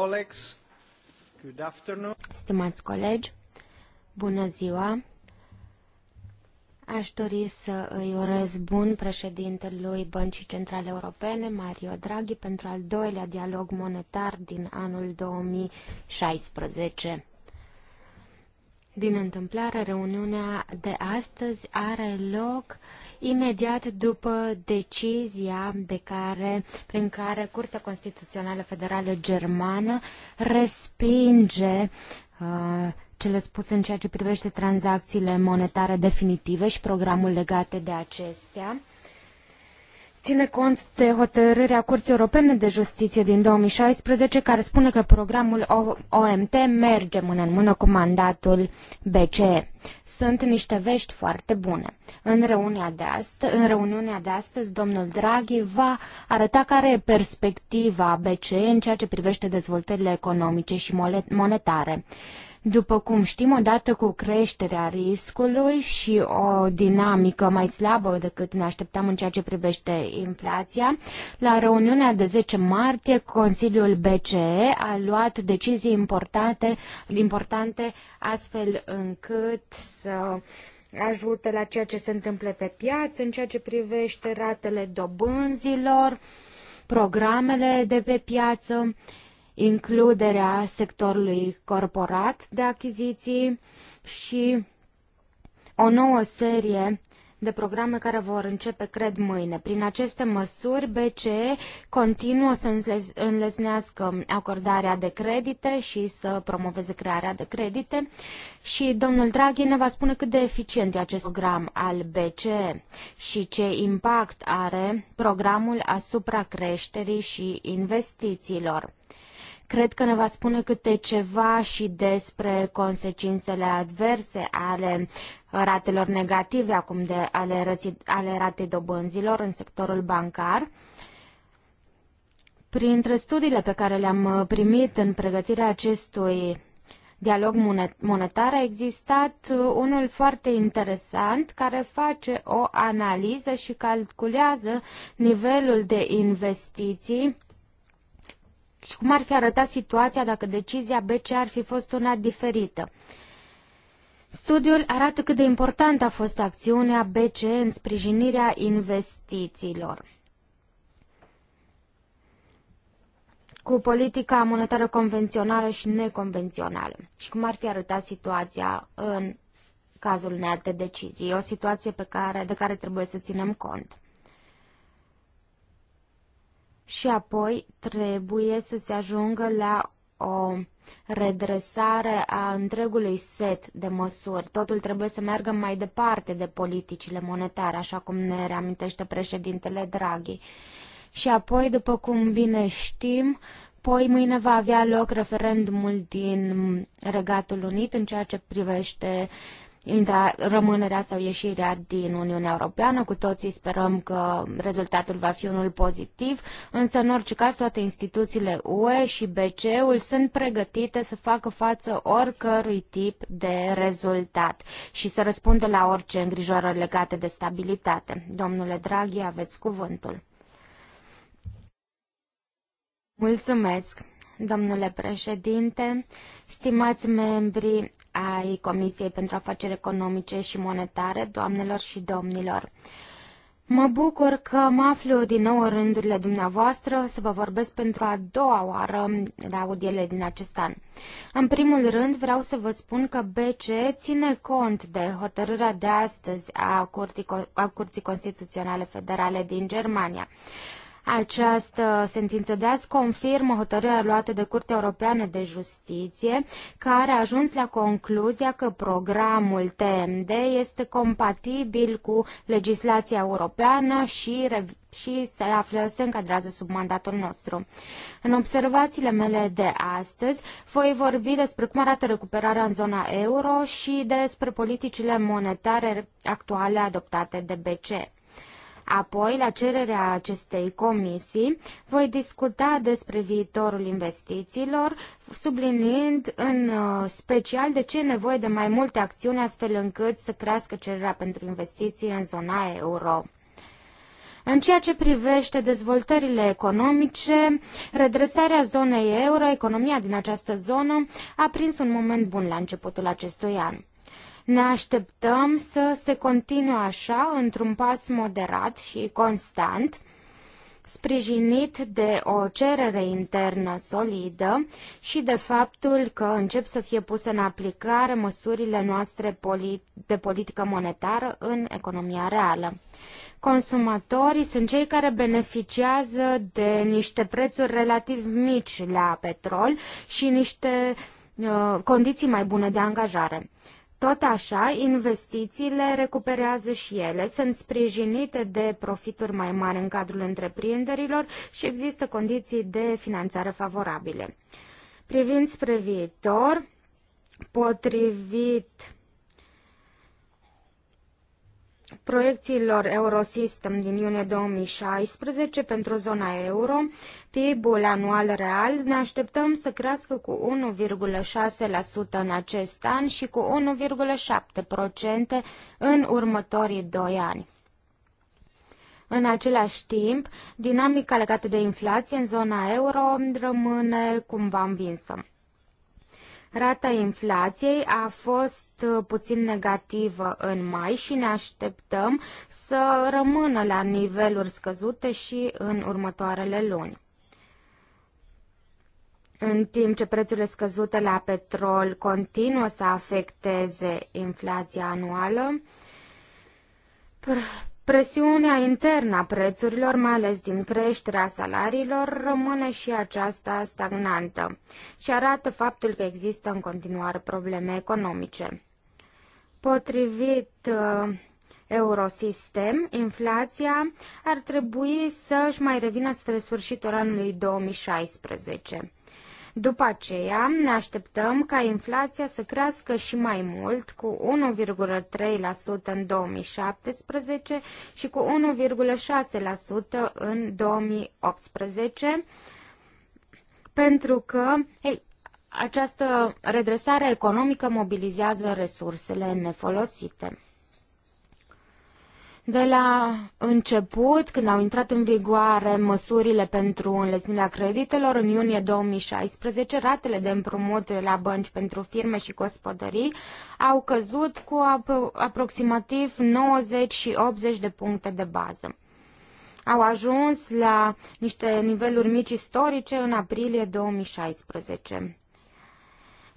Colleagues, good afternoon. Stimați colegi, bună ziua! Aș dori să îi urez bun președintelui Băncii Centrale Europene, Mario Draghi, pentru al doilea dialog monetar din anul 2016. Din întâmplare, reuniunea de astăzi are loc uh, imediat după decizia de care, prin care Curtea Constituțională Federală Germană respinge uh, cele spuse în ceea ce privește tranzacțiile monetare definitive și programul legate de acestea ține cont de hotărârea Curții Europene de Justiție din 2016, care spune că programul OMT merge mână în mână cu mandatul BCE. Sunt niște vești foarte bune. În reuniunea de astăzi, în reuniunea de astăzi domnul Draghi va arăta care e perspectiva BCE în ceea ce privește dezvoltările economice și monetare. După cum știm, odată cu creșterea riscului și o dinamică mai slabă decât ne așteptam în ceea ce privește inflația, la reuniunea de 10 martie, Consiliul BCE a luat decizii importante, importante astfel încât să ajute la ceea ce se întâmplă pe piață, în ceea ce privește ratele dobânzilor, programele de pe piață. Uh, includerea sectorului corporat de achiziții și o nouă serie de programe care vor începe, cred, mâine. Prin aceste măsuri, BCE continuă să înlesnească acordarea de credite și să promoveze crearea de credite și domnul Draghi ne va spune cât de eficient e acest program al BCE și ce impact are programul asupra creșterii și investițiilor. Cred că ne va spune câte ceva și despre consecințele adverse ale ratelor negative acum de ale, rății, ale ratei dobânzilor în sectorul bancar. Printre studiile pe care le-am uh, primit în pregătirea acestui dialog monetar a existat uh, unul foarte interesant care face o analiză și calculează nivelul de investiții cum ar fi arătat situația dacă decizia BCE ar fi fost una diferită. Studiul arată cât de importantă a fost acțiunea BCE în sprijinirea investițiilor. cu politica monetară convențională și neconvențională și cum ar fi arătat situația în cazul unei alte decizii. o situație pe care, de care trebuie să ținem cont și apoi trebuie să se ajungă la o redresare a întregului set de măsuri. Totul trebuie să meargă mai departe de politicile monetare, așa cum ne reamintește președintele Draghi. Și apoi, după cum bine știm, poi mâine va avea loc referendumul din Regatul Unit în ceea ce privește uh, intra, rămânerea sau ieșirea din Uniunea Europeană. Cu toții sperăm că rezultatul va fi unul pozitiv, însă în orice caz toate instituțiile UE și BCE-ul sunt pregătite să facă față oricărui tip de rezultat și să răspundă la orice îngrijorări legate de stabilitate. Domnule Draghi, aveți cuvântul. Mulțumesc! domnule președinte, stimați membri ai Comisiei pentru Afaceri Economice și Monetare, doamnelor și domnilor. Mă bucur că mă aflu din nou în rândurile dumneavoastră să vă vorbesc pentru a doua oară la audiele din acest an. În primul rând vreau să vă spun că BC ține cont de hotărârea de astăzi a Curții, a Curții Constituționale Federale din Germania. Această sentință de azi confirmă hotărârea luată de Curtea Europeană de Justiție, care a ajuns la concluzia că programul TMD este compatibil cu legislația europeană și și se află, se încadrează sub mandatul nostru. În observațiile mele de astăzi voi vorbi despre cum arată recuperarea în zona euro și despre politicile monetare actuale adoptate de BCE. Apoi, la cererea acestei comisii, voi discuta despre viitorul investițiilor, subliniind în uh, special de ce e nevoie de mai multe acțiuni astfel încât să crească cererea pentru investiții în zona euro. În ceea ce privește dezvoltările economice, redresarea zonei euro, economia din această zonă, a prins un moment bun la începutul acestui an. Ne așteptăm să se continue așa, într-un pas moderat și constant, sprijinit de o cerere internă solidă și de faptul că încep să fie puse în aplicare măsurile noastre de politică monetară în economia reală. Consumatorii sunt cei care beneficiază de niște prețuri relativ mici la petrol și niște uh, condiții mai bune de angajare. Tot așa, investițiile recuperează și ele, sunt sprijinite de profituri mai mari în cadrul întreprinderilor și există condiții de finanțare favorabile. Privind spre viitor, potrivit proiecțiilor Eurosystem din iunie 2016 pentru zona euro, PIB-ul anual real ne așteptăm să crească cu 1,6% în acest an și cu 1,7% în următorii doi ani. În același timp, dinamica legată de inflație în zona euro rămâne cumva învinsă. Rata inflației a fost uh, puțin negativă în mai și ne așteptăm să rămână la niveluri scăzute și în următoarele luni. În timp ce prețurile scăzute la petrol continuă să afecteze inflația anuală, Presiunea internă a prețurilor, mai ales din creșterea salariilor, rămâne și aceasta stagnantă și arată faptul că există în continuare probleme economice. Potrivit uh, Eurosystem, inflația ar trebui să-și mai revină spre sfârșitul anului 2016. După aceea ne așteptăm ca inflația să crească și mai mult cu 1,3% în 2017 și cu 1,6% în 2018 pentru că ei, această redresare economică mobilizează resursele nefolosite. De la început, când au intrat în vigoare măsurile pentru înlesnirea creditelor, în iunie 2016, ratele de împrumut la bănci pentru firme și gospodării au căzut cu ap- aproximativ 90 și 80 de puncte de bază. Au ajuns la niște niveluri mici istorice în aprilie 2016.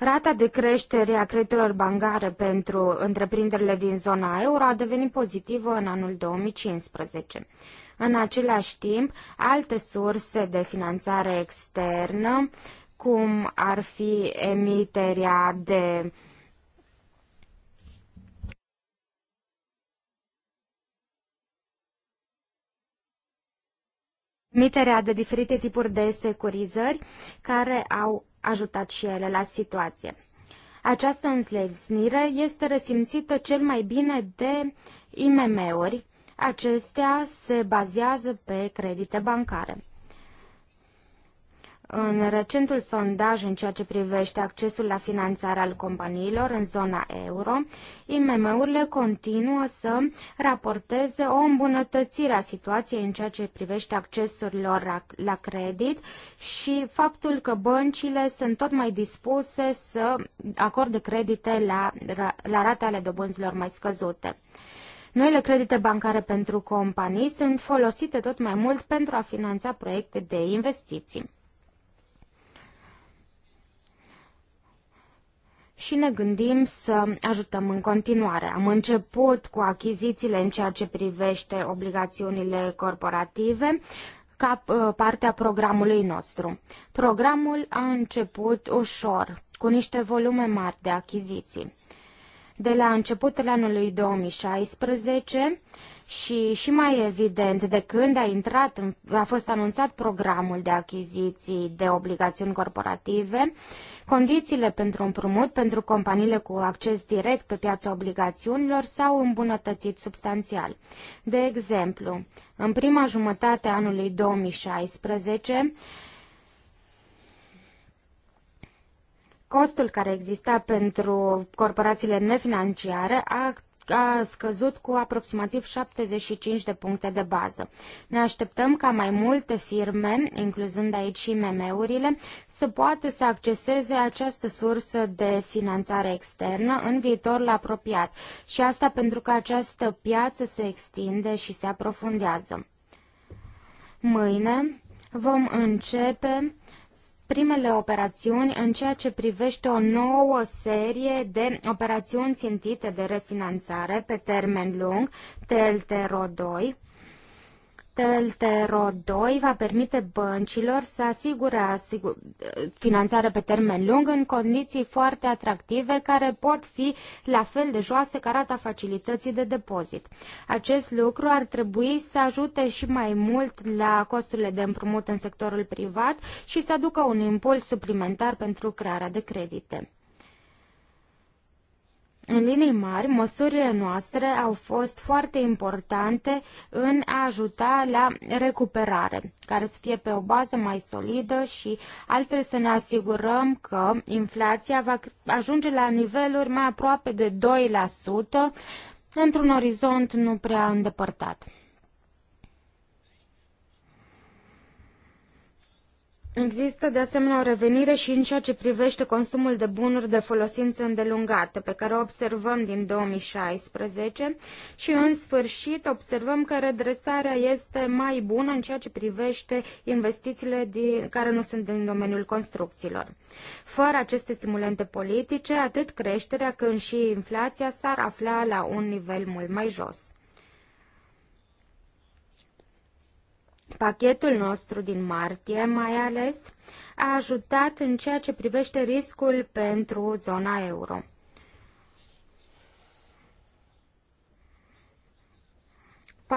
Rata de creștere a creditelor bancare pentru întreprinderile din zona euro a devenit pozitivă în anul 2015. În același timp, alte surse de finanțare externă, cum ar fi emiterea de emiterea de diferite tipuri de securizări care au ajutat și ele la situație. Această înslesnire este resimțită cel mai bine de IMM-uri. Acestea se bazează pe credite bancare. În recentul sondaj în ceea ce privește accesul la finanțare al companiilor în zona euro, IMM-urile continuă să raporteze o îmbunătățire a situației în ceea ce privește accesul lor la credit și faptul că băncile sunt tot mai dispuse să acorde credite la, la rate ale dobânzilor mai scăzute. Noile credite bancare pentru companii sunt folosite tot mai mult pentru a finanța proiecte de investiții. și ne gândim să ajutăm în continuare. Am început cu achizițiile în ceea ce privește obligațiunile corporative ca uh, parte a programului nostru. Programul a început ușor, cu niște volume mari de achiziții. De la începutul anului 2016, și și mai evident de când a intrat, a fost anunțat programul de achiziții de obligațiuni corporative, condițiile pentru împrumut pentru companiile cu acces direct pe piața obligațiunilor s-au îmbunătățit substanțial. De exemplu, în prima jumătate a anului 2016, Costul care exista pentru corporațiile nefinanciare a a scăzut cu aproximativ 75 de puncte de bază. Ne așteptăm ca mai multe firme, incluzând aici și MM-urile, să poată să acceseze această sursă de finanțare externă în viitorul apropiat și asta pentru că această piață se extinde și se aprofundează. Mâine vom începe primele operațiuni în ceea ce privește o nouă serie de operațiuni țintite de refinanțare pe termen lung, TLTRO 2, TLTRO 2 va permite băncilor să asigure asigur, finanțare pe termen lung în condiții foarte atractive care pot fi la fel de joase ca rata facilității de depozit. Acest lucru ar trebui să ajute și mai mult la costurile de împrumut în sectorul privat și să aducă un impuls suplimentar pentru crearea de credite. În linii mari, măsurile noastre au fost foarte importante în a ajuta la recuperare, care să fie pe o bază mai solidă și altfel să ne asigurăm că inflația va ajunge la niveluri mai aproape de 2% într-un orizont nu prea îndepărtat. Există de asemenea o revenire și în ceea ce privește consumul de bunuri de folosință îndelungată, pe care o observăm din 2016 și în sfârșit observăm că redresarea este mai bună în ceea ce privește investițiile din, care nu sunt din domeniul construcțiilor. Fără aceste stimulente politice, atât creșterea cât și inflația s-ar afla la un nivel mult mai jos. Pachetul nostru din martie, mai ales, a ajutat în ceea ce privește riscul pentru zona euro.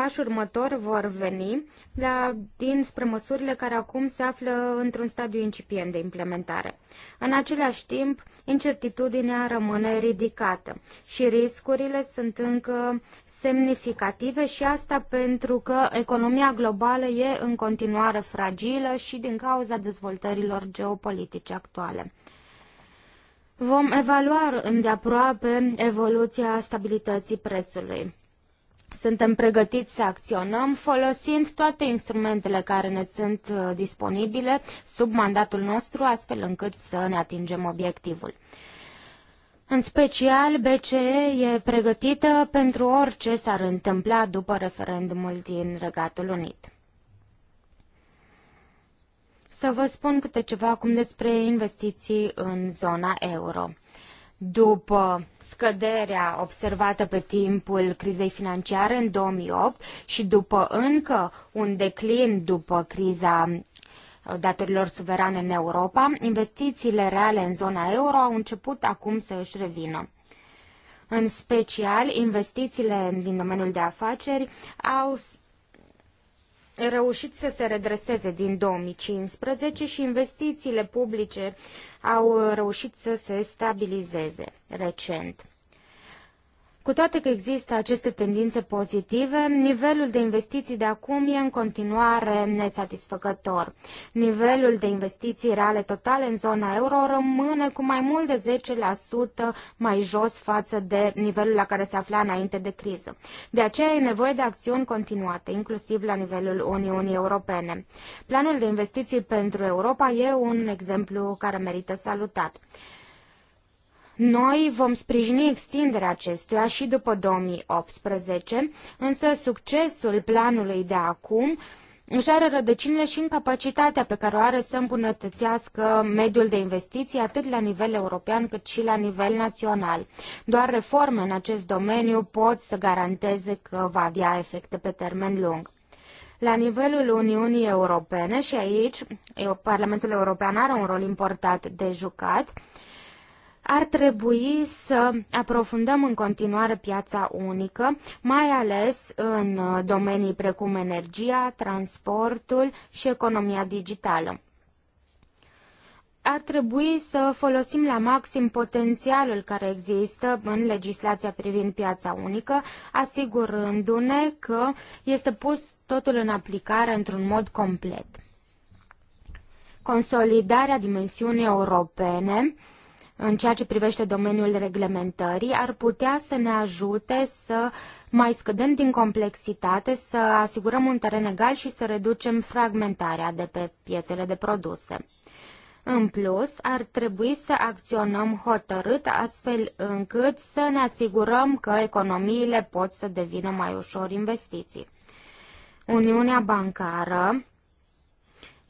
Pași următor vor veni la, dinspre măsurile care acum se află într-un stadiu incipient de implementare. În același timp, incertitudinea rămâne ridicată și riscurile sunt încă semnificative și asta pentru că economia globală e în continuare fragilă și din cauza dezvoltărilor geopolitice actuale. Vom evalua îndeaproape evoluția stabilității prețului. Suntem pregătiți să acționăm folosind toate instrumentele care ne sunt uh, disponibile sub mandatul nostru, astfel încât să ne atingem obiectivul. În special, BCE e pregătită pentru orice s-ar întâmpla după referendumul din Regatul Unit. Să vă spun câte ceva acum despre investiții în zona euro după scăderea observată pe timpul crizei financiare în 2008 și după încă un declin după criza uh, datorilor suverane în Europa, investițiile reale în zona euro au început acum să își revină. În special, investițiile din domeniul de afaceri au reușit să se redreseze din 2015 și investițiile publice au reușit să se stabilizeze recent. Cu toate că există aceste tendințe pozitive, nivelul de investiții de acum e în continuare nesatisfăcător. Nivelul de investiții reale totale în zona euro rămâne cu mai mult de 10% mai jos față de nivelul la care se afla înainte de criză. De aceea e nevoie de acțiuni continuate, inclusiv la nivelul Uniunii Europene. Planul de investiții pentru Europa e un exemplu care merită salutat. Noi vom sprijini extinderea acestuia și după 2018, însă succesul planului de acum își are rădăcinile și în capacitatea pe care o are să îmbunătățească mediul de investiții atât la nivel european cât și la nivel național. Doar reforme în acest domeniu pot să garanteze că va avea efecte pe termen lung. La nivelul Uniunii Europene și aici Parlamentul European are un rol important de jucat, ar trebui să aprofundăm în continuare piața unică, mai ales în domenii precum energia, transportul și economia digitală. Ar trebui să folosim la maxim potențialul care există în legislația privind piața unică, asigurându-ne că este pus totul în aplicare într-un mod complet. Consolidarea dimensiunii europene în ceea ce privește domeniul reglementării ar putea să ne ajute să mai scădem din complexitate, să asigurăm un teren egal și să reducem fragmentarea de pe piețele de produse. În plus, ar trebui să acționăm hotărât astfel încât să ne asigurăm că economiile pot să devină mai ușor investiții. Uniunea bancară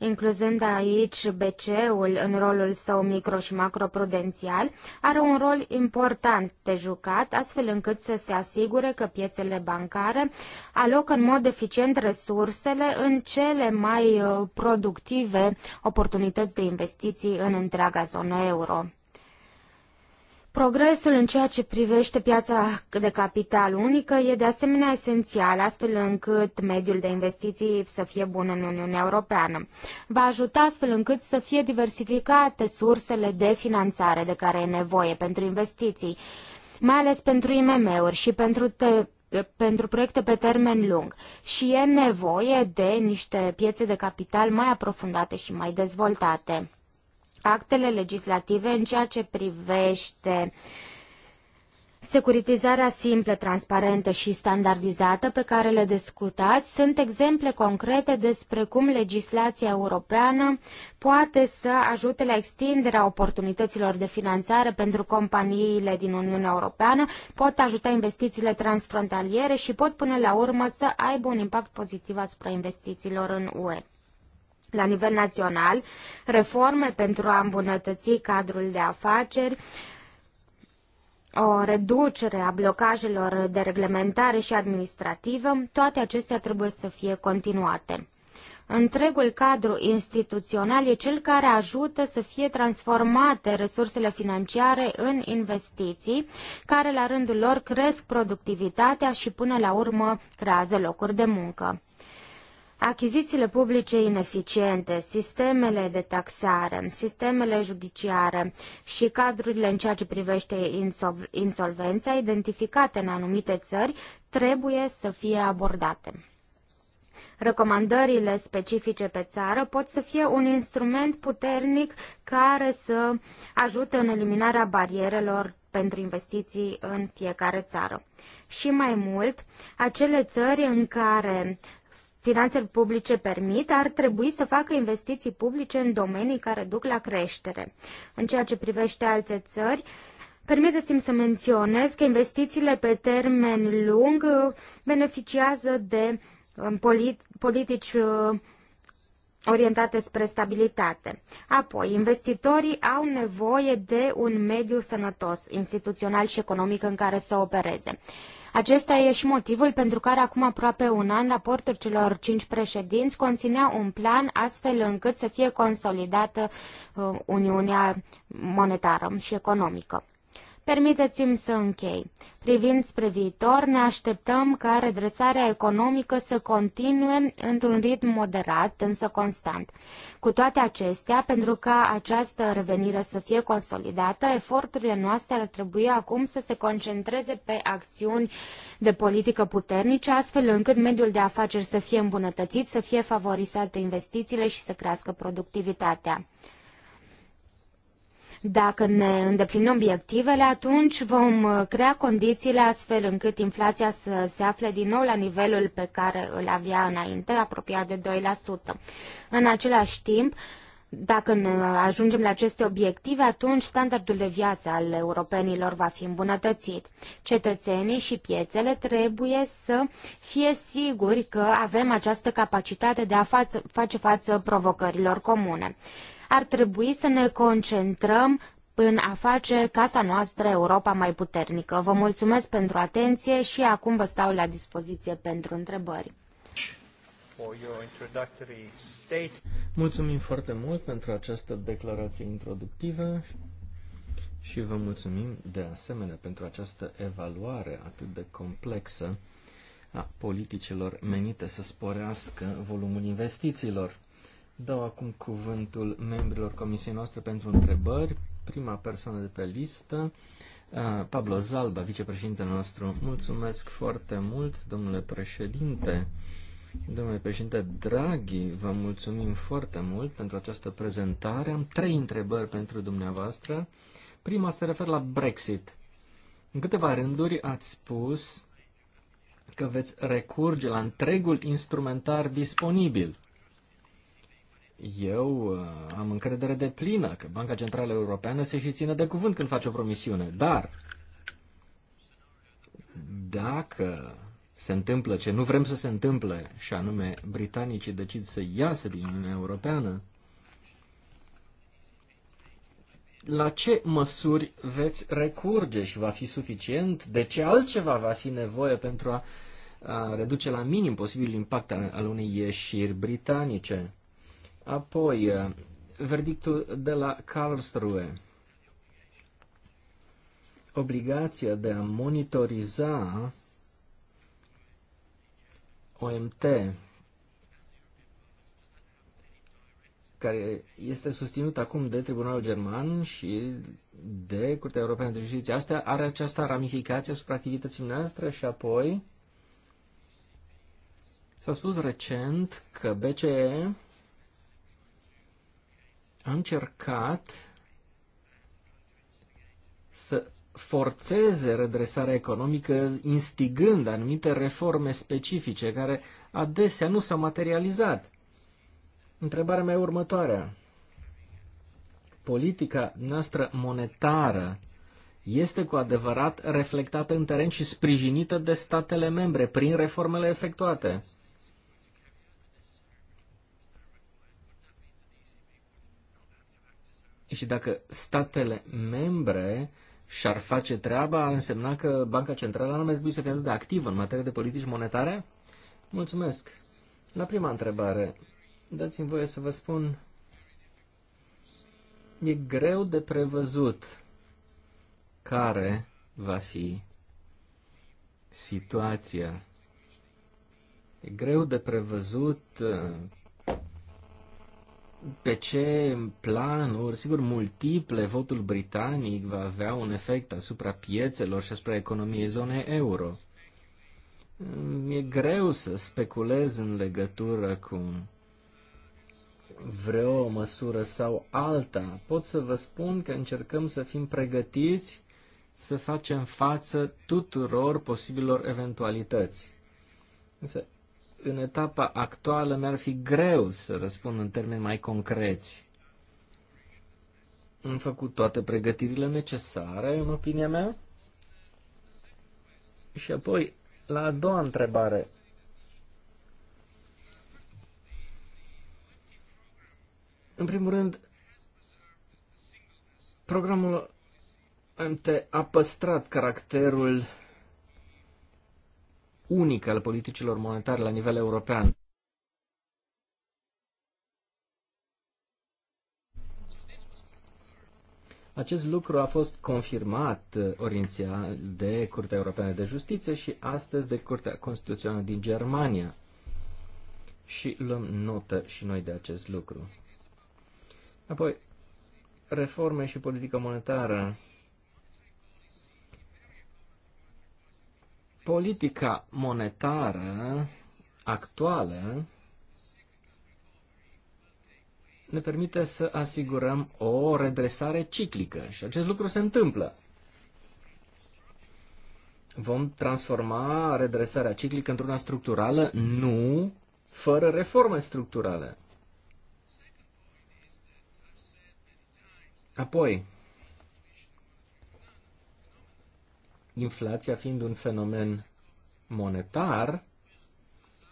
incluzând aici BCE-ul în rolul său micro- și macroprudențial, are un rol important de jucat, astfel încât să se asigure că piețele bancare alocă în mod eficient resursele în cele mai uh, productive oportunități de investiții în întreaga zonă euro. Progresul în ceea ce privește piața de capital unică e de asemenea esențial, astfel încât mediul de investiții să fie bun în Uniunea Europeană. Va ajuta astfel încât să fie diversificate sursele de finanțare de care e nevoie pentru investiții, mai ales pentru IMM-uri și pentru te- pentru proiecte pe termen lung și e nevoie de niște piețe de capital mai aprofundate și mai dezvoltate actele legislative în ceea ce privește Securitizarea simplă, transparentă și standardizată pe care le discutați sunt exemple concrete despre cum legislația europeană poate să ajute la extinderea oportunităților de finanțare pentru companiile din Uniunea Europeană, pot ajuta investițiile transfrontaliere și pot până la urmă să aibă un impact pozitiv asupra investițiilor în UE la nivel național, reforme pentru a îmbunătăți cadrul de afaceri, o reducere a blocajelor de reglementare și administrativă, toate acestea trebuie să fie continuate. Întregul cadru instituțional e cel care ajută să fie transformate resursele financiare în investiții, care la rândul lor cresc productivitatea și până la urmă creează locuri de muncă. Achizițiile publice ineficiente, sistemele de taxare, sistemele judiciare și cadrurile în ceea ce privește insolvența identificate în anumite țări trebuie să fie abordate. Recomandările specifice pe țară pot să fie un instrument puternic care să ajute în eliminarea barierelor pentru investiții în fiecare țară. Și mai mult, acele țări în care finanțele publice permit, ar trebui să facă investiții publice în domenii care duc la creștere. În ceea ce privește alte țări, Permiteți-mi să menționez că investițiile pe termen lung uh, beneficiază de um, politici uh, orientate spre stabilitate. Apoi, investitorii au nevoie de un mediu sănătos, instituțional și economic în care să opereze. Acesta e și motivul pentru care acum aproape un an raportul celor cinci președinți conținea un plan astfel încât să fie consolidată uh, Uniunea Monetară și Economică. Permiteți-mi să închei. Privind spre viitor, ne așteptăm ca redresarea economică să continue într-un ritm moderat, însă constant. Cu toate acestea, pentru ca această revenire să fie consolidată, eforturile noastre ar trebui acum să se concentreze pe acțiuni de politică puternice, astfel încât mediul de afaceri să fie îmbunătățit, să fie favorizate investițiile și să crească productivitatea. Dacă ne îndeplinim obiectivele, atunci vom uh, crea condițiile astfel încât inflația să se afle din nou la nivelul pe care îl avea înainte, apropiat de 2%. În același timp, dacă ajungem la aceste obiective, atunci standardul de viață al europenilor va fi îmbunătățit. Cetățenii și piețele trebuie să fie siguri că avem această capacitate de a face față provocărilor comune ar trebui să ne concentrăm în a face casa noastră Europa mai puternică. Vă mulțumesc pentru atenție și acum vă stau la dispoziție pentru întrebări. Mulțumim foarte mult pentru această declarație introductivă și vă mulțumim de asemenea pentru această evaluare atât de complexă a politicilor menite să sporească volumul investițiilor. Dau acum cuvântul membrilor comisiei noastre pentru întrebări. Prima persoană de pe listă, uh, Pablo Zalba, vicepreședintele nostru. Mulțumesc foarte mult, domnule președinte. Domnule președinte Draghi, vă mulțumim foarte mult pentru această prezentare. Am trei întrebări pentru dumneavoastră. Prima se referă la Brexit. În câteva rânduri ați spus că veți recurge la întregul instrumentar disponibil eu uh, am încredere de plină că Banca Centrală Europeană se și ține de cuvânt când face o promisiune. Dar dacă se întâmplă ce nu vrem să se întâmple, și anume britanicii decid să iasă din Uniunea Europeană, la ce măsuri veți recurge și va fi suficient? De ce altceva va fi nevoie pentru a, a reduce la minim posibilul impact al, al unei ieșiri britanice? Apoi, eh, verdictul de la Karlsruhe. Obligația de a monitoriza OMT, care este susținut acum de Tribunalul German și de Curtea Europeană de Justiție. Asta are această ramificație asupra activității noastre și apoi s-a spus recent că BCE a încercat să forțeze redresarea economică, instigând anumite reforme specifice, care adesea nu s-au materializat. Întrebarea mea e următoarea. Politica noastră monetară este cu adevărat reflectată în teren și sprijinită de statele membre prin reformele efectuate. Și dacă statele membre și-ar face treaba, ar însemna că Banca Centrală nu mai trebuie să fie atât de activă în materie de politici monetare? Mulțumesc. La prima întrebare, dați-mi voie să vă spun, e greu de prevăzut care va fi situația. E greu de prevăzut pe ce planuri, sigur, multiple, votul britanic va avea un efect asupra piețelor și asupra economiei zonei euro. E greu să speculez în legătură cu vreo măsură sau alta. Pot să vă spun că încercăm să fim pregătiți să facem față tuturor posibilor eventualități. Însă în etapa actuală mi-ar fi greu să răspund în termeni mai concreți. Am făcut toate pregătirile necesare, în opinia mea. Și apoi, la a doua întrebare. În primul rând, programul MT a păstrat caracterul unică al politicilor monetare la nivel european. Acest lucru a fost confirmat uh, orințial de Curtea Europeană de Justiție și astăzi de Curtea Constituțională din Germania. Și luăm notă și noi de acest lucru. Apoi, reforme și politică monetară. Politica monetară actuală ne permite să asigurăm o redresare ciclică și acest lucru se întâmplă. Vom transforma redresarea ciclică într-una structurală? Nu, fără reforme structurale. Apoi, inflația fiind un fenomen monetar,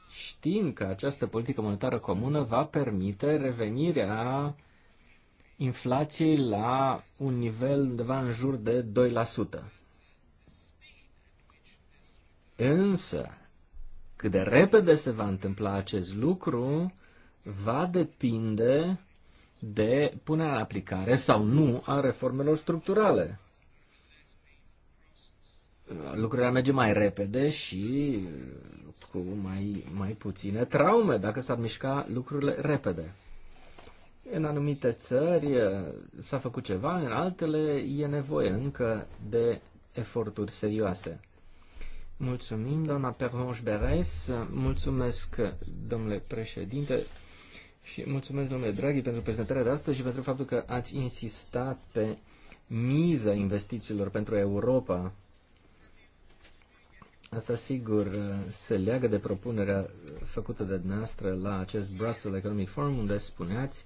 știm că această politică monetară comună va permite revenirea inflației la un nivel undeva în jur de 2%. Însă, cât de repede se va întâmpla acest lucru, va depinde de punerea în aplicare sau nu a reformelor structurale lucrurile merge mai repede și uh, cu mai, mai puține traume dacă s-ar mișca lucrurile repede. În anumite țări uh, s-a făcut ceva, în altele e nevoie încă de eforturi serioase. Mulțumim, doamna Pervenche Beres, mulțumesc, domnule președinte, și mulțumesc, domnule Draghi, pentru prezentarea de astăzi și pentru faptul că ați insistat pe miza investițiilor pentru Europa Asta sigur se leagă de propunerea făcută de dumneavoastră la acest Brussels Economic Forum unde spuneați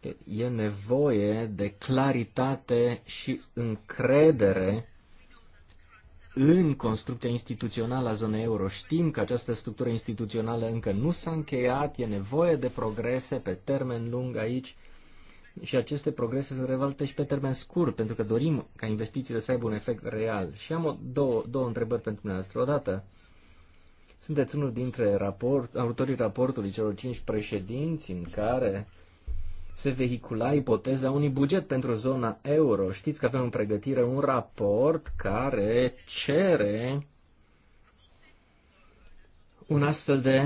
că e nevoie de claritate și încredere în construcția instituțională a zonei euro. Știm că această structură instituțională încă nu s-a încheiat, e nevoie de progrese pe termen lung aici și aceste progrese se revalte și pe termen scurt, pentru că dorim ca investițiile să aibă un efect real. Și am o, două, două întrebări pentru dumneavoastră. Odată, sunteți unul dintre raport, autorii raportului celor cinci președinți în care se vehicula ipoteza unui buget pentru zona euro. Știți că avem în pregătire un raport care cere un astfel de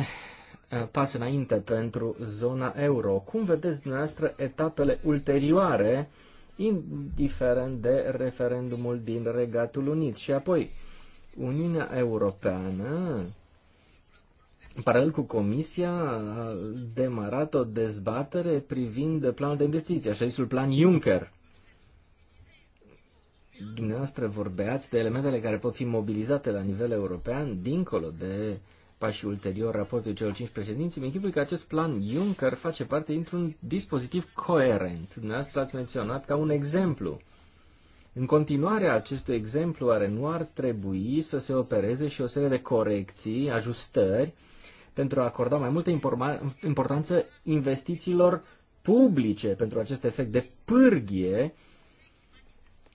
Uh, pas înainte pentru zona euro. Cum vedeți dumneavoastră etapele ulterioare, indiferent de referendumul din Regatul Unit? Și apoi, Uniunea Europeană, în paralel cu Comisia, a demarat o dezbatere privind planul de investiții, așa zisul plan Juncker. Dumneavoastră vorbeați de elementele care pot fi mobilizate la nivel european, dincolo de uh, pașii ulterior raportului celor cinci președinți, îmi închipui că acest plan Juncker face parte dintr-un dispozitiv coerent. Dumneavoastră ați menționat ca un exemplu. În continuare acest acestui exemplu, are nu ar trebui să se opereze și o serie de corecții, ajustări, pentru a acorda mai multă importanță investițiilor publice pentru acest efect de pârghie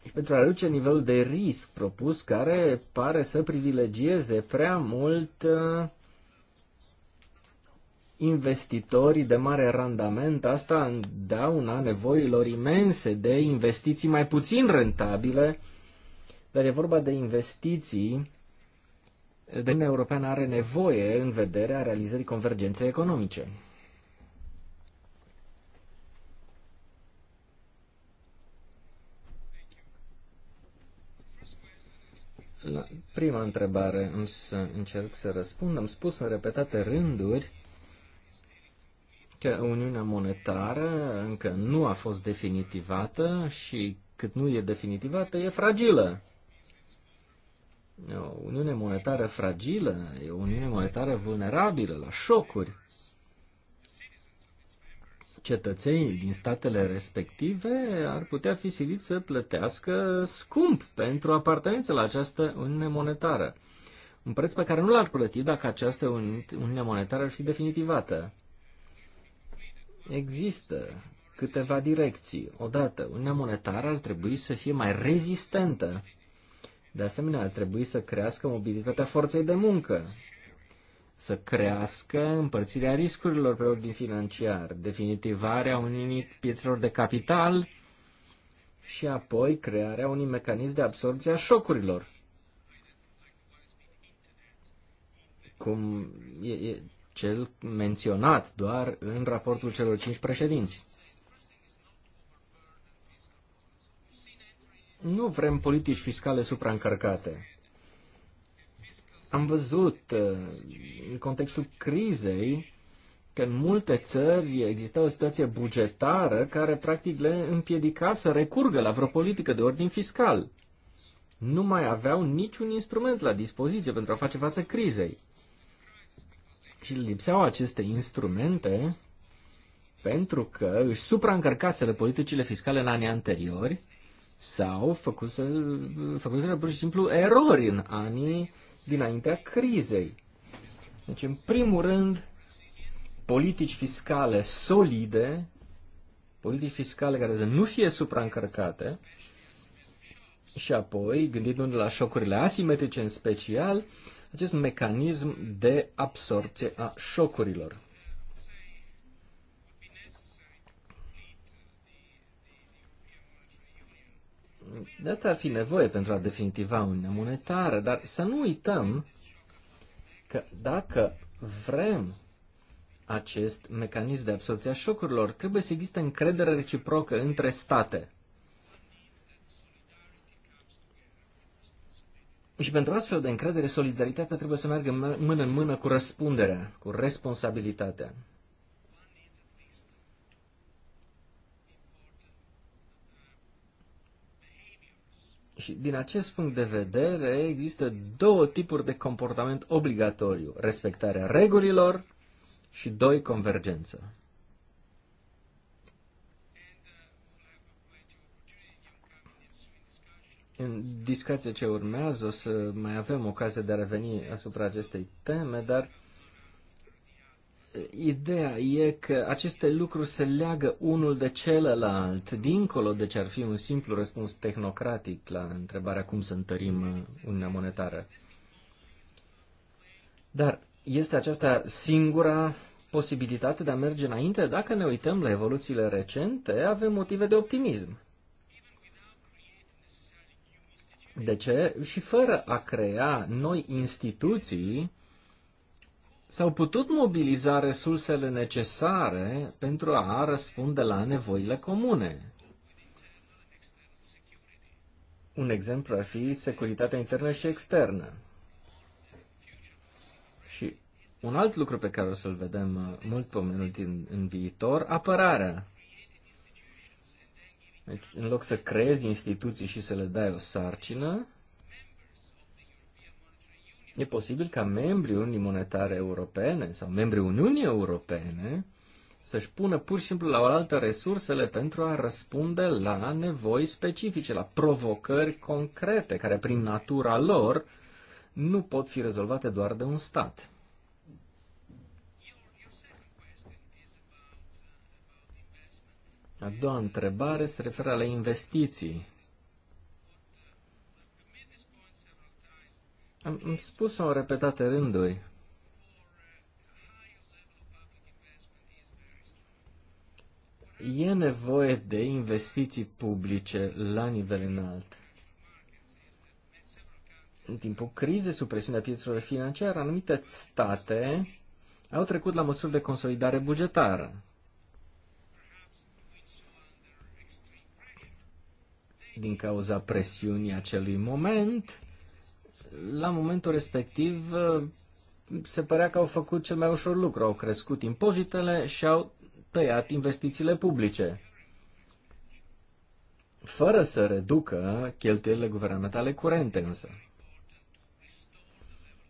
și pentru a reduce nivelul de risc propus, care pare să privilegieze prea mult uh, investitorii de mare randament, asta în dauna nevoilor imense de investiții mai puțin rentabile, dar e vorba de investiții de Uniunea Europeană are nevoie în vederea realizării convergenței economice. La prima întrebare însă încerc să răspund. Am spus în repetate rânduri că Uniunea Monetară încă nu a fost definitivată și cât nu e definitivată, e fragilă. O Uniune Monetară fragilă e o Uniune Monetară vulnerabilă la șocuri. Cetățenii din statele respective ar putea fi siliți să plătească scump pentru apartenență la această Uniune Monetară. Un preț pe care nu l-ar plăti dacă această Uniune Monetară ar fi definitivată. Există câteva direcții. Odată, Uniunea Monetară ar trebui să fie mai rezistentă. De asemenea, ar trebui să crească mobilitatea forței de muncă, să crească împărțirea riscurilor pe ordin financiar, definitivarea unii piețelor de capital și apoi crearea unui mecanism de absorbție a șocurilor. Cum e, e cel menționat doar în raportul celor cinci președinți. Nu vrem politici fiscale supraîncărcate. Am văzut uh, în contextul crizei că în multe țări exista o situație bugetară care practic le împiedica să recurgă la vreo politică de ordin fiscal. Nu mai aveau niciun instrument la dispoziție pentru a face față crizei. Și lipseau aceste instrumente pentru că își supraîncărcaseră politicile fiscale în anii anteriori sau făcuseră, făcuseră pur și simplu erori în anii dinaintea crizei. Deci, în primul rând, politici fiscale solide, politici fiscale care să nu fie supraîncărcate și apoi, gândindu-ne la șocurile asimetrice în special, acest mecanism de absorpție a șocurilor. De asta ar fi nevoie pentru a definitiva Uniunea Monetară, dar să nu uităm că dacă vrem acest mecanism de absorție a șocurilor, trebuie să existe încredere reciprocă între state. Și pentru astfel de încredere, solidaritatea trebuie să meargă mână în mână cu răspunderea, cu responsabilitatea. Și din acest punct de vedere există două tipuri de comportament obligatoriu, respectarea regulilor și doi, convergență. În discuția ce urmează o să mai avem ocazia de a reveni asupra acestei teme, dar ideea e că aceste lucruri se leagă unul de celălalt, dincolo de ce ar fi un simplu răspuns tehnocratic la întrebarea cum să întărim uh, Uniunea Monetară. Dar este aceasta singura posibilitate de a merge înainte? Dacă ne uităm la evoluțiile recente, avem motive de optimism. De ce? Și fără a crea noi instituții, s-au putut mobiliza resursele necesare pentru a răspunde la nevoile comune. Un exemplu ar fi securitatea internă și externă. Și un alt lucru pe care o să-l vedem uh, mult pomenut în, în viitor, apărarea. Deci, în loc să creezi instituții și să le dai o sarcină, e posibil ca membrii Unii Monetare Europene sau membrii Uniunii Europene să-și pună pur și simplu la oaltă resursele pentru a răspunde la nevoi specifice, la provocări concrete, care prin natura lor nu pot fi rezolvate doar de un stat. A doua întrebare se referă la investiții. Am spus-o în repetate rânduri. E nevoie de investiții publice la nivel înalt. În timpul crizei, sub presiunea piețelor financiare, anumite state au trecut la măsuri de consolidare bugetară. din cauza presiunii acelui moment, la momentul respectiv eh, se părea că au făcut cel mai ușor lucru, au crescut impozitele și au tăiat investițiile publice, fără să reducă cheltuielile guvernamentale curente însă.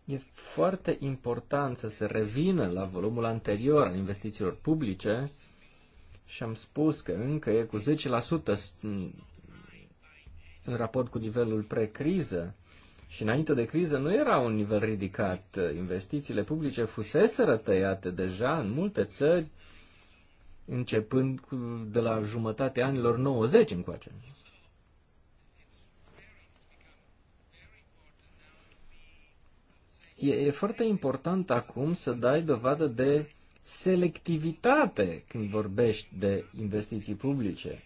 E foarte important să se revină la volumul anterior al investițiilor publice și am spus că încă e cu 10% în raport cu nivelul precriză și înainte de criză nu era un nivel ridicat. Investițiile publice fuseseră tăiate deja în multe țări, începând cu, de la jumătatea anilor 90 încoace. E, e foarte important acum să dai dovadă de selectivitate când vorbești de investiții publice.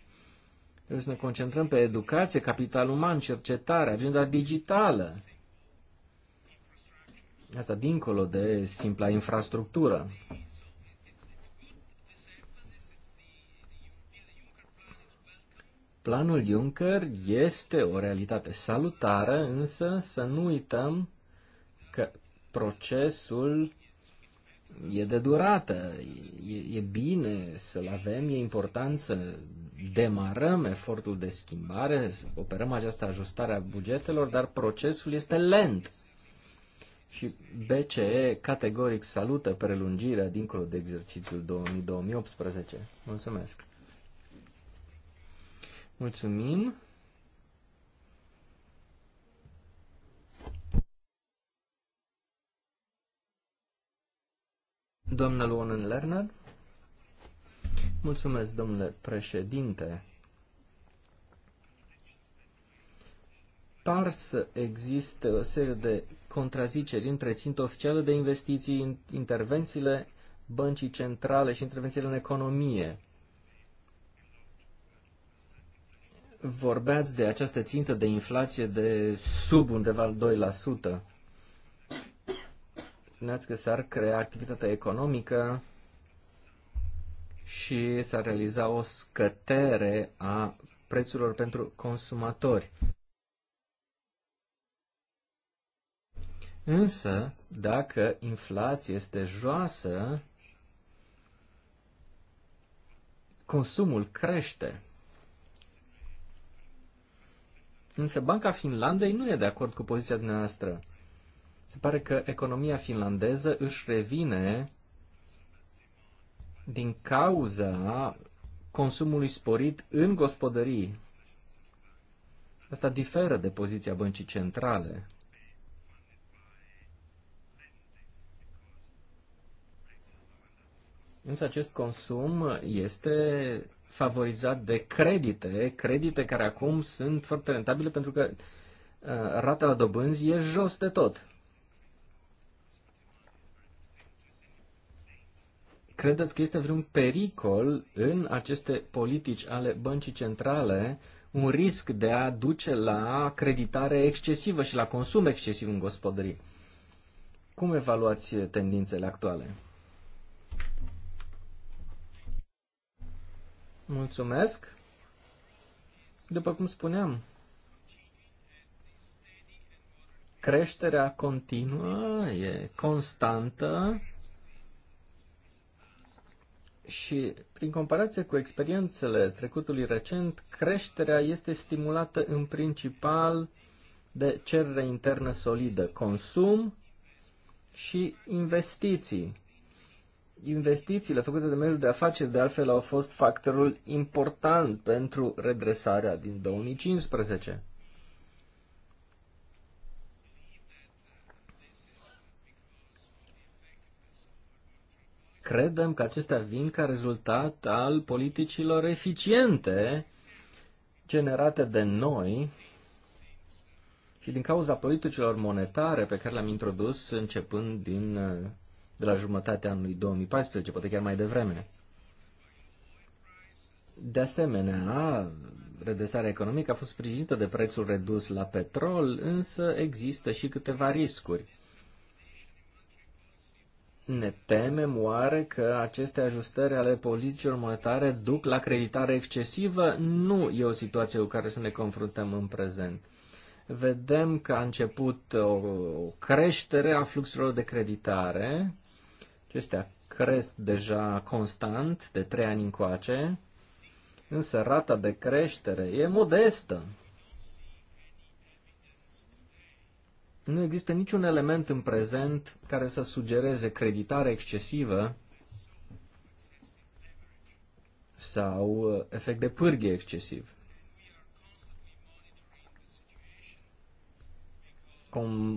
Trebuie să ne concentrăm pe educație, capital uman, cercetare, agenda digitală. Asta dincolo de simpla infrastructură. Planul Juncker este o realitate salutară, însă să nu uităm că procesul e de durată. E, e bine să-l avem, e important să demarăm efortul de schimbare, operăm această ajustare a bugetelor, dar procesul este lent. Și BCE categoric salută prelungirea dincolo de exercițiul 2018 Mulțumesc! Mulțumim! Domnul Luonen Lerner? Mulțumesc, domnule președinte. Par să există o serie de contraziceri între țintă oficială de investiții, intervențiile băncii centrale și intervențiile în economie. Vorbeați de această țintă de inflație de sub undeva la 2%. Spuneați că s-ar crea activitatea economică și s-a realizat o scădere a prețurilor pentru consumatori. Însă, dacă inflația este joasă, consumul crește. Însă Banca Finlandei nu e de acord cu poziția dumneavoastră. Se pare că economia finlandeză își revine din cauza consumului sporit în gospodării. Asta diferă de poziția băncii centrale. Însă acest consum este favorizat de credite, credite care acum sunt foarte rentabile pentru că uh, rata la dobânzi e jos de tot. Credeți că este vreun pericol în aceste politici ale băncii centrale, un risc de a duce la creditare excesivă și la consum excesiv în gospodării? Cum evaluați tendințele actuale? Mulțumesc. După cum spuneam, creșterea continuă, e constantă și prin comparație cu experiențele trecutului recent, creșterea este stimulată în principal de cerere internă solidă, consum și investiții. Investițiile făcute de mediul de afaceri, de altfel, au fost factorul important pentru redresarea din 2015. Credem că acestea vin ca rezultat al politicilor eficiente generate de noi și din cauza politicilor monetare pe care le-am introdus începând din, uh, de la jumătatea anului 2014, poate chiar mai devreme. De asemenea, redresarea economică a fost sprijinită de prețul redus la petrol, însă există și câteva riscuri. Ne temem oare că aceste ajustări ale politicilor monetare duc la creditare excesivă? Nu e o situație cu care să ne confruntăm în prezent. Vedem că a început o, creștere a fluxurilor de creditare. Acestea cresc deja constant de trei ani încoace, însă rata de creștere e modestă, nu există niciun element în prezent care să sugereze creditare excesivă sau uh, efect de pârghie excesiv.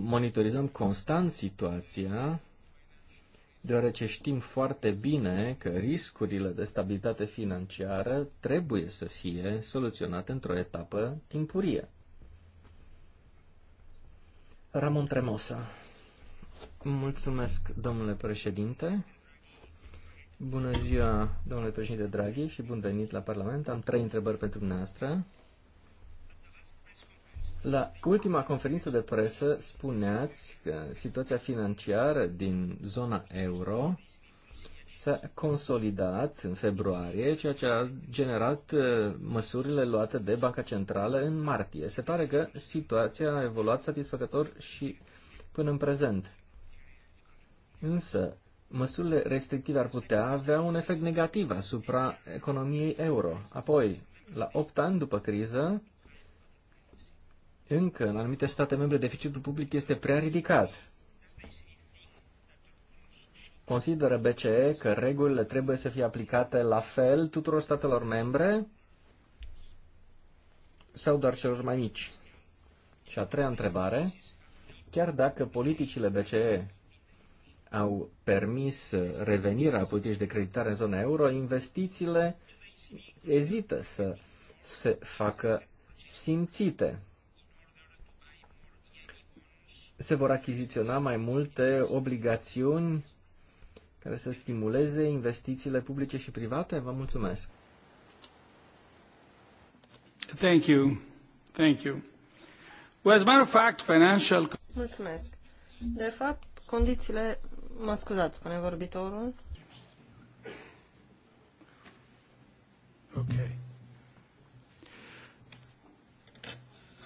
Monitorizăm constant situația, deoarece știm foarte bine că riscurile de stabilitate financiară trebuie să fie soluționate într-o etapă timpurie. Ramon Tremosa. Mulțumesc, domnule președinte. Bună ziua, domnule președinte Draghi, și bun venit la Parlament. Am trei întrebări pentru dumneavoastră. La ultima conferință de presă spuneați că situația financiară din zona euro s-a consolidat în februarie, ceea ce a generat uh, măsurile luate de Banca Centrală în martie. Se pare că situația a evoluat satisfăcător și până în prezent. Însă, măsurile restrictive ar putea avea un efect negativ asupra economiei euro. Apoi, la 8 ani după criză, încă în anumite state membre deficitul public este prea ridicat. Consideră BCE că regulile trebuie să fie aplicate la fel tuturor statelor membre sau doar celor mai mici? Și a treia întrebare, chiar dacă politicile BCE au permis revenirea politicii de creditare în zona euro, investițiile ezită să se facă simțite. Se vor achiziționa mai multe obligațiuni care să stimuleze investițiile publice și private? Vă mulțumesc. Thank you. Thank you. Well, as a matter of fact, financial... Mulțumesc. De fapt, condițiile... Mă scuzați, spune vorbitorul. Okay.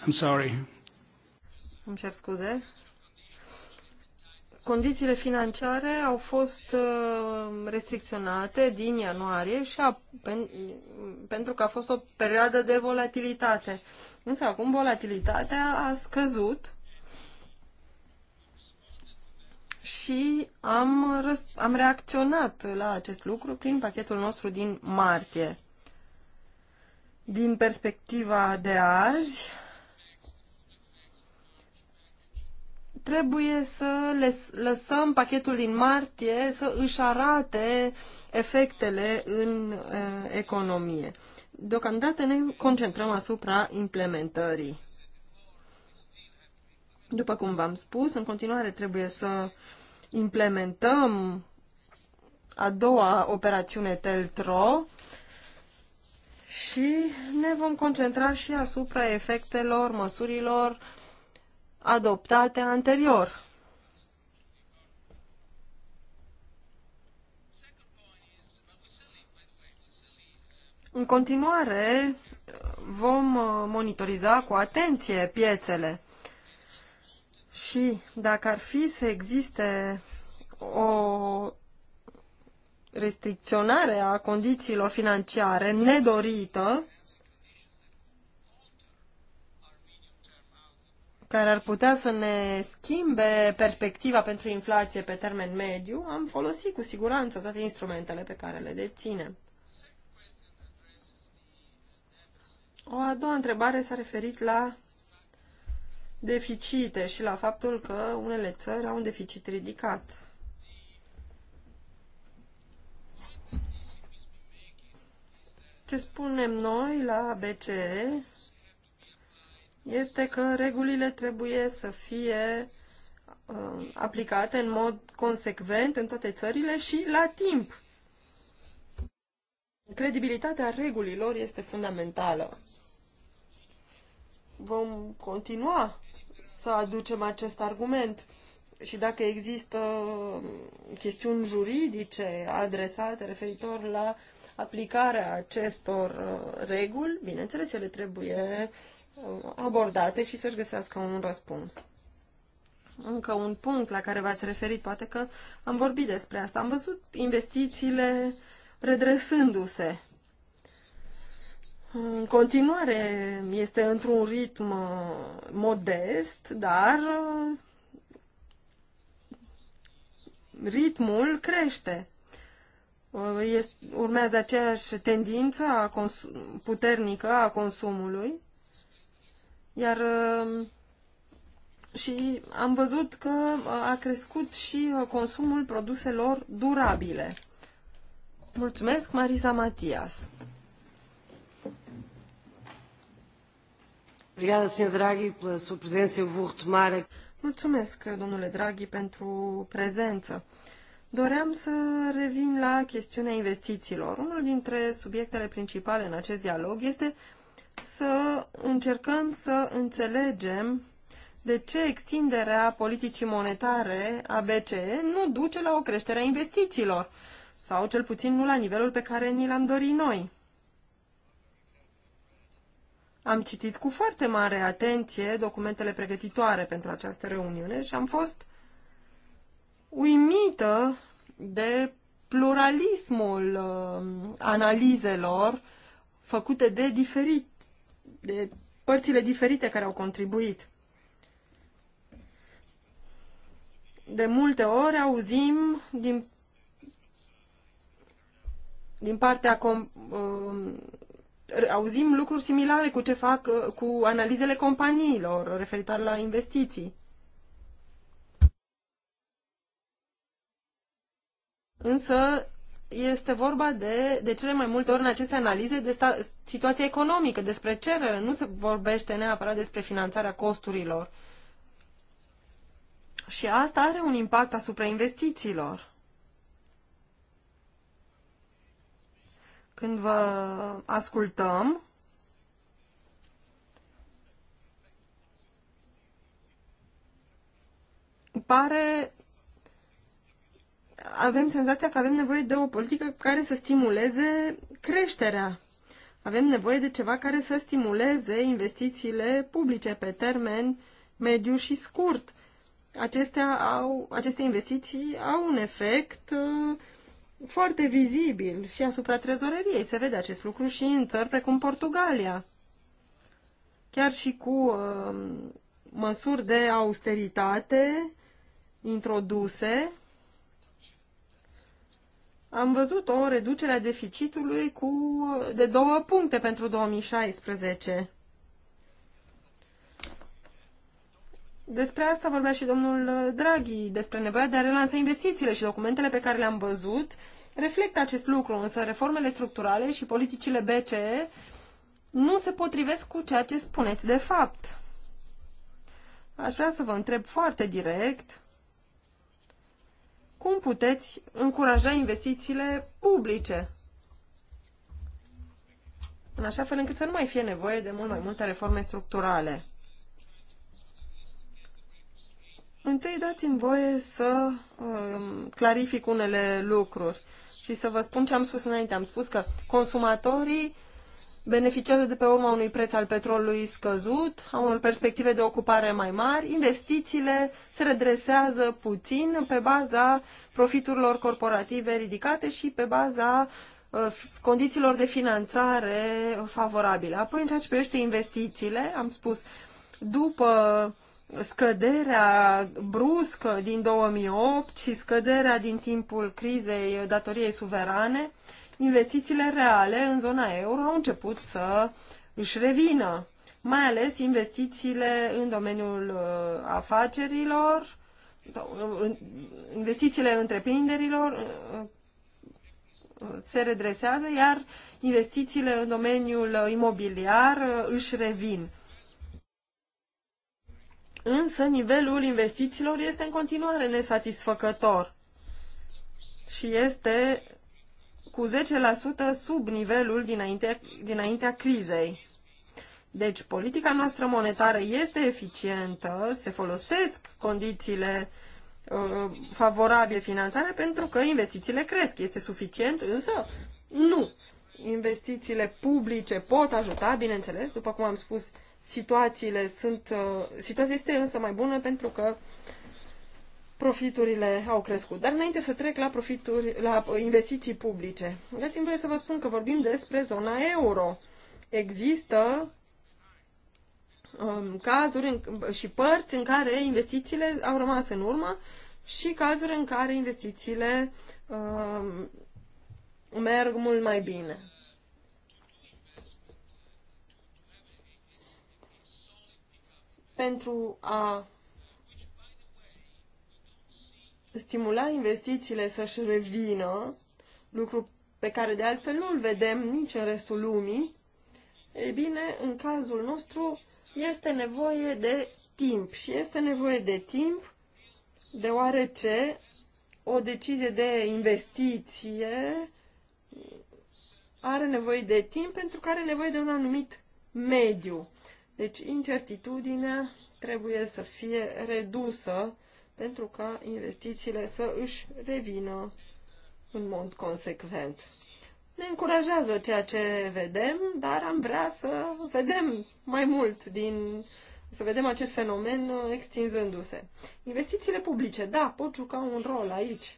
I'm sorry. Îmi cer scuze. Condițiile financiare au fost uh, restricționate din ianuarie și a, pen, pentru că a fost o perioadă de volatilitate. Însă acum volatilitatea a scăzut și am, am reacționat la acest lucru prin pachetul nostru din martie. Din perspectiva de azi, trebuie să le lăsăm pachetul din martie să își arate efectele în eh, economie. Deocamdată ne concentrăm asupra implementării. După cum v-am spus, în continuare trebuie să implementăm a doua operațiune TELTRO și ne vom concentra și asupra efectelor, măsurilor, adoptate anterior. În continuare, vom uh, monitoriza cu atenție piețele și dacă ar fi să existe o restricționare a condițiilor financiare nedorită, care ar putea să ne schimbe perspectiva pentru inflație pe termen mediu, am folosit cu siguranță toate instrumentele pe care le deținem. O a doua întrebare s-a referit la deficite și la faptul că unele țări au un deficit ridicat. Ce spunem noi la BCE este că regulile trebuie să fie uh, aplicate în mod consecvent în toate țările și la timp. Credibilitatea regulilor este fundamentală. Vom continua să aducem acest argument și dacă există chestiuni juridice adresate referitor la aplicarea acestor uh, reguli, bineînțeles, ele trebuie uh, abordate și să-și găsească un răspuns. Încă un punct la care v-ați referit, poate că am vorbit despre asta. Am văzut investițiile redresându-se. În continuare este într-un ritm uh, modest, dar uh, ritmul crește. Uh, urmează aceeași tendință a puternică a consumului iar um, și am văzut că uh, a crescut și uh, consumul produselor durabile. Mulțumesc, Marisa Matias. Obrigada, Draghi, pela sua presença. Eu vou retomar... Mulțumesc, domnule Draghi, pentru prezență. Doream să revin la chestiunea investițiilor. Unul dintre subiectele principale în acest dialog este să încercăm să înțelegem de ce extinderea politicii monetare a BCE nu duce la o creștere a investițiilor, sau cel puțin nu la nivelul pe care ni l-am dorit noi. Am citit cu foarte mare atenție documentele pregătitoare pentru această reuniune și am fost uimită de pluralismul uh, analizelor făcute de diferit, de părțile diferite care au contribuit. De multe ori auzim din, din partea com, uh, auzim lucruri similare cu ce fac uh, cu analizele companiilor referitoare la investiții. Însă este vorba de, de cele mai multe ori în aceste analize de sta, situația economică, despre cerere, nu se vorbește neapărat despre finanțarea costurilor. Și asta are un impact asupra investițiilor. Când vă ascultăm, pare avem senzația că avem nevoie de o politică care să stimuleze creșterea. Avem nevoie de ceva care să stimuleze investițiile publice pe termen mediu și scurt. Acestea au, aceste investiții au un efect uh, foarte vizibil și asupra trezoreriei. Se vede acest lucru și în țări precum Portugalia. Chiar și cu uh, măsuri de austeritate introduse, am văzut o reducere a deficitului cu, de două puncte pentru 2016. Despre asta vorbea și domnul uh, Draghi, despre nevoia de a relansa investițiile și documentele pe care le-am văzut reflectă acest lucru, însă reformele structurale și politicile BCE nu se potrivesc cu ceea ce spuneți de fapt. Aș vrea să vă întreb foarte direct cum puteți încuraja investițiile publice? În așa fel încât să nu mai fie nevoie de mult mai multe reforme structurale. Întâi dați-mi voie să um, clarific unele lucruri și să vă spun ce am spus înainte. Am spus că consumatorii beneficiază de pe urma unui preț al petrolului scăzut, a unor perspective de ocupare mai mari, investițiile se redresează puțin pe baza profiturilor corporative ridicate și pe baza uh, condițiilor de finanțare favorabile. Apoi, în ceea ce privește investițiile, am spus, după scăderea bruscă din 2008 și scăderea din timpul crizei datoriei suverane, investițiile reale în zona euro au început să își revină, mai ales investițiile în domeniul uh, afacerilor, uh, investițiile întreprinderilor uh, se redresează, iar investițiile în domeniul imobiliar își revin. Însă nivelul investițiilor este în continuare nesatisfăcător și este cu 10% sub nivelul dinainte, dinaintea crizei. Deci, politica noastră monetară este eficientă, se folosesc condițiile uh, favorabile finanțare pentru că investițiile cresc. Este suficient, însă nu. Investițiile publice pot ajuta, bineînțeles, după cum am spus, situațiile sunt, uh, situația este însă mai bună pentru că profiturile au crescut. Dar înainte să trec la, profituri, la uh, investiții publice, dați-mi voie să vă spun că vorbim despre zona euro. Există um, cazuri în, și părți în care investițiile au rămas în urmă și cazuri în care investițiile um, merg mult mai bine. Pentru a stimula investițiile să-și revină, lucru pe care de altfel nu-l vedem nici în restul lumii, e bine, în cazul nostru este nevoie de timp și este nevoie de timp deoarece o decizie de investiție are nevoie de timp pentru că are nevoie de un anumit mediu. Deci incertitudinea trebuie să fie redusă pentru ca investițiile să își revină în mod consecvent. Ne încurajează ceea ce vedem, dar am vrea să vedem mai mult din să vedem acest fenomen extinzându-se. Investițiile publice, da, pot juca un rol aici.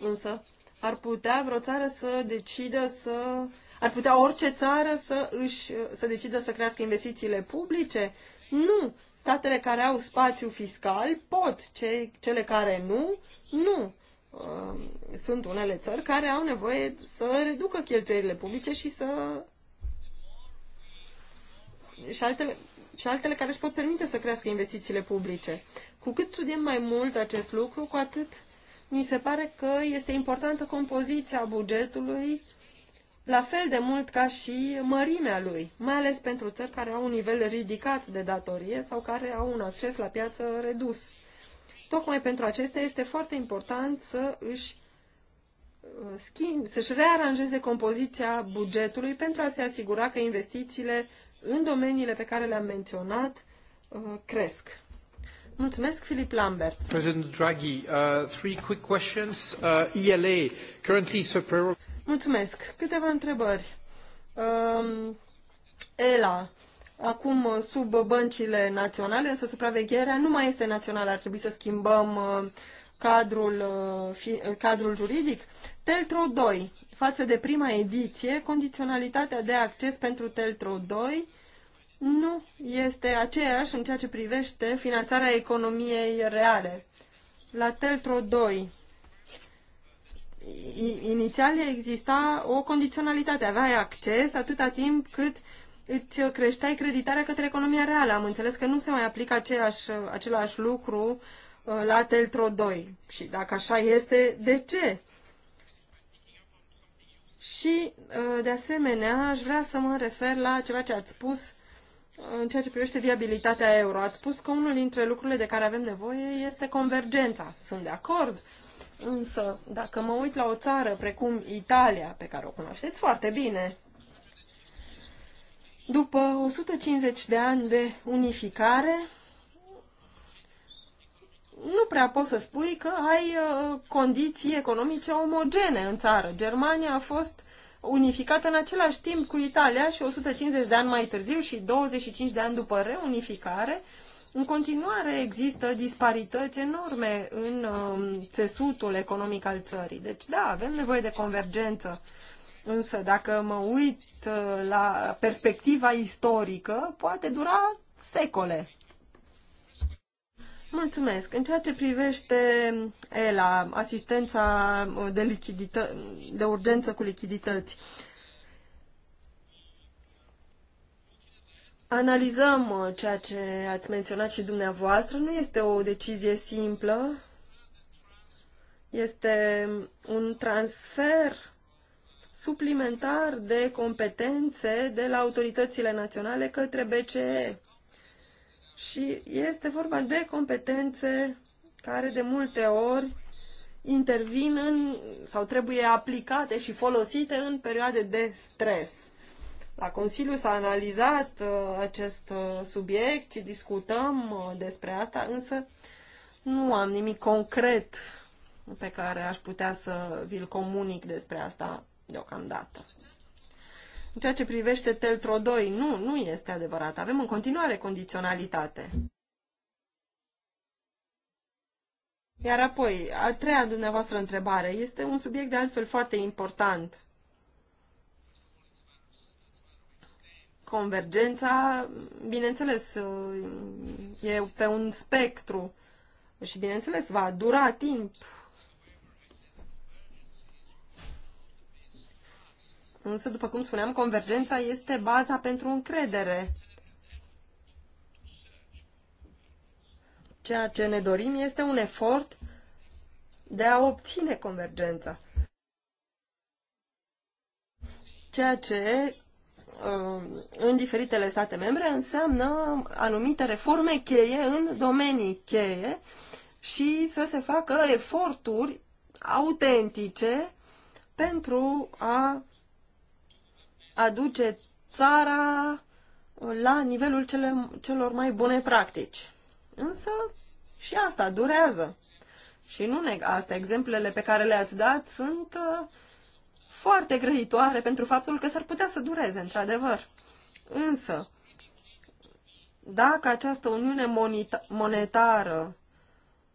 Însă ar putea vreo țară să decidă să ar putea orice țară să își să decidă să crească investițiile publice? Nu, Statele care au spațiu fiscal pot, ce, cele care nu, nu. Um, sunt unele țări care au nevoie să reducă cheltuielile publice și să și altele, și altele care își pot permite să crească investițiile publice. Cu cât studiem mai mult acest lucru, cu atât ni se pare că este importantă compoziția bugetului la fel de mult ca și mărimea lui, mai ales pentru țări care au un nivel ridicat de datorie sau care au un acces la piață redus. Tocmai pentru acestea este foarte important să își uh, schimb, să-și rearanjeze compoziția bugetului pentru a se asigura că investițiile în domeniile pe care le-am menționat uh, cresc. Mulțumesc, Philip Lambert. President Draghi, uh, three quick questions. Uh, ELA, currently superior... Mulțumesc. Câteva întrebări. Um, ELA, acum uh, sub băncile naționale, însă supravegherea nu mai este națională, ar trebui să schimbăm uh, cadrul, uh, fi, uh, cadrul juridic. Teltro 2, față de prima ediție, condiționalitatea de acces pentru Teltro 2 nu este aceeași în ceea ce privește finanțarea economiei reale. La Teltro 2, inițial exista o condiționalitate, aveai acces atâta timp cât îți creșteai creditarea către economia reală. Am înțeles că nu se mai aplică aceeași, același lucru uh, la Teltro 2. Și dacă așa este, de ce? Și, uh, de asemenea, aș vrea să mă refer la ceva ce ați spus uh, în ceea ce privește viabilitatea euro. Ați spus că unul dintre lucrurile de care avem nevoie este convergența. Sunt de acord. Însă, dacă mă uit la o țară precum Italia, pe care o cunoașteți foarte bine, după 150 de ani de unificare, nu prea poți să spui că ai uh, condiții economice omogene în țară. Germania a fost unificată în același timp cu Italia și 150 de ani mai târziu și 25 de ani după reunificare, în continuare există disparități enorme în um, țesutul economic al țării. Deci, da, avem nevoie de convergență. Însă, dacă mă uit uh, la perspectiva istorică, poate dura secole. Mulțumesc. În ceea ce privește ELA, asistența uh, de, lichidită- de urgență cu lichidități, analizăm uh, ceea ce ați menționat și dumneavoastră. Nu este o decizie simplă. Este un transfer suplimentar de competențe de la autoritățile naționale către BCE. Și este vorba de competențe care de multe ori intervin în, sau trebuie aplicate și folosite în perioade de stres. La Consiliu s-a analizat uh, acest uh, subiect, discutăm uh, despre asta, însă nu am nimic concret pe care aș putea să vi-l comunic despre asta deocamdată. În ceea ce privește Teltro 2, nu, nu este adevărat. Avem în continuare condiționalitate. Iar apoi, a treia dumneavoastră întrebare este un subiect de altfel foarte important. Convergența, bineînțeles, e pe un spectru și, bineînțeles, va dura timp. Însă, după cum spuneam, convergența este baza pentru încredere. Ceea ce ne dorim este un efort de a obține convergența. Ceea ce Uh, în diferitele state membre înseamnă anumite reforme cheie în domenii cheie și să se facă eforturi autentice pentru a aduce țara la nivelul cele, celor mai bune practici. Însă și asta durează. Și nu neg asta. Exemplele pe care le-ați dat sunt uh, foarte grăitoare pentru faptul că s-ar putea să dureze, într-adevăr. Însă, dacă această uniune monetară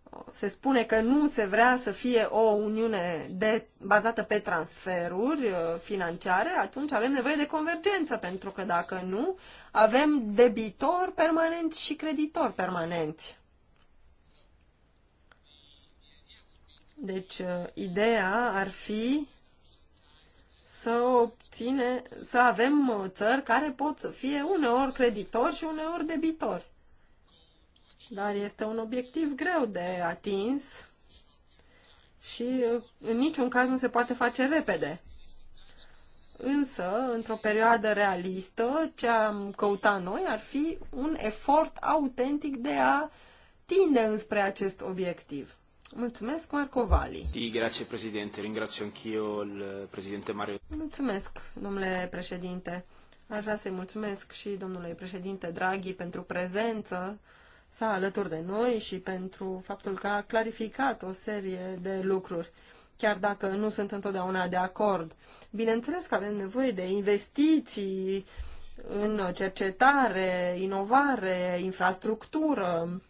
uh, se spune că nu se vrea să fie o uniune de, bazată pe transferuri uh, financiare, atunci avem nevoie de convergență, pentru că dacă nu, avem debitor permanent și creditor permanent. Deci, uh, ideea ar fi să obține, să avem țări care pot să fie uneori creditori și uneori debitori. Dar este un obiectiv greu de atins și în niciun caz nu se poate face repede. Însă, într-o perioadă realistă, ce am căutat noi ar fi un efort autentic de a tinde înspre acest obiectiv. Mulțumesc, Marco Vali. Sì, grazie Presidente, ringrazio anch'io il Presidente Mario. Mulțumesc, domnule președinte. Aș vrea să-i mulțumesc și domnului președinte Draghi pentru prezență sa alături de noi și pentru faptul că a clarificat o serie de lucruri, chiar dacă nu sunt întotdeauna de acord. Bineînțeles că avem nevoie de investiții în cercetare, inovare, infrastructură,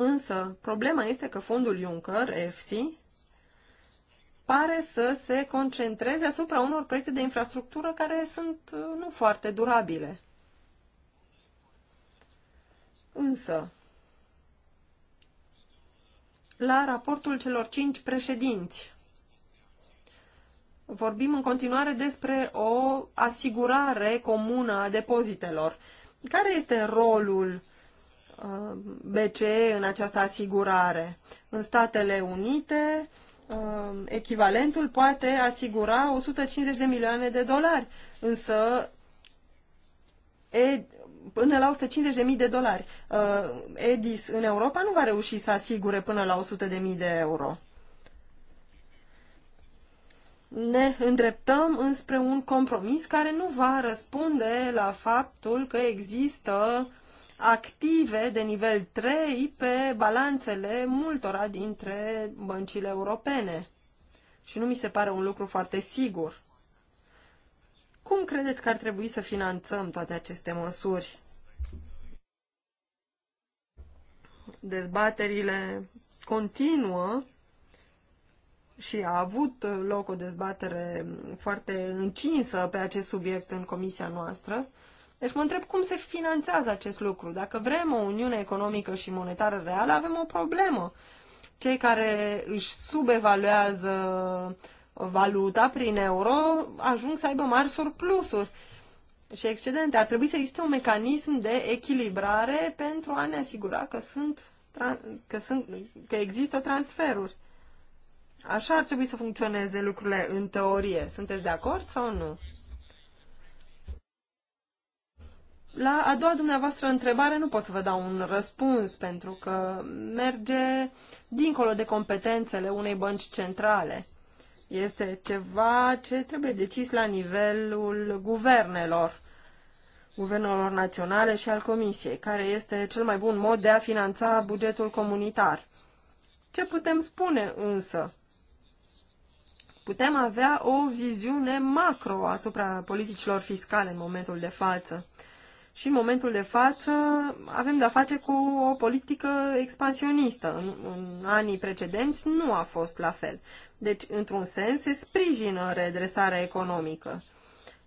Însă, problema este că fondul Juncker, EFSI, pare să se concentreze asupra unor proiecte de infrastructură care sunt uh, nu foarte durabile. Însă, la raportul celor cinci președinți, vorbim în continuare despre o asigurare comună a depozitelor. Care este rolul Uh, BCE în această asigurare. În Statele Unite, uh, echivalentul poate asigura 150 de milioane de dolari, însă e, până la 150.000 de dolari. Uh, Edis în Europa nu va reuși să asigure până la 100.000 de euro. Ne îndreptăm înspre un compromis care nu va răspunde la faptul că există uh, active de nivel 3 pe balanțele multora dintre băncile europene. Și nu mi se pare un lucru foarte sigur. Cum credeți că ar trebui să finanțăm toate aceste măsuri? Dezbaterile continuă și a avut loc o dezbatere foarte încinsă pe acest subiect în comisia noastră deci mă întreb cum se finanțează acest lucru. Dacă vrem o uniune economică și monetară reală, avem o problemă. Cei care își subevaluează valuta prin euro ajung să aibă mari surplusuri și excedente. Ar trebui să existe un mecanism de echilibrare pentru a ne asigura că, sunt, că, sunt, că există transferuri. Așa ar trebui să funcționeze lucrurile în teorie. Sunteți de acord sau nu? La a doua dumneavoastră întrebare nu pot să vă dau un răspuns pentru că merge dincolo de competențele unei bănci centrale. Este ceva ce trebuie decis la nivelul guvernelor, guvernelor naționale și al Comisiei, care este cel mai bun mod de a finanța bugetul comunitar. Ce putem spune însă? Putem avea o viziune macro asupra politicilor fiscale în momentul de față și în momentul de față avem de-a face cu o politică expansionistă. În, în anii precedenți nu a fost la fel. Deci, într-un sens, se sprijină redresarea economică.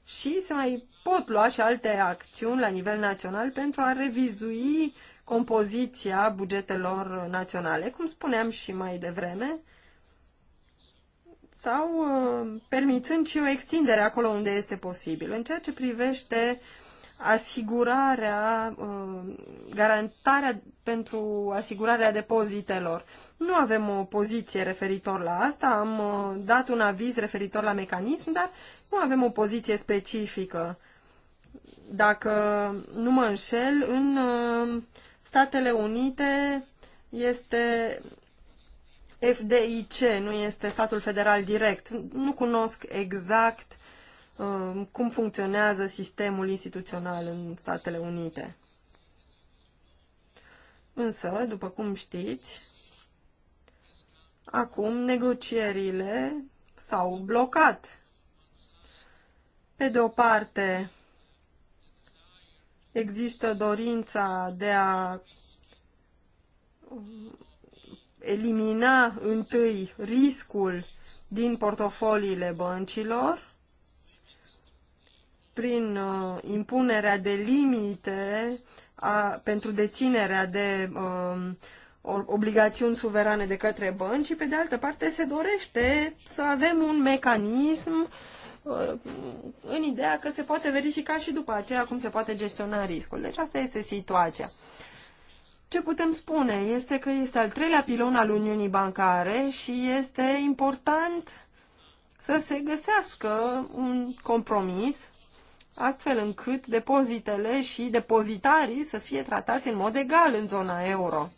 Și se mai pot lua și alte acțiuni la nivel național pentru a revizui compoziția bugetelor naționale. Cum spuneam și mai devreme, sau uh, permițând și o extindere acolo unde este posibil. În ceea ce privește asigurarea, uh, garantarea pentru asigurarea depozitelor. Nu avem o poziție referitor la asta, am uh, dat un aviz referitor la mecanism, dar nu avem o poziție specifică. Dacă nu mă înșel, în uh, Statele Unite este FDIC nu este statul federal direct. Nu cunosc exact uh, cum funcționează sistemul instituțional în Statele Unite. Însă, după cum știți, acum negocierile s-au blocat. Pe de o parte, există dorința de a um, elimina întâi riscul din portofoliile băncilor prin uh, impunerea de limite a, pentru deținerea de uh, obligațiuni suverane de către bănci și pe de altă parte se dorește să avem un mecanism uh, în ideea că se poate verifica și după aceea cum se poate gestiona riscul. Deci asta este situația. Uh, ce putem spune este că este al treilea pilon al Uniunii Bancare și este important să se găsească un compromis astfel încât depozitele și depozitarii să fie tratați în mod egal în zona euro.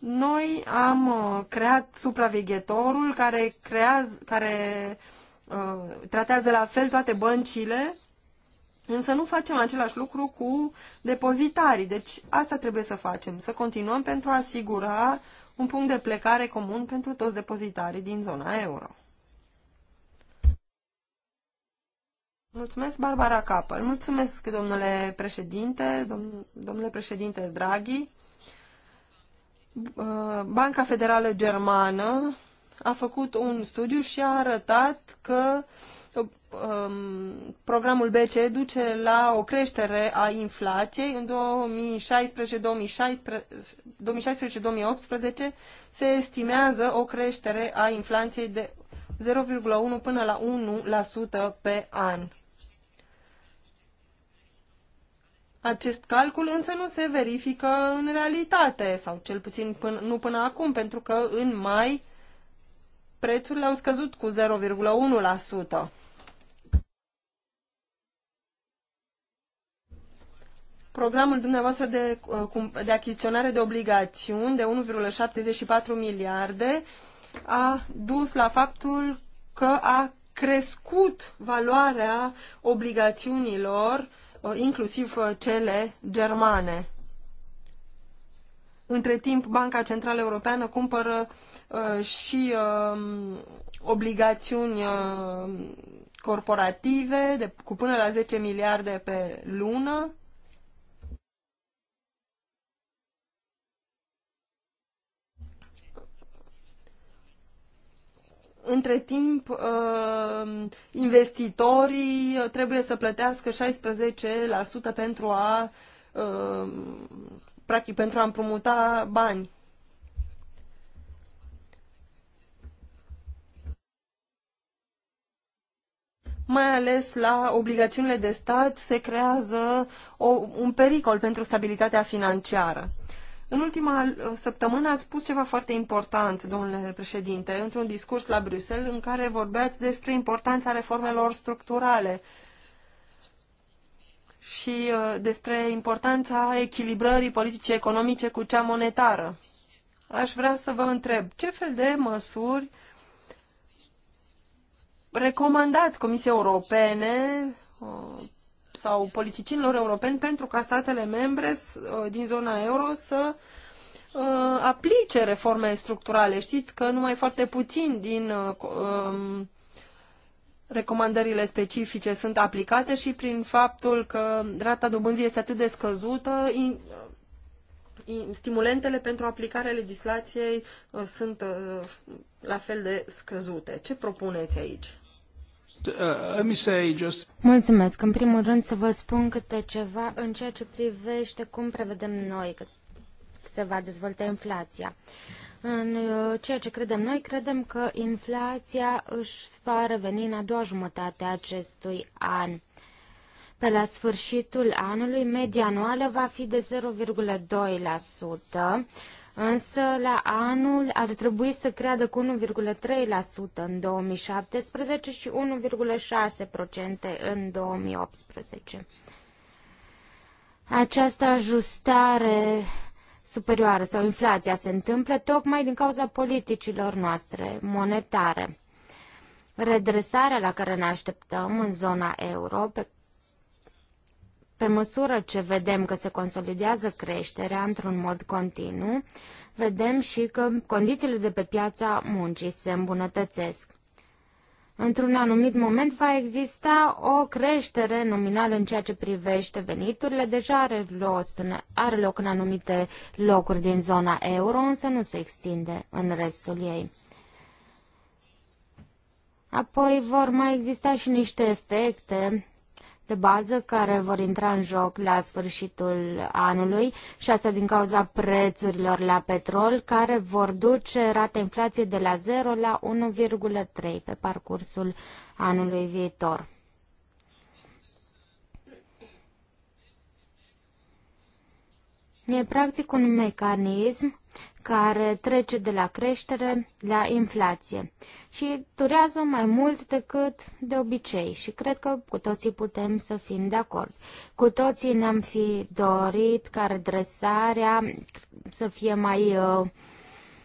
Noi am uh, creat supraveghetorul care, creaz, care uh, tratează la fel toate băncile Însă nu facem același lucru cu depozitarii. Deci asta trebuie să facem, să continuăm pentru a asigura un punct de plecare comun pentru toți depozitarii din zona euro. Mulțumesc, Barbara Capăl. Mulțumesc, domnule președinte, domnule președinte Draghi. Uh, Banca Federală Germană a făcut un studiu și a arătat că uh, um, programul BCE duce la o creștere a inflației. În 2016-2018 se estimează o creștere a inflației de 0,1 până la 1% pe an. Acest calcul însă nu se verifică în realitate, sau cel puțin până, nu până acum, pentru că în mai prețurile au scăzut cu 0,1%. programul dumneavoastră de, uh, de achiziționare de obligațiuni de 1,74 miliarde a dus la faptul că a crescut valoarea obligațiunilor, uh, inclusiv uh, cele germane. Între timp, Banca Centrală Europeană cumpără uh, și uh, obligațiuni uh, corporative de, cu până la 10 miliarde pe lună Între timp, uh, investitorii trebuie să plătească 16% pentru a uh, practic pentru a împrumuta bani. Mai ales la obligațiunile de stat se creează o, un pericol pentru stabilitatea financiară. În ultima uh, săptămână ați spus ceva foarte important, domnule președinte, într-un discurs la Bruxelles în care vorbeați despre importanța reformelor structurale și uh, despre importanța echilibrării politicii economice cu cea monetară. Aș vrea să vă întreb, ce fel de măsuri recomandați Comisiei Europene uh, sau politicienilor europeni pentru ca statele membre uh, din zona euro să uh, aplice reforme structurale. Știți că numai foarte puțin din uh, um, recomandările specifice sunt aplicate și prin faptul că rata dobânzii este atât de scăzută, stimulentele pentru aplicarea legislației sunt la fel de scăzute. Ce propuneți aici? Uh, Mulțumesc. În primul rând să vă spun câte ceva în ceea ce privește cum prevedem noi că se va dezvolta inflația. În uh, ceea ce credem noi, credem că inflația își va reveni în a doua jumătate a acestui an. Pe la sfârșitul anului, media anuală va fi de 0,2%, însă la anul ar trebui să creadă cu 1,3% în 2017 și 1,6% în 2018. Această ajustare superioară sau inflația se întâmplă tocmai din cauza politicilor noastre monetare. Redresarea la care ne așteptăm în zona euro, pe pe măsură ce vedem că se consolidează creșterea într-un mod continuu, vedem și că condițiile de pe piața muncii se îmbunătățesc. Într-un anumit moment va exista o creștere nominală în ceea ce privește veniturile. Deja are, lost, are loc în anumite locuri din zona euro, însă nu se extinde în restul ei. Apoi vor mai exista și niște efecte de bază care vor intra în joc la sfârșitul anului și asta din cauza prețurilor la petrol care vor duce rata inflației de la 0 la 1,3 pe parcursul anului viitor. E practic un mecanism care trece de la creștere la inflație și durează mai mult decât de obicei și cred că cu toții putem să fim de acord. Cu toții ne-am fi dorit ca redresarea să fie mai uh,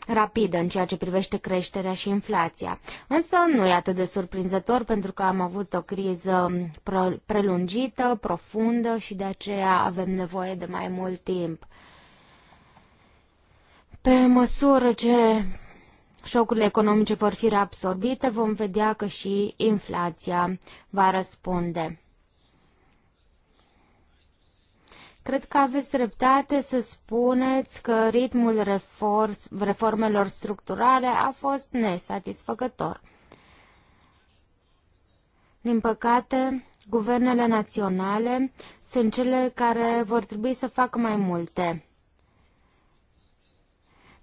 rapidă în ceea ce privește creșterea și inflația. Însă nu e atât de surprinzător pentru că am avut o criză prelungită, profundă și de aceea avem nevoie de mai mult timp. Pe măsură ce șocurile economice vor fi absorbite, vom vedea că și inflația va răspunde. Cred că aveți dreptate să spuneți că ritmul reform, reformelor structurale a fost nesatisfăcător. Din păcate, guvernele naționale sunt cele care vor trebui să facă mai multe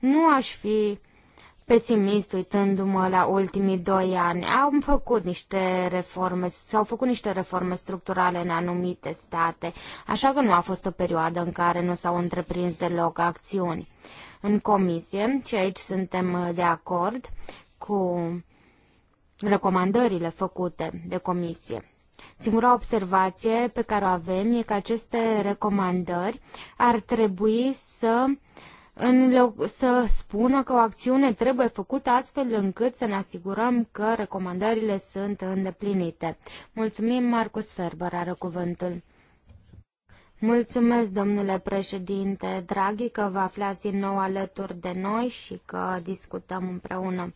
nu aș fi pesimist uitându-mă la ultimii doi ani. Am făcut niște reforme, s-au făcut niște reforme structurale în anumite state, așa că nu a fost o perioadă în care nu s-au întreprins deloc acțiuni. În comisie, și aici suntem de acord cu recomandările făcute de comisie. Singura observație pe care o avem e că aceste recomandări ar trebui să uh, în loc să spună că o acțiune trebuie făcută astfel încât să ne asigurăm că recomandările sunt îndeplinite. Mulțumim, Marcus Ferber are cuvântul. Mulțumesc, domnule președinte Draghi, că vă aflați din nou alături de noi și că discutăm împreună.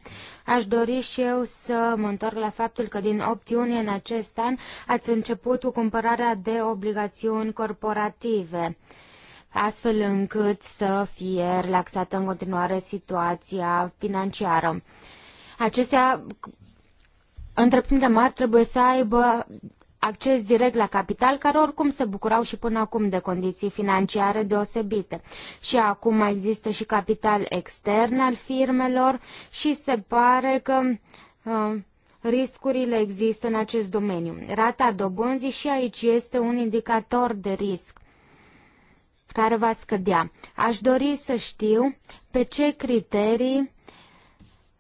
Aș dori și eu să mă întorc la faptul că din 8 iunie în acest an ați început cu cumpărarea de obligațiuni corporative astfel încât să fie relaxată în continuare situația financiară. Acestea, întreprinderile mari trebuie să aibă acces direct la capital, care oricum se bucurau și până acum de condiții financiare deosebite. Și acum mai există și capital extern al firmelor și se pare că uh, riscurile există în acest domeniu. Rata dobânzii și aici este un indicator de risc care va scădea. Aș dori să știu pe ce criterii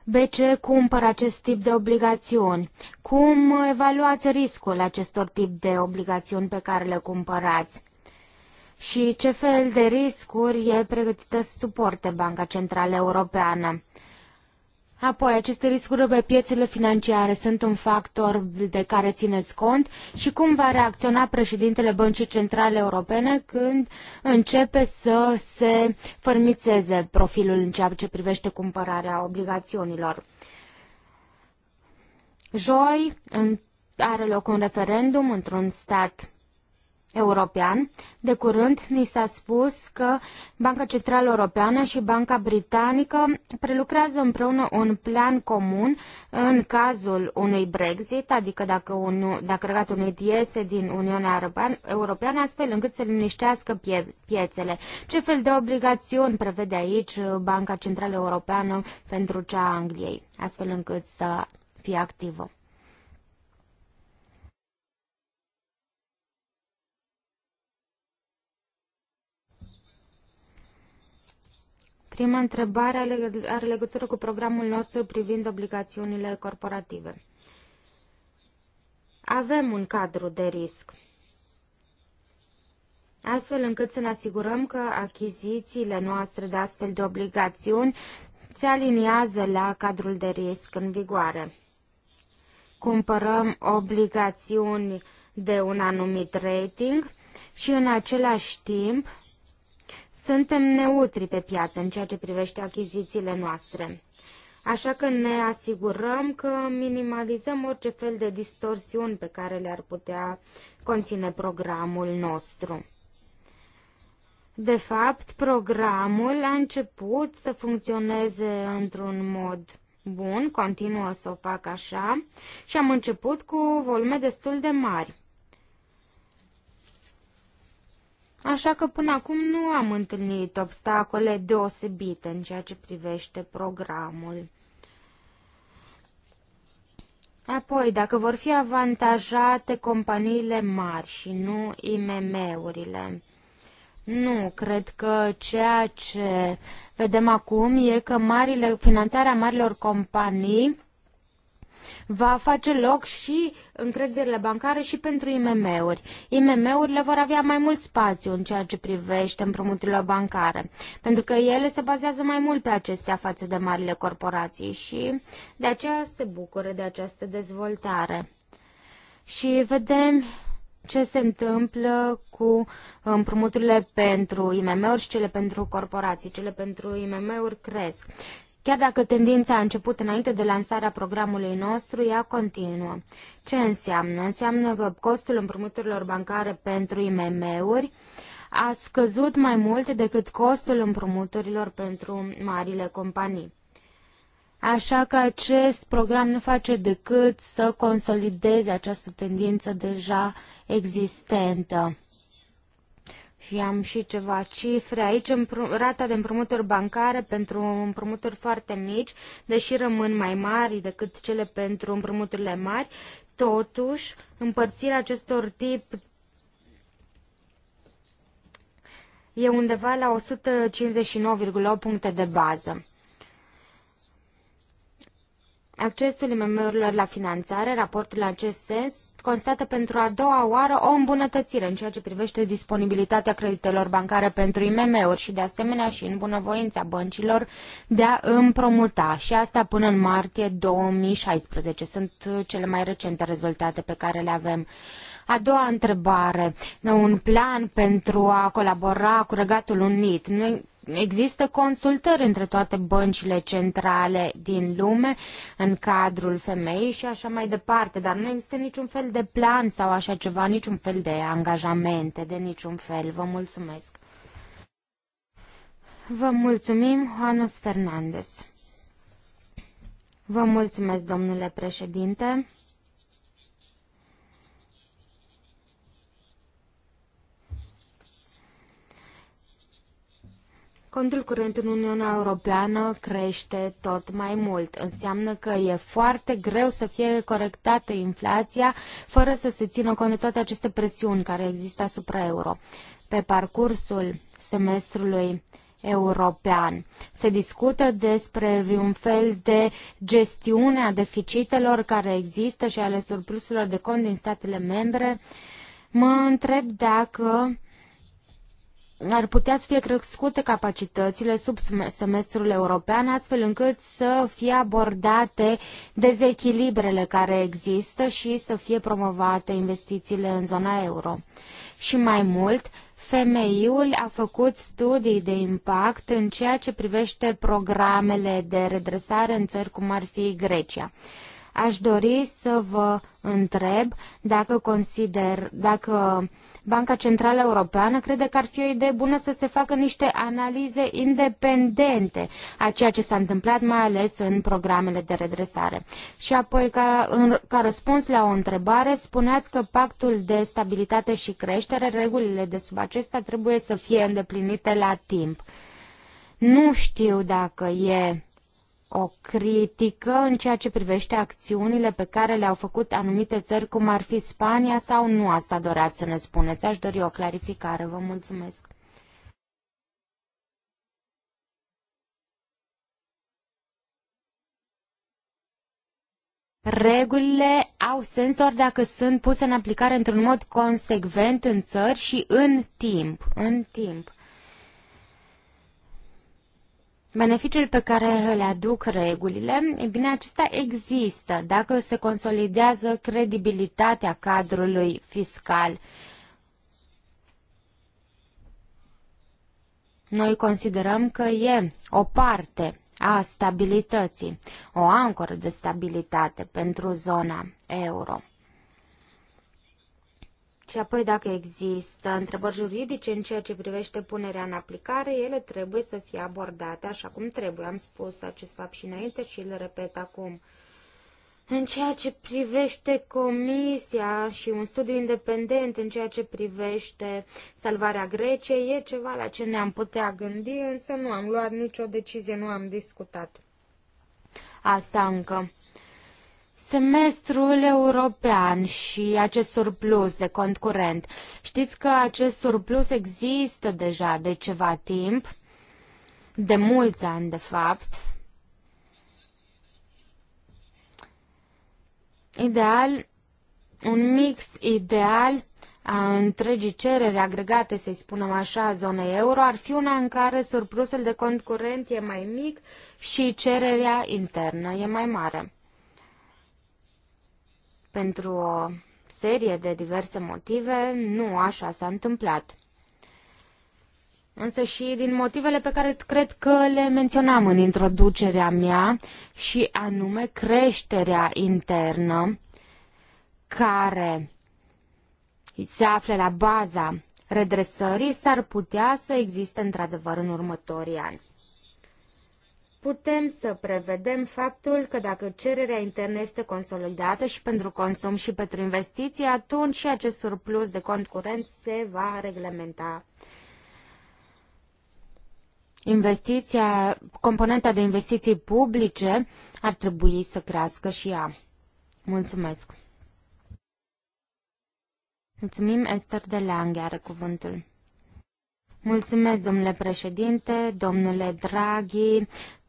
BC cumpără acest tip de obligațiuni. Cum evaluați riscul acestor tip de obligațiuni pe care le cumpărați? Și ce fel de riscuri e pregătită să suporte Banca Centrală Europeană? Apoi, aceste riscuri pe piețele financiare sunt un factor de care țineți cont și cum va reacționa președintele Băncii Centrale Europene când începe să se fărmițeze profilul în ceea ce privește cumpărarea obligațiunilor. Joi are loc un referendum într-un stat european. De curând ni s-a spus că Banca Centrală Europeană și Banca Britanică prelucrează împreună un plan comun în cazul unui Brexit, adică dacă, un, dacă Regatul Unit iese din Uniunea Europeană, astfel încât să liniștească pie, piețele. Ce fel de obligațiuni prevede aici Banca Centrală Europeană pentru cea a Angliei, astfel încât să fie activă? Prima întrebare are legătură cu programul nostru privind obligațiunile corporative. Avem un cadru de risc, astfel încât să ne asigurăm că achizițiile noastre de astfel de obligațiuni se aliniază la cadrul de risc în vigoare. Cumpărăm obligațiuni de un anumit rating și în același timp suntem neutri pe piață în ceea ce privește achizițiile noastre. Așa că ne asigurăm că minimalizăm orice fel de distorsiuni pe care le-ar putea conține programul nostru. De fapt, programul a început să funcționeze într-un mod bun, continuă să o fac așa, și am început cu volume destul de mari. Așa că până acum nu am întâlnit obstacole deosebite în ceea ce privește programul. Apoi, dacă vor fi avantajate companiile mari și nu IMM-urile. Nu, cred că ceea ce vedem acum e că marile, finanțarea marilor companii Va face loc și încrederile bancare și pentru IMM-uri. IMM-urile vor avea mai mult spațiu în ceea ce privește împrumuturile bancare, pentru că ele se bazează mai mult pe acestea față de marile corporații și de aceea se bucură de această dezvoltare. Și vedem ce se întâmplă cu împrumuturile pentru IMM-uri și cele pentru corporații. Cele pentru IMM-uri cresc. Chiar dacă tendința a început înainte de lansarea programului nostru, ea continuă. Ce înseamnă? Înseamnă că costul împrumuturilor bancare pentru IMM-uri a scăzut mai mult decât costul împrumuturilor pentru marile companii. Așa că acest program nu face decât să consolideze această tendință deja existentă. Și am și ceva cifre aici, rata de împrumuturi bancare pentru împrumuturi foarte mici, deși rămân mai mari decât cele pentru împrumuturile mari, totuși împărțirea acestor tip e undeva la 159,8 puncte de bază accesul IMM-urilor la finanțare, raportul în acest sens, constată pentru a doua oară o îmbunătățire în ceea ce privește disponibilitatea creditelor bancare pentru IMM-uri și de asemenea și în bunăvoința băncilor de a împrumuta și asta până în martie 2016. Sunt uh, cele mai recente rezultate pe care le avem. A doua întrebare, un plan pentru a colabora cu Regatul Unit. Noi Există consultări între toate băncile centrale din lume în cadrul femeii și așa mai departe, dar nu există niciun fel de plan sau așa ceva, niciun fel de angajamente, de niciun fel. Vă mulțumesc. Vă mulțumim, Juanos Fernandez. Vă mulțumesc, domnule președinte. Contul curent în Uniunea Europeană crește tot mai mult. Înseamnă că e foarte greu să fie corectată inflația fără să se țină cont de toate aceste presiuni care există asupra euro. Pe parcursul semestrului european. Se discută despre un fel de gestiune a deficitelor care există și ale surplusurilor de cont din statele membre. Mă întreb dacă ar putea să fie crescute capacitățile sub semestrul european, astfel încât să fie abordate dezechilibrele care există și să fie promovate investițiile în zona euro. Și mai mult, FMI-ul a făcut studii de impact în ceea ce privește programele de redresare în țări cum ar fi Grecia aș dori să vă întreb dacă consider, dacă Banca Centrală Europeană crede că ar fi o idee bună să se facă niște analize independente a ceea ce s-a întâmplat, mai ales în programele de redresare. Și apoi, ca, în, ca răspuns la o întrebare, spuneați că pactul de stabilitate și creștere, regulile de sub acesta trebuie să fie îndeplinite la timp. Nu știu dacă e o critică în ceea ce privește acțiunile pe care le-au făcut anumite țări, cum ar fi Spania, sau nu asta doreați să ne spuneți? Aș dori o clarificare. Vă mulțumesc. regulile au sens doar dacă sunt puse în aplicare într-un mod consecvent în țări și în timp. În timp. Beneficiile pe care le aduc regulile, e bine, acesta există dacă se consolidează credibilitatea cadrului fiscal. Noi considerăm că e o parte a stabilității, o ancoră de stabilitate pentru zona euro. Și apoi dacă există întrebări juridice în ceea ce privește punerea în aplicare, ele trebuie să fie abordate așa cum trebuie. Am spus acest fapt și înainte și îl repet acum. În ceea ce privește comisia și un studiu independent în ceea ce privește salvarea Greciei, e ceva la ce ne-am putea gândi, însă nu am luat nicio decizie, nu am discutat. Asta încă semestrul european și acest surplus de cont curent. Știți că acest surplus există deja de ceva timp, de mulți ani de fapt. Ideal, un mix ideal a întregii cereri agregate, să-i spunem așa, a zonei euro, ar fi una în care surplusul de cont curent e mai mic și cererea internă e mai mare. Pentru o serie de diverse motive, nu așa s-a întâmplat. Însă și din motivele pe care cred că le menționam în introducerea mea, și anume creșterea internă care se află la baza redresării, s-ar putea să existe într-adevăr în următorii ani putem să prevedem faptul că dacă cererea internă este consolidată și pentru consum și pentru investiții, atunci și acest surplus de cont curent se va reglementa. Investiția, componenta de investiții publice ar trebui să crească și ea. Mulțumesc! Mulțumim, Esther de Lange are cuvântul. Mulțumesc, domnule președinte, domnule Draghi,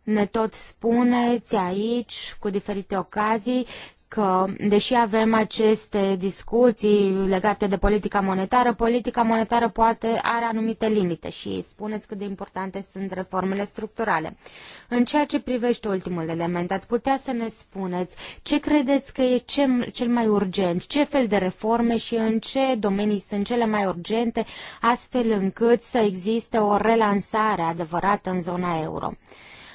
ne tot spuneți aici, cu diferite ocazii, că, deși avem aceste discuții legate de politica monetară, politica monetară poate are anumite limite și spuneți cât de importante sunt reformele structurale. În ceea ce privește ultimul element, ați putea să ne spuneți ce credeți că e cel mai urgent, ce fel de reforme și în ce domenii sunt cele mai urgente, astfel încât să existe o relansare adevărată în zona euro.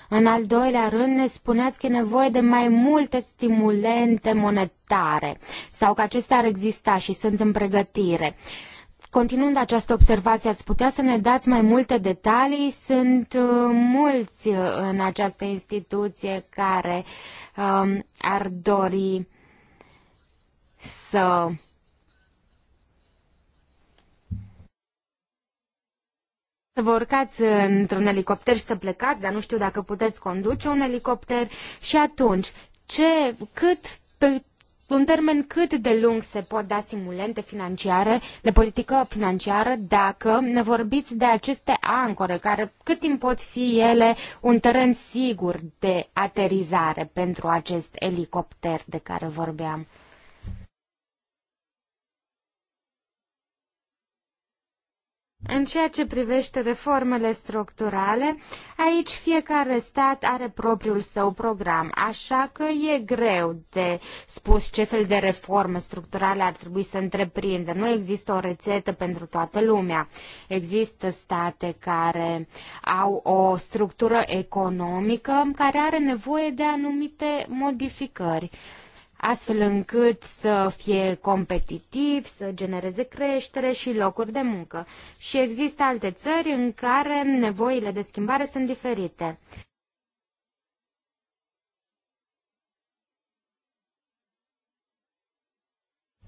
În al doilea rând, ne spuneați că e nevoie de mai multe stimulente monetare sau că acestea ar exista și sunt în pregătire. Continuând această observație, ați putea să ne dați mai multe detalii? Sunt uh, mulți uh, în această instituție care uh, ar dori să să vă urcați într-un elicopter și să plecați, dar nu știu dacă puteți conduce un elicopter și atunci ce, cât, pe un termen cât de lung se pot da simulente financiare, de politică financiară, dacă ne vorbiți de aceste ancore, care cât timp pot fi ele un teren sigur de aterizare pentru acest elicopter de care vorbeam? În ceea ce privește reformele structurale, aici fiecare stat are propriul său program, așa că e greu de spus ce fel de reforme structurale ar trebui să întreprindă. Nu există o rețetă pentru toată lumea. Există state care au o structură economică care are nevoie de anumite modificări astfel încât să fie competitiv, să genereze creștere și locuri de muncă. Și există alte țări în care nevoile de schimbare sunt diferite.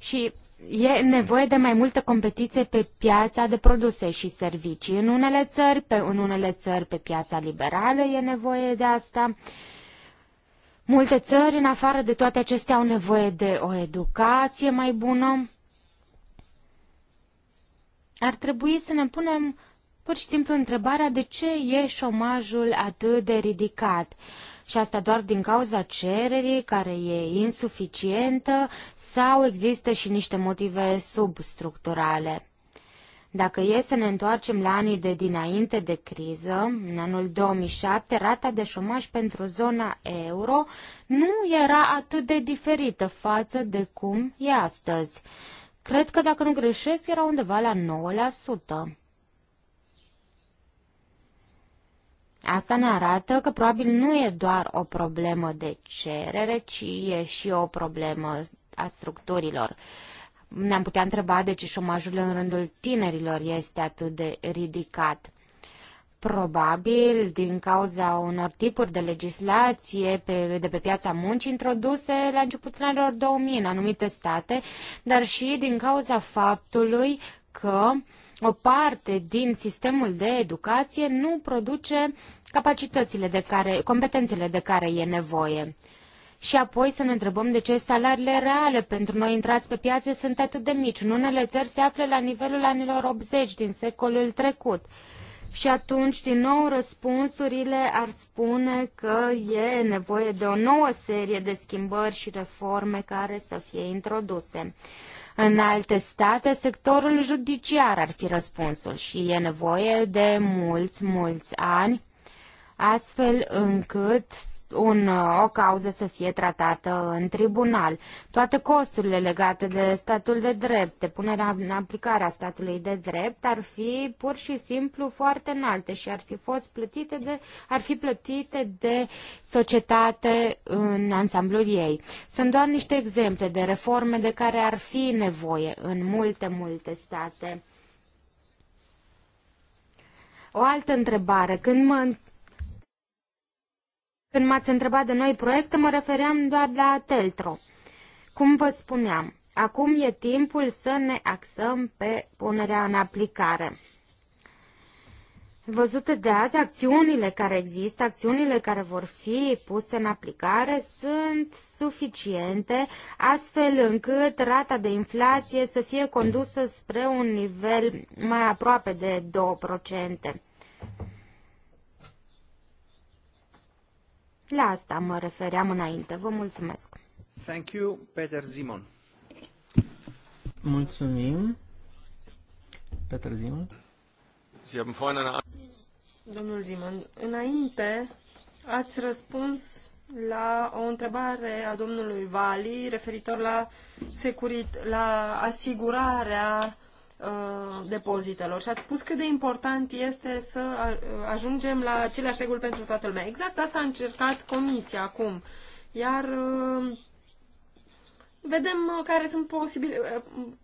Și e nevoie de mai multă competiție pe piața de produse și servicii. În unele țări, pe, în unele țări pe piața liberală e nevoie de asta. Uh, Multe țări, în afară de toate acestea, au nevoie de o educație mai bună. Ar trebui să ne punem pur și simplu întrebarea de ce e șomajul atât de ridicat. Și asta doar din cauza cererii, care e insuficientă, sau există și niște motive substructurale. Dacă e să ne întoarcem la anii de dinainte de criză, în anul 2007, rata de șomaj pentru zona euro nu era atât de diferită față de cum e astăzi. Cred că, dacă nu greșesc, era undeva la 9%. Asta ne arată că probabil nu e doar o problemă de cerere, ci e și o problemă a structurilor. Uh, ne-am putea întreba de ce șomajul în rândul tinerilor este atât de ridicat. Probabil din cauza unor tipuri de legislație pe, de pe piața muncii introduse la începutul anilor 2000 în anumite state, dar și din cauza faptului că o parte din sistemul de educație nu produce capacitățile de care, competențele de care e nevoie și apoi să ne întrebăm de ce salariile reale pentru noi intrați pe piață sunt atât de mici. În unele țări se află la nivelul anilor 80 din secolul trecut. Și atunci, din nou, răspunsurile ar spune că e nevoie de o nouă serie de schimbări și reforme care să fie introduse. În alte state, sectorul judiciar ar fi răspunsul și e nevoie de mulți, mulți ani astfel încât un, o cauză să fie tratată în tribunal. Toate costurile legate de statul de drept, de punerea în aplicare a statului de drept, ar fi pur și simplu foarte înalte și ar fi fost plătite de, ar fi plătite de societate în ansamblul ei. Sunt doar niște exemple de reforme de care ar fi nevoie în multe, multe state. O altă întrebare. Când mă când m-ați întrebat de noi proiecte, mă refeream doar la Teltro. Cum vă spuneam, acum e timpul să ne axăm pe punerea în aplicare. Văzute de azi, acțiunile care există, acțiunile care vor fi puse în aplicare sunt suficiente, astfel încât rata de inflație să fie condusă spre un nivel mai aproape de 2%. La asta mă refeream înainte. Vă mulțumesc. Thank you, Peter Zimon. Mulțumim. Peter Zimon. Domnul Zimon, înainte ați răspuns la o întrebare a domnului Vali referitor la, securit, la asigurarea Uh, depozitelor și ați spus cât de important este să uh, ajungem la aceleași reguli pentru toată lumea. Exact asta a încercat Comisia acum. Iar uh, vedem care, sunt posibil,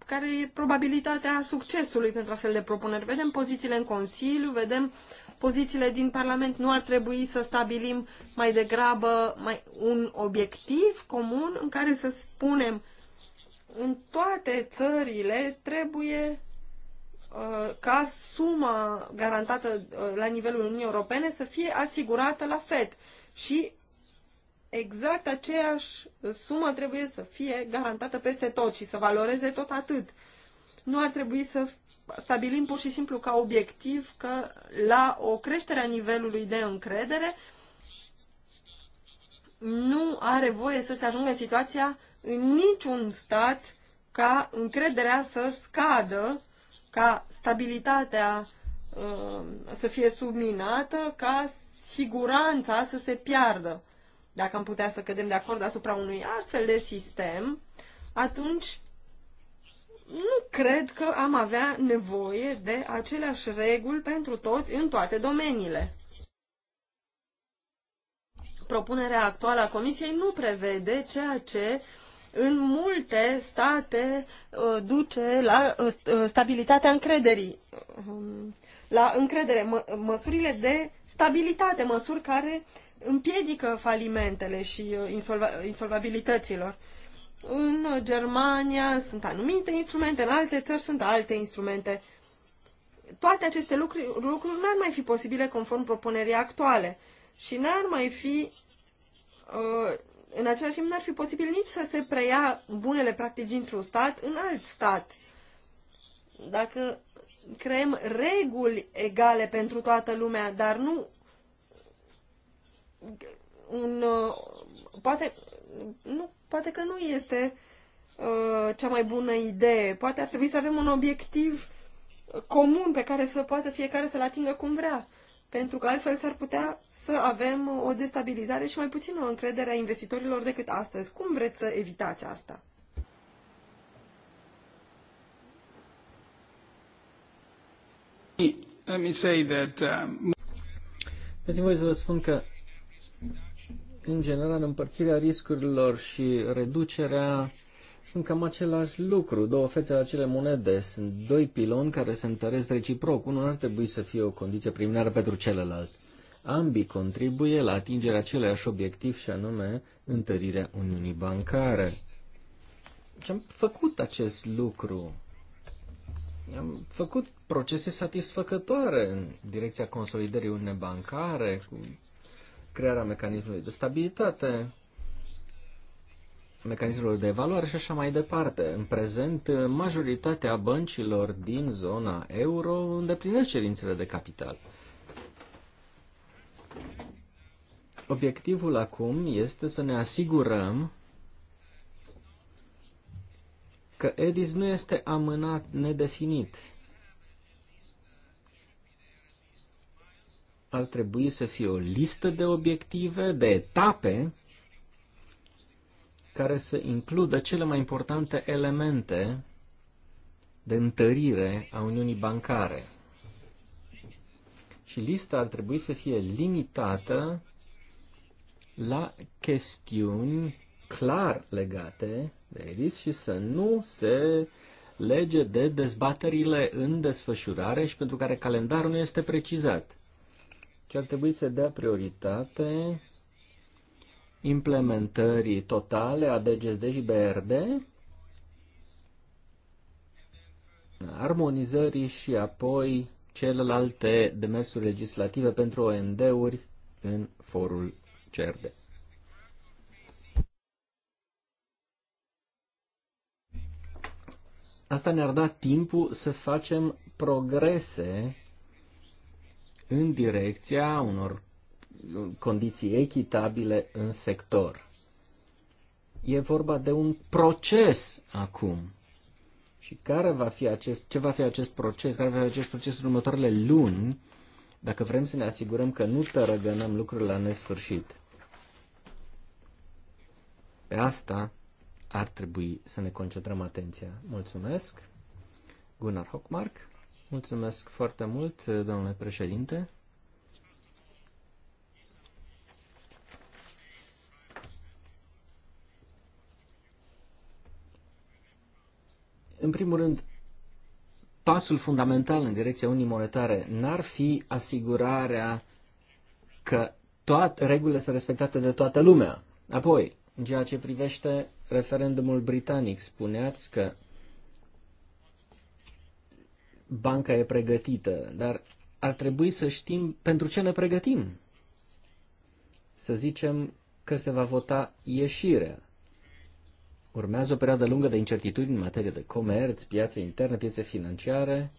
care e probabilitatea succesului pentru astfel de propuneri. Vedem pozițiile în Consiliu, vedem pozițiile din Parlament. Nu ar trebui să stabilim mai degrabă mai un obiectiv comun în care să spunem în toate țările trebuie uh, ca suma garantată uh, la nivelul Uniunii Europene să fie asigurată la FED și exact aceeași sumă trebuie să fie garantată peste tot și să valoreze tot atât. Nu ar trebui să stabilim pur și simplu ca obiectiv că la o creștere a nivelului de încredere nu are voie să se ajungă în situația în niciun stat ca încrederea să scadă, ca stabilitatea uh, să fie subminată, ca siguranța să se piardă. Dacă am putea să cădem de acord asupra unui astfel de sistem, atunci nu cred că am avea nevoie de aceleași reguli pentru toți în toate domeniile. Propunerea actuală a Comisiei nu prevede ceea ce în multe state uh, duce la uh, uh, stabilitatea încrederii. Um, la încredere, mă, măsurile de stabilitate, măsuri care împiedică falimentele și insolva, insolvabilităților. În Germania sunt anumite instrumente, în alte țări sunt alte instrumente. Toate aceste lucruri, lucruri n-ar mai fi posibile conform propunerii actuale și n-ar mai fi uh, în același timp n-ar fi posibil nici să se preia bunele practici dintr-un stat în alt stat. Dacă creăm reguli egale pentru toată lumea, dar nu un, uh, poate, nu, poate că nu este uh, cea mai bună idee. Poate ar trebui să avem un obiectiv comun pe care să poată fiecare să-l atingă cum vrea pentru că altfel s-ar putea să avem o destabilizare și mai puțin o încredere a investitorilor decât astăzi. Cum vreți să evitați asta? Let me say that, um... voi să vă spun că, în general, împărțirea riscurilor și reducerea sunt cam același lucru. Două fețe ale acele monede sunt doi piloni care se întăresc reciproc. Unul ar trebui să fie o condiție preliminară pentru celălalt. Ambii contribuie la atingerea aceleiași obiectiv și anume întărirea Uniunii Bancare. Și am făcut acest lucru. Am făcut procese satisfăcătoare în direcția consolidării Uniunii Bancare, cu crearea mecanismului de stabilitate, mecanismelor de evaluare și așa mai departe. În prezent, majoritatea băncilor din zona euro îndeplinesc cerințele de capital. Obiectivul acum este să ne asigurăm că EDIS nu este amânat nedefinit. Ar trebui să fie o listă de obiective, de etape care să includă cele mai importante elemente de întărire a Uniunii Bancare. Și lista ar trebui să fie limitată la chestiuni clar legate de risc și să nu se lege de dezbaterile în desfășurare și pentru care calendarul nu este precizat. Ce ar trebui să dea prioritate implementării totale a DGSD și BRD, armonizării și apoi celelalte demersuri legislative pentru OND-uri în forul CERDE. Asta ne-ar da timpul să facem progrese în direcția unor condiții echitabile în sector. E vorba de un proces acum. Și care va fi acest, ce va fi acest proces, care va fi acest proces în următoarele luni, dacă vrem să ne asigurăm că nu tărăgănăm lucrurile la nesfârșit. Pe asta ar trebui să ne concentrăm atenția. Mulțumesc, Gunnar Hockmark. Mulțumesc foarte mult, domnule președinte. În primul rând, pasul fundamental în direcția unii monetare n-ar fi asigurarea că toate regulile sunt respectate de toată lumea. Apoi, în ceea ce privește referendumul britanic, spuneați că banca e pregătită, dar ar trebui să știm pentru ce ne pregătim. Să zicem că se va vota ieșirea Urmează o perioadă lungă de incertitudini în materie de comerț, piațe interne, piețe financiare.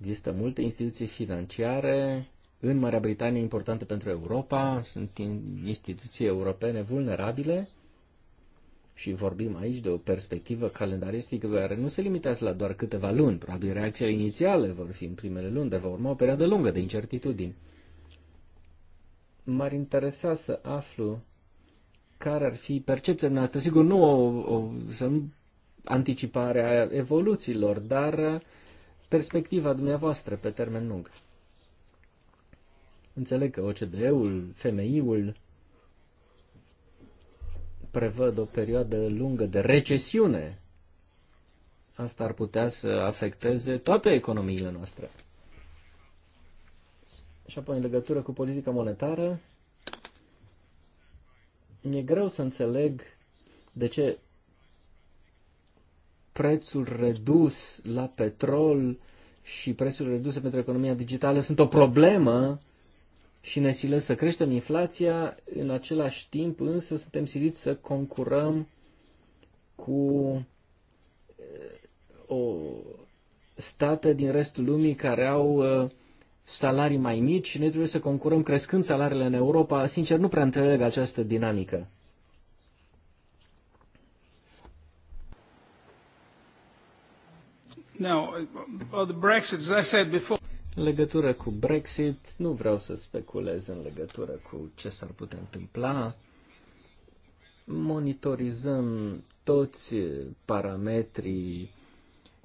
Există multe instituții financiare în Marea Britanie importante pentru Europa, sunt instituții europene vulnerabile și vorbim aici de o perspectivă calendaristică care nu se limitează la doar câteva luni. Probabil reacția inițială vor fi în primele luni, dar va urma o perioadă lungă de incertitudini m-ar interesa să aflu care ar fi percepția noastră. Sigur, nu o, o să nu anticiparea evoluțiilor, dar uh, perspectiva dumneavoastră pe termen lung. Înțeleg că OCDE-ul, FMI-ul prevăd o perioadă lungă de recesiune. Asta ar putea să afecteze toate economiile noastre. Și apoi în legătură cu politica monetară, mi-e greu să înțeleg de ce prețul redus la petrol și prețurile reduse pentru economia digitală sunt o problemă și ne silă să creștem inflația, în același timp însă suntem siliți să concurăm cu eh, o state din restul lumii care au eh, salarii mai mici, noi trebuie să concurăm crescând salariile în Europa. Sincer, nu prea înțeleg această dinamică. Now, the Brexit, as I said before... În legătură cu Brexit, nu vreau să speculez în legătură cu ce s-ar putea întâmpla. Monitorizăm toți parametrii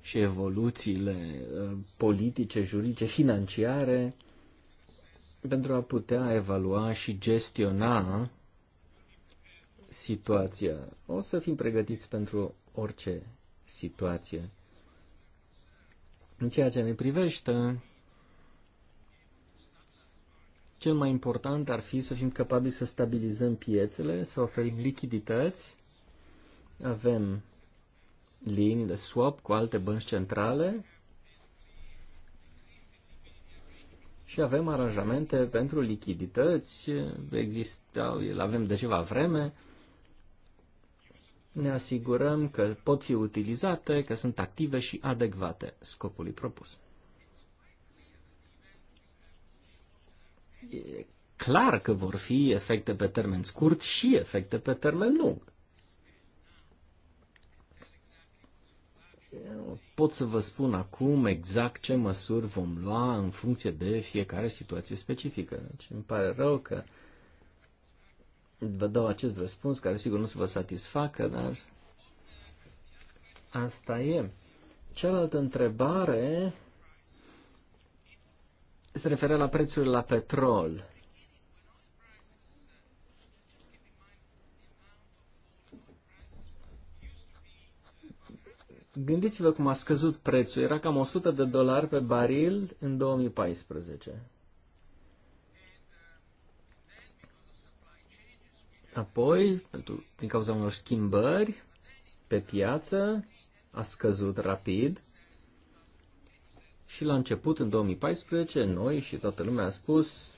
și evoluțiile uh, politice, juridice, financiare pentru a putea evalua și gestiona situația. O să fim pregătiți pentru orice situație. În ceea ce ne privește, cel mai important ar fi să fim capabili să stabilizăm piețele, să oferim lichidități. Avem linii de swap cu alte bănci centrale și avem aranjamente pentru lichidități, existau, îl avem de ceva vreme, ne asigurăm că pot fi utilizate, că sunt active și adecvate scopului propus. E clar că vor fi efecte pe termen scurt și efecte pe termen lung. pot să vă spun acum exact ce măsuri vom lua în funcție de fiecare situație specifică. Deci îmi pare rău că vă dau acest răspuns, care sigur nu se vă satisfacă, dar asta e. Cealaltă întrebare se referă la prețurile la petrol. Gândiți-vă cum a scăzut prețul. Era cam 100 de dolari pe baril în 2014. Apoi, pentru, din cauza unor schimbări pe piață, a scăzut rapid. Și la început, în 2014, noi și toată lumea a spus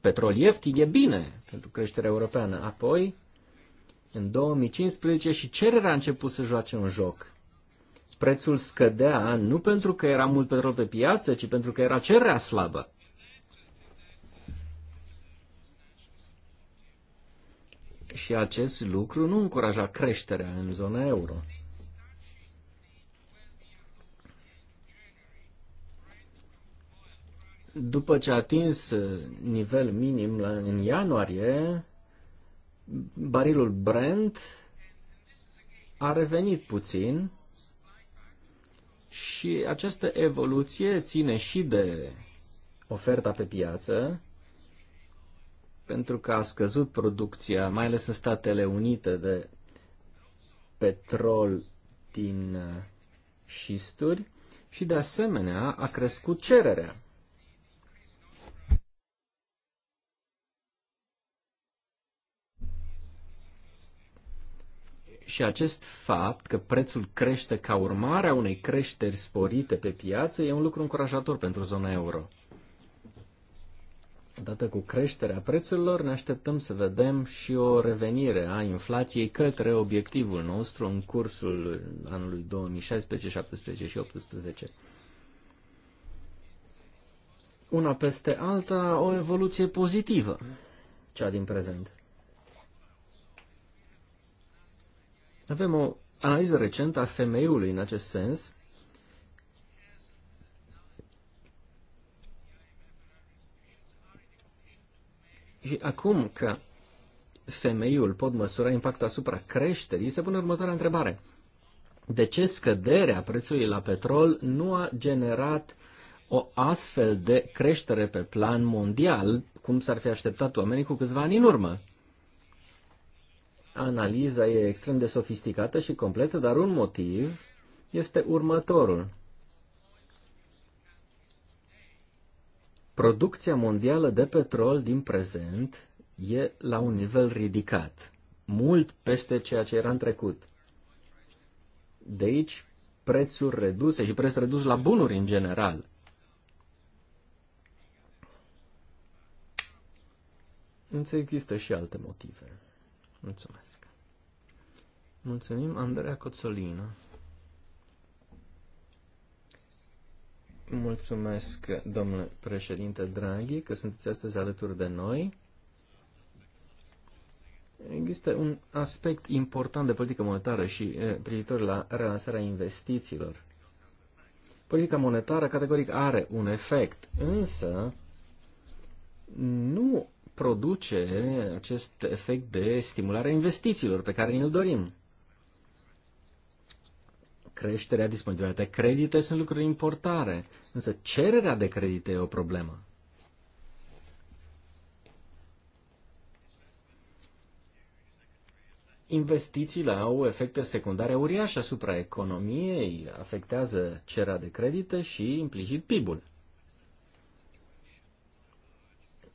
petrol ieftin e bine pentru creșterea europeană. Apoi, în 2015 și cererea a început să joace un joc. Prețul scădea nu pentru că era mult petrol pe piață, ci pentru că era cererea slabă. Și acest lucru nu încuraja creșterea în zona euro. După ce a atins nivel minim în ianuarie, barilul Brent a revenit puțin și această evoluție ține și de oferta pe piață, pentru că a scăzut producția, mai ales în Statele Unite, de petrol din uh, șisturi și, de asemenea, a crescut cererea. Și acest fapt că prețul crește ca urmare a unei creșteri sporite pe piață e un lucru încurajator pentru zona euro. Odată cu creșterea prețurilor, ne așteptăm să vedem și o revenire a inflației către obiectivul nostru în cursul anului 2016, 17 și 18. Una peste alta, o evoluție pozitivă, cea din prezent. Avem o analiză recentă a femeiului în acest sens. Și acum că femeiul pot măsura impactul asupra creșterii, se pune următoarea întrebare. De ce scăderea prețului la petrol nu a generat o astfel de creștere pe plan mondial, cum s-ar fi așteptat oamenii cu câțiva ani în urmă? analiza e extrem de sofisticată și completă, dar un motiv este următorul. Producția mondială de petrol din prezent e la un nivel ridicat, mult peste ceea ce era în trecut. De aici prețuri reduse și preț redus la bunuri în general. Însă există și alte motive. Mulțumesc. Mulțumim, Andreea Coțolino. Mulțumesc, domnule președinte Draghi, că sunteți astăzi alături de noi. Există un aspect important de politică monetară și privitor la relansarea investițiilor. Politica monetară categoric are un efect, însă nu produce acest efect de stimulare a investițiilor pe care ne-l dorim. Creșterea disponibilității de credite sunt lucruri importante, însă cererea de credite e o problemă. investițiile au efecte secundare uriașe asupra economiei, afectează cererea de credite și implicit PIB-ul.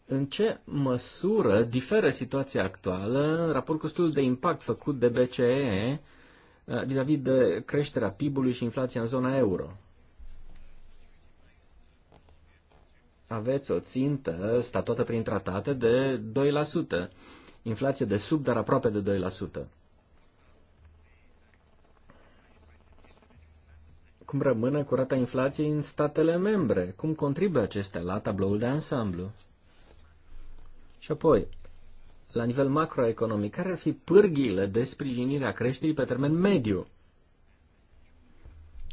în ce măsură diferă situația actuală în raport cu studiul de impact făcut de BCE uh, vis-a-vis -vis de creșterea PIB-ului și inflația în zona euro? Aveți o țintă statuată prin tratate de 2%, inflație de sub, dar aproape de 2%. Cum rămâne cu rata inflației în statele membre? Cum contribuie acestea la tabloul de ansamblu? Și apoi, la nivel macroeconomic, care ar fi pârghiile de sprijinire a creșterii pe termen mediu?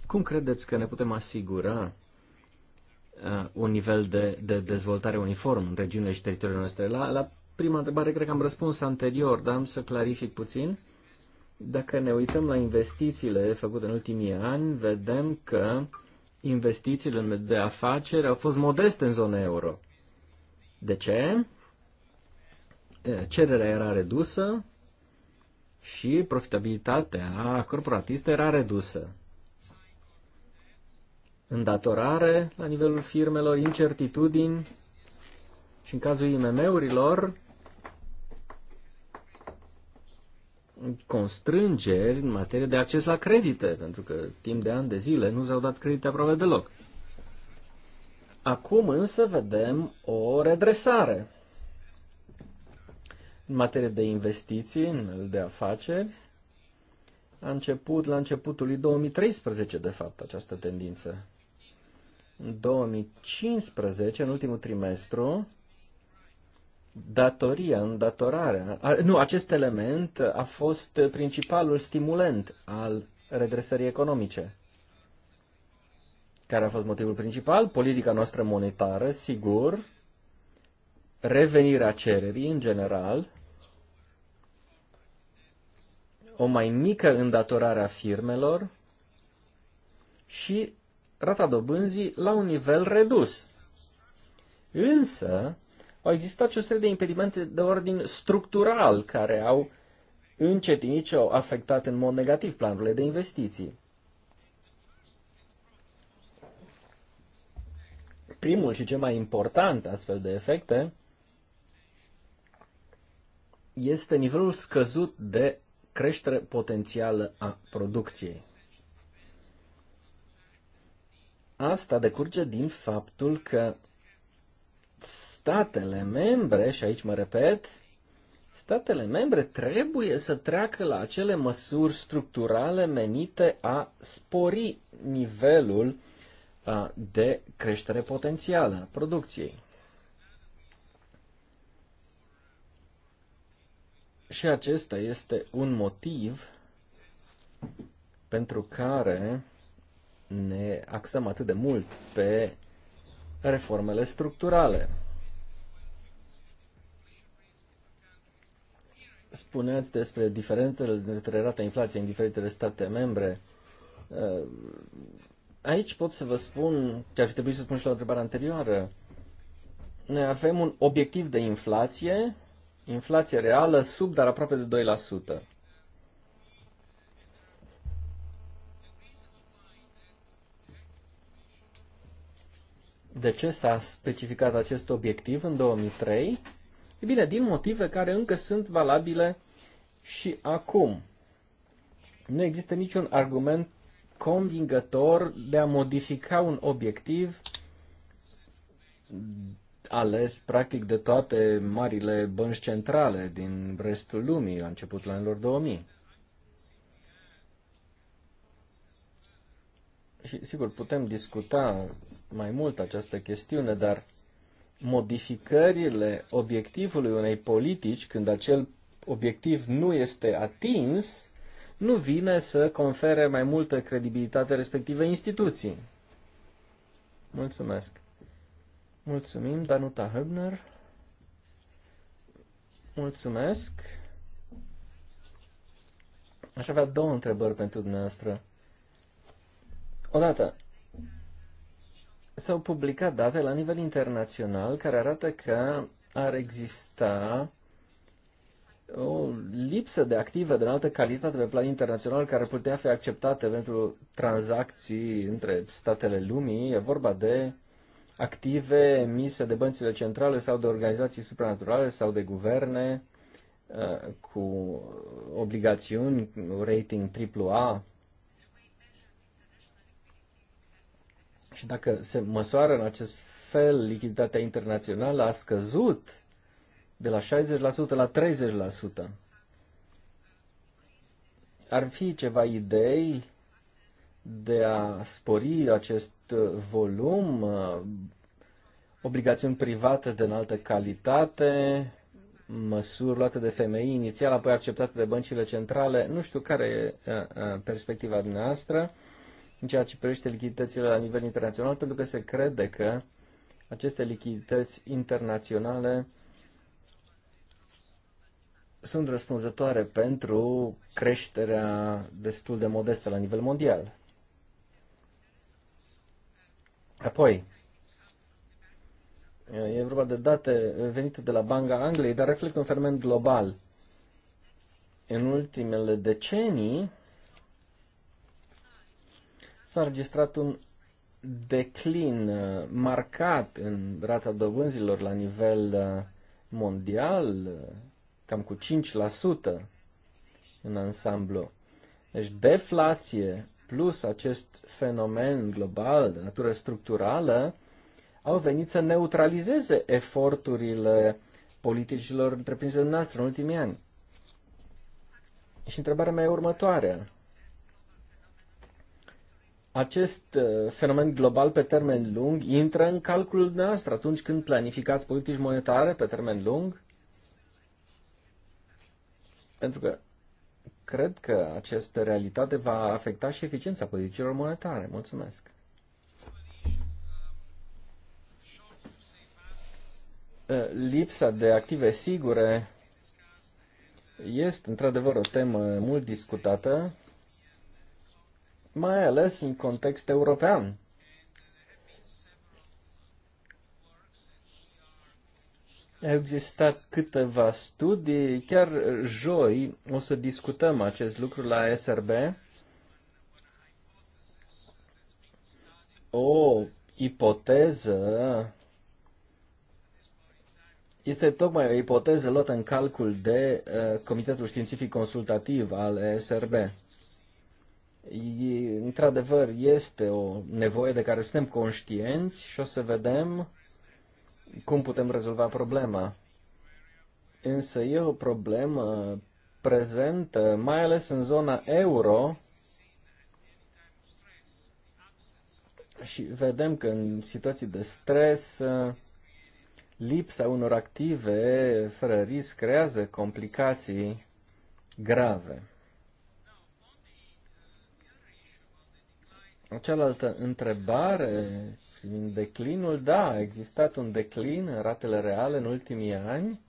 Cum credeți că ne putem asigura uh, un nivel de, de dezvoltare uniform în regiunile și teritoriile noastre? La, la prima întrebare cred că am răspuns anterior, dar am să clarific puțin. Dacă ne uităm la investițiile făcute în ultimii ani, vedem că investițiile de afaceri au fost modeste în zona euro. De ce? cererea era redusă și profitabilitatea corporatistă era redusă. Îndatorare la nivelul firmelor, incertitudini și în cazul IMM-urilor, constrângeri în materie de acces la credite, pentru că timp de ani de zile nu s-au dat credite aproape deloc. Acum însă vedem o redresare. În materie de investiții, în de afaceri, a început la începutul lui 2013, de fapt, această tendință. În 2015, în ultimul trimestru, datoria, îndatorarea, nu, acest element a fost principalul stimulent al redresării economice. Care a fost motivul principal? Politica noastră monetară, sigur, revenirea cererii în general, o mai mică îndatorare a firmelor și rata dobânzii la un nivel redus. Însă, au existat și o serie de impedimente de ordin structural care au încetinit și au afectat în mod negativ planurile de investiții. Primul și cel mai important astfel de efecte este nivelul scăzut de creștere potențială a producției. Asta decurge din faptul că statele membre, și aici mă repet, statele membre trebuie să treacă la acele măsuri structurale menite a spori nivelul de creștere potențială a producției. Și acesta este un motiv pentru care ne axăm atât de mult pe reformele structurale. Spuneați despre diferențele dintre rata inflației în diferitele state membre. Uh, aici pot să vă spun ce ar trebuit să spun și la o întrebare anterioară. Noi avem un obiectiv de inflație Inflație reală sub, dar aproape de 2%. De ce s-a specificat acest obiectiv în 2003? E bine, din motive care încă sunt valabile și acum. Nu există niciun argument convingător de a modifica un obiectiv ales practic de toate marile bănci centrale din restul lumii la începutul anilor 2000. Și sigur, putem discuta mai mult această chestiune, dar modificările obiectivului unei politici, când acel obiectiv nu este atins, nu vine să confere mai multă credibilitate respective instituții. Mulțumesc! Mulțumim, Danuta Höbner. Mulțumesc. Aș avea două întrebări pentru dumneavoastră. Odată, s-au publicat date la nivel internațional care arată că ar exista o lipsă de active de înaltă calitate pe plan internațional care putea fi acceptate pentru tranzacții între statele lumii. E vorba de active emise de băncile centrale sau de organizații supranaturale sau de guverne uh, cu obligațiuni, rating AAA. Și dacă se măsoară în acest fel, lichiditatea internațională a scăzut de la 60% la 30%. Ar fi ceva idei de a spori acest uh, volum, uh, obligațiuni private de înaltă calitate, măsuri luate de femei inițial, apoi acceptate de băncile centrale. Nu știu care e uh, perspectiva dumneavoastră în ceea ce privește lichiditățile la nivel internațional, pentru că se crede că aceste lichidități internaționale sunt răspunzătoare pentru creșterea destul de modestă la nivel mondial. Apoi, e vorba de date venite de la Banca Angliei, dar reflectă un fenomen global. În ultimele decenii s-a registrat un declin uh, marcat în rata dobânzilor la nivel uh, mondial, uh, cam cu 5% în ansamblu. Deci deflație, plus acest fenomen global de natură structurală au venit să neutralizeze eforturile politicilor întreprinse noastre în ultimii ani. Și întrebarea mea e următoarea. Acest uh, fenomen global pe termen lung intră în calculul noastră atunci când planificați politici monetare pe termen lung? Pentru că cred că această realitate va afecta și eficiența politicilor monetare. Mulțumesc. Ă, lipsa de active sigure este într-adevăr o temă mult discutată, mai ales în context european. a existat câteva studii, chiar joi o să discutăm acest lucru la SRB. O ipoteză este tocmai o ipoteză luată în calcul de uh, Comitetul Științific Consultativ al SRB. Într-adevăr, este o nevoie de care suntem conștienți și o să vedem cum putem rezolva problema. Însă e o problemă prezentă, mai ales în zona euro, și vedem că în situații de stres, lipsa unor active fără risc creează complicații grave. O cealaltă întrebare Privind declinul, da, a existat un declin în ratele reale în ultimii ani.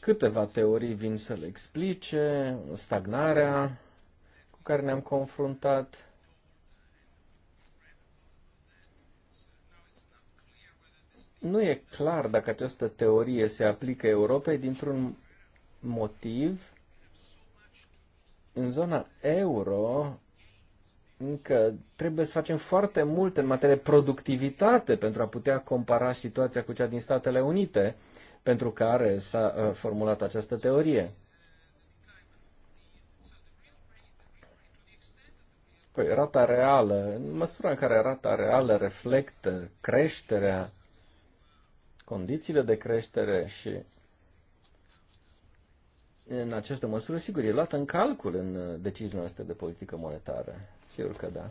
Câteva teorii vin să le explice, stagnarea cu care ne-am confruntat. Nu e clar dacă această teorie se aplică Europei dintr-un motiv. În zona euro încă trebuie să facem foarte mult în materie productivitate pentru a putea compara situația cu cea din Statele Unite, pentru care s-a uh, formulat această teorie. Păi, rata reală, în măsura în care rata reală reflectă creșterea, condițiile de creștere și în această măsură, sigur, e luată în calcul în uh, deciziile noastre de politică monetară. Sigur că da.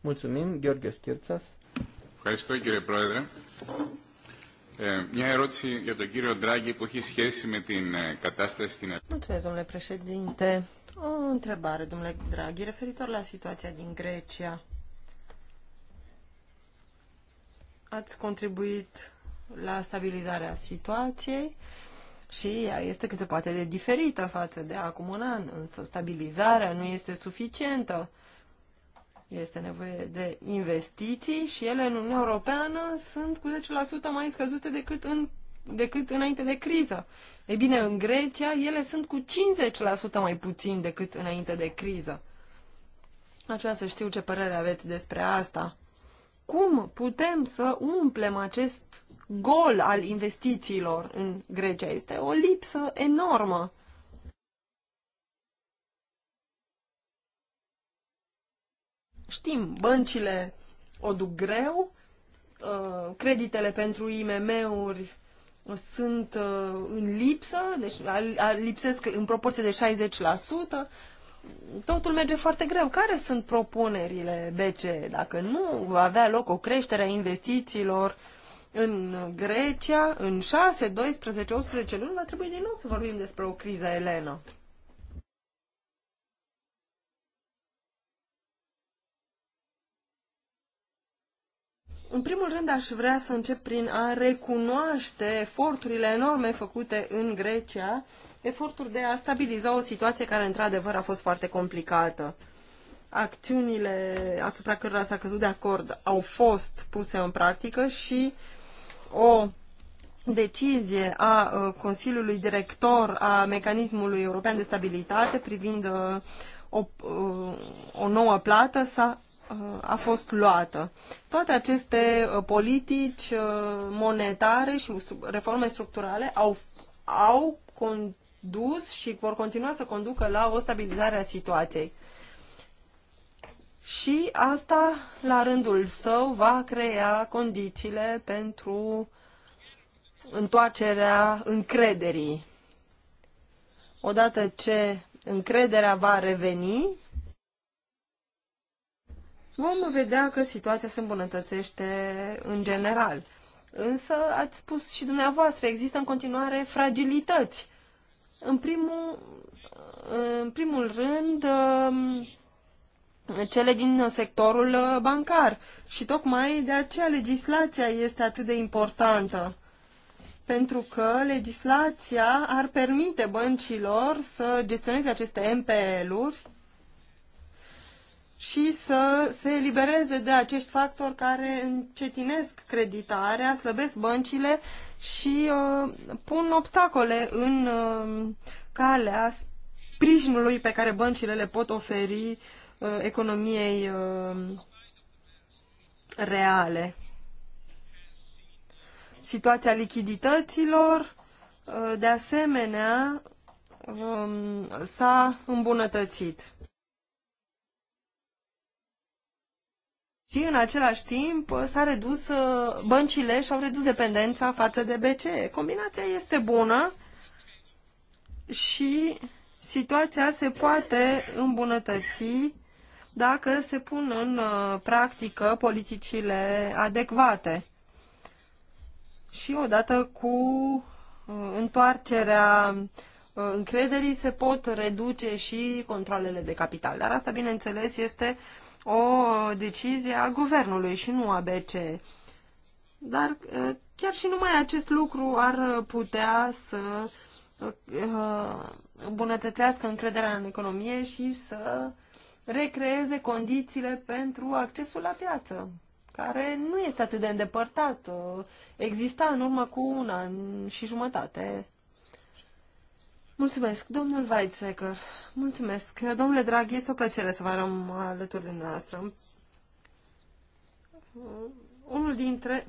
Mulțumim, Gheorghe Schirțas. Ευχαριστώ κύριε Πρόεδρε. Ε, μια ερώτηση για τον κύριο Ντράγκη που έχει σχέση με την ε, κατάσταση στην Ελλάδα. Mulțumesc, domnule președinte. O întrebare, domnule Draghi, referitor la situația din Grecia. Ați contribuit la stabilizarea situației și ea este cât se poate de diferită față de acum un an, însă stabilizarea nu este suficientă. Este nevoie de investiții și ele în Uniunea Europeană sunt cu 10% mai scăzute decât, în, decât înainte de criză. E bine, în Grecia ele sunt cu 50% mai puțin decât înainte de criză. Aș vrea să știu ce părere aveți despre asta. Cum putem să umplem acest gol al investițiilor în Grecia. Este o lipsă enormă. Știm, băncile o duc greu, uh, creditele pentru IMM-uri sunt uh, în lipsă, deci lipsesc în proporție de 60%. Totul merge foarte greu. Care sunt propunerile BCE? Dacă nu va avea loc o creștere a investițiilor în Grecia, în 6, 12, 18 luni, va trebui din nou să vorbim despre o criză elenă. În primul rând aș vrea să încep prin a recunoaște eforturile enorme făcute în Grecia, eforturi de a stabiliza o situație care într-adevăr a fost foarte complicată. Acțiunile asupra cărora s-a căzut de acord au fost puse în practică și o decizie a uh, Consiliului Director a Mecanismului European de Stabilitate privind uh, o, uh, o nouă plată s-a a fost luată. Toate aceste politici monetare și reforme structurale au, au condus și vor continua să conducă la o stabilizare a situației și asta, la rândul său, va crea condițiile pentru întoarcerea încrederii. Odată ce încrederea va reveni, vom vedea că situația se îmbunătățește în general. Însă, ați spus și dumneavoastră, există în continuare fragilități. În primul, în primul rând, cele din sectorul uh, bancar. Și tocmai de aceea legislația este atât de importantă. Pentru că legislația ar permite băncilor să gestioneze aceste MPL-uri și să se elibereze de acești factori care încetinesc creditarea, slăbesc băncile și uh, pun obstacole în uh, calea sprijinului pe care băncile le pot oferi uh, Uh, economiei uh, reale. Situația lichidităților, uh, de asemenea, um, s-a îmbunătățit. Și în același timp s-a redus, băncile și-au redus dependența față de BCE. Combinația este bună și situația se poate îmbunătăți dacă se pun în uh, practică politicile adecvate. Și odată cu uh, întoarcerea uh, încrederii se pot reduce și controlele de capital. Dar asta, bineînțeles, este o decizie a guvernului și nu a BCE. Dar chiar și numai acest lucru ar putea să îmbunătățească încrederea în economie și să recreeze condițiile pentru accesul la piață, care nu este atât de îndepărtat. Exista în urmă cu un an și jumătate. Mulțumesc, domnul Weizsäcker. Mulțumesc. Domnule drag, este o plăcere să vă arăm alături de noastră. Unul dintre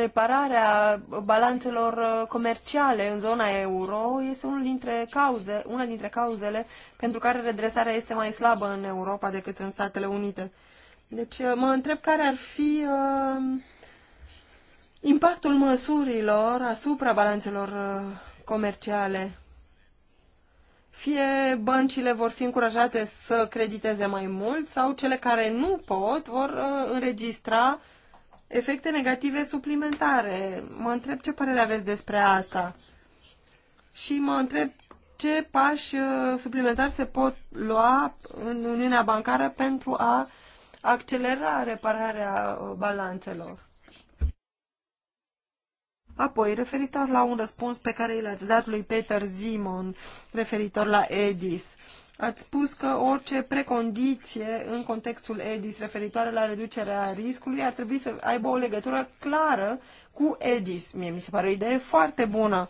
repararea balanțelor uh, comerciale în zona euro este unul dintre cauze, una dintre cauzele pentru care redresarea este mai slabă în Europa decât în Statele Unite. Deci uh, mă întreb care ar fi uh, impactul măsurilor asupra balanțelor uh, comerciale. Fie băncile vor fi încurajate să crediteze mai mult sau cele care nu pot vor uh, înregistra uh, efecte negative suplimentare. Mă întreb ce părere aveți despre asta și mă întreb ce pași uh, suplimentari se pot lua în Uniunea Bancară pentru a accelera repararea uh, balanțelor. Apoi, referitor la un răspuns pe care l-ați dat lui Peter Zimon, referitor la EDIS, Ați spus că orice precondiție în contextul EDIS referitoare la reducerea riscului ar trebui să aibă o legătură clară cu EDIS. Mie mi se pare o idee foarte bună.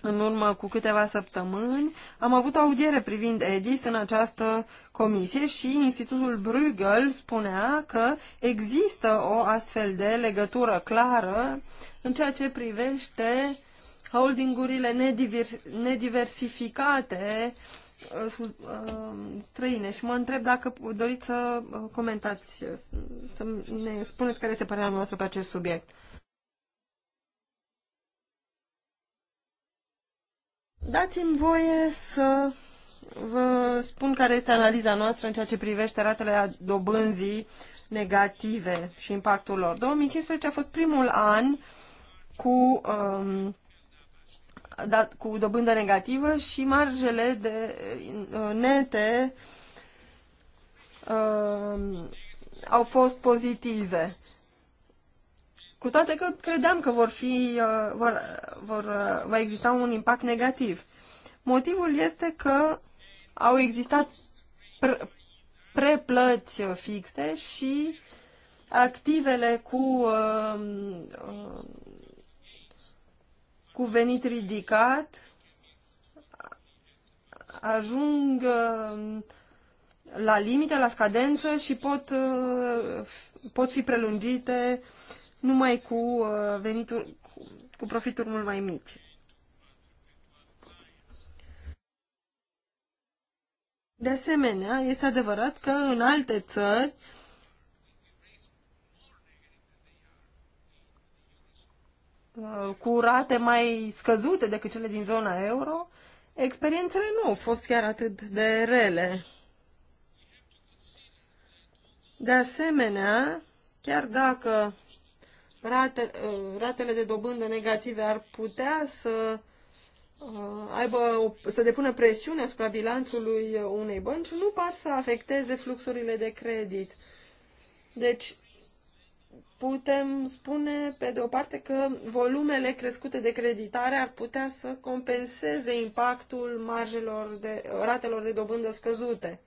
În urmă cu câteva săptămâni am avut o audiere privind EDIS în această comisie și Institutul Bruegel spunea că există o astfel de legătură clară în ceea ce privește holdingurile nediversificate uh, uh, străine și mă întreb dacă doriți să uh, comentați, să ne spuneți care este părerea noastră pe acest subiect. Dați-mi voie să vă spun care este analiza noastră în ceea ce privește ratele a dobânzii negative și impactul lor. 2015 a fost primul an cu um, dat, cu dobândă negativă și marjele de uh, nete uh, au fost pozitive. Cu toate că credeam că vor fi, uh, vor, vor, uh, va exista un impact negativ. Motivul este că au existat pre- preplăți fixe și activele cu uh, uh cu venit ridicat ajung uh, la limită, la scadență și pot, uh, pot fi prelungite numai cu uh, venituri, cu profituri mult mai mici. De asemenea, este adevărat că în alte țări Uh, cu rate mai scăzute decât cele din zona euro, experiențele nu au fost chiar atât de rele. De asemenea, chiar dacă rate, uh, ratele de dobândă negative ar putea să uh, aibă, să depună presiune asupra bilanțului unei bănci, nu par să afecteze fluxurile de credit. Deci, putem spune, pe de o parte, că volumele crescute de creditare ar putea să compenseze impactul marjelor de, ratelor de dobândă scăzute.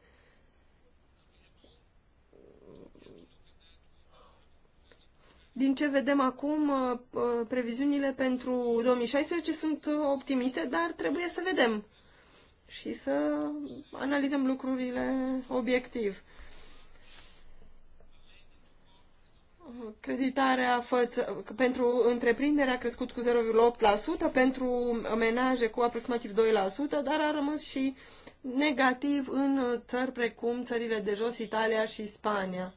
Din ce vedem acum, uh, uh, previziunile pentru 2016 sunt optimiste, dar trebuie să vedem și să analizăm lucrurile obiectiv. Creditarea pentru întreprindere a crescut cu 0,8%, pentru menaje cu aproximativ 2%, dar a rămas și negativ în țări precum țările de jos, Italia și Spania.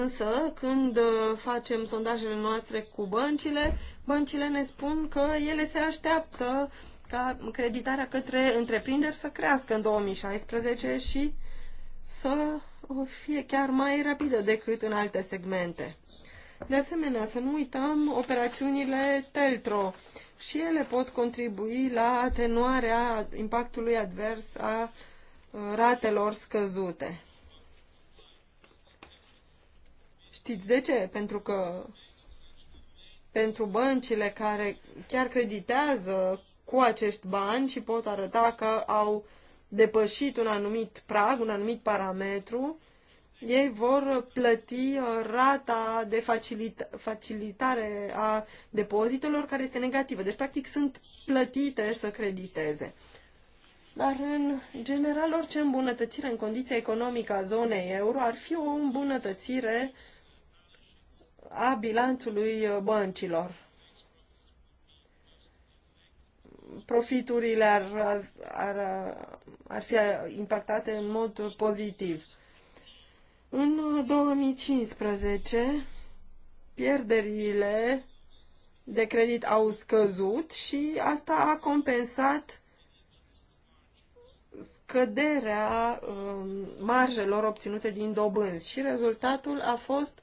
Însă, când uh, facem sondajele noastre cu băncile, băncile ne spun că ele se așteaptă ca creditarea către întreprinderi să crească în 2016 și să fie chiar mai rapidă decât în alte segmente. De asemenea, să nu uităm operațiunile Teltro. Și ele pot contribui la atenuarea impactului advers a uh, ratelor scăzute. Știți de ce? Pentru că pentru băncile care chiar creditează cu acești bani și pot arăta că au uh, depășit un anumit prag, un anumit parametru, ei vor plăti uh, rata de facilita facilitare a depozitelor care este negativă. Deci, practic, sunt plătite să crediteze. Dar, în general, orice îmbunătățire în condiția economică a zonei euro ar fi o îmbunătățire a bilanțului uh, băncilor. profiturile ar, ar, ar fi impactate în mod pozitiv. În 2015, pierderile de credit au scăzut și asta a compensat scăderea um, marjelor obținute din dobânzi și rezultatul a fost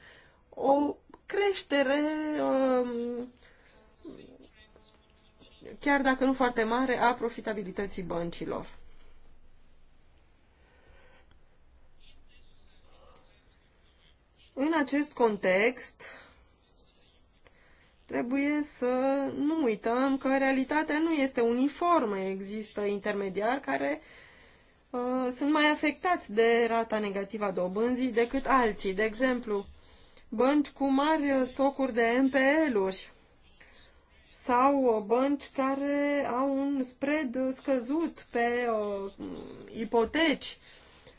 o creștere um, chiar dacă nu foarte mare, a profitabilității băncilor. În acest context, trebuie să nu uităm că realitatea nu este uniformă. Există intermediari care uh, sunt mai afectați de rata negativă a dobânzii decât alții. De exemplu, bănci cu mari stocuri de NPL-uri sau uh, bănci care au un spread scăzut pe uh, ipoteci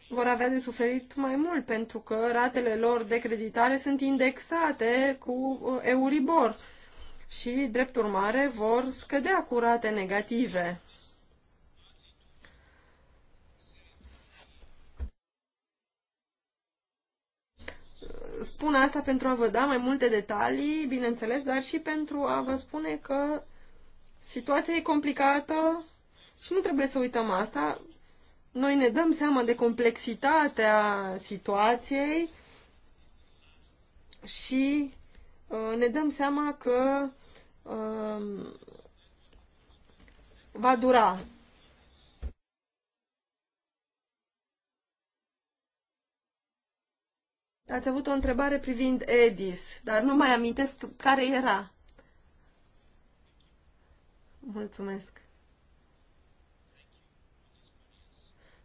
vor avea de suferit mai mult pentru că ratele lor de creditare sunt indexate cu uh, Euribor și, drept urmare, vor scădea cu rate negative. spun asta pentru a vă da mai multe detalii, bineînțeles, dar și pentru a vă spune că situația e complicată și nu trebuie să uităm asta. Noi ne dăm seama de complexitatea situației și uh, ne dăm seama că uh, va dura. Ați avut o întrebare privind EDIS, dar nu mai amintesc care era. Mulțumesc.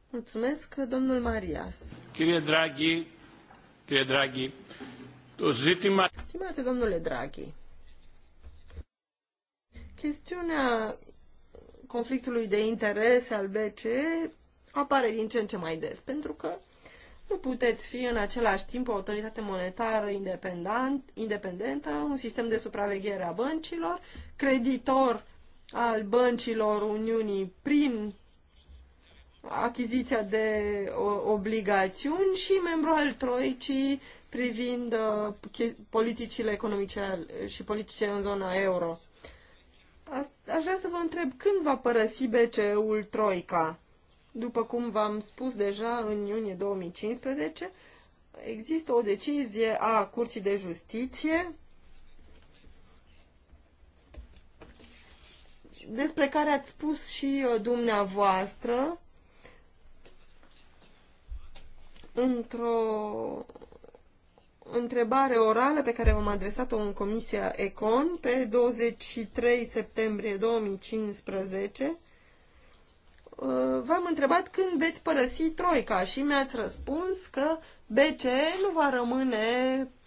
Mulțumesc, domnul Marias. Chirie Draghi, chirie Draghi, zitima... Stimate domnule Draghi, chestiunea conflictului de interese al BCE apare din ce în ce mai des, pentru că nu puteți fi în același timp o autoritate monetară independent, independentă, un sistem de supraveghere a băncilor, creditor al băncilor Uniunii prin achiziția de obligațiuni și membru al Troicii privind uh, politicile economice și politice în zona euro. Aș vrea să vă întreb, când va părăsi BCE-ul Troica? După cum v-am spus deja în iunie 2015, există o decizie a Curții de Justiție despre care ați spus și uh, dumneavoastră într-o întrebare orală pe care v-am adresat-o în Comisia Econ pe 23 septembrie 2015 Uh, v-am întrebat când veți părăsi Troica și mi-ați răspuns că BCE nu va rămâne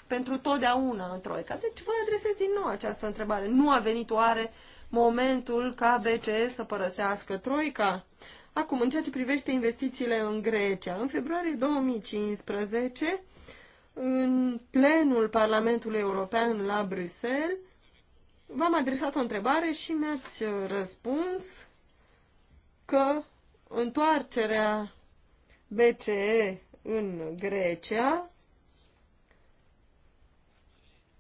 pentru totdeauna în Troica. Deci vă adresez din nou această întrebare. Nu a venit oare momentul ca BCE să părăsească Troica? Acum, în ceea ce privește investițiile în Grecia, în februarie 2015, în plenul Parlamentului European la Bruxelles, v-am adresat o întrebare și mi-ați răspuns că întoarcerea BCE în Grecia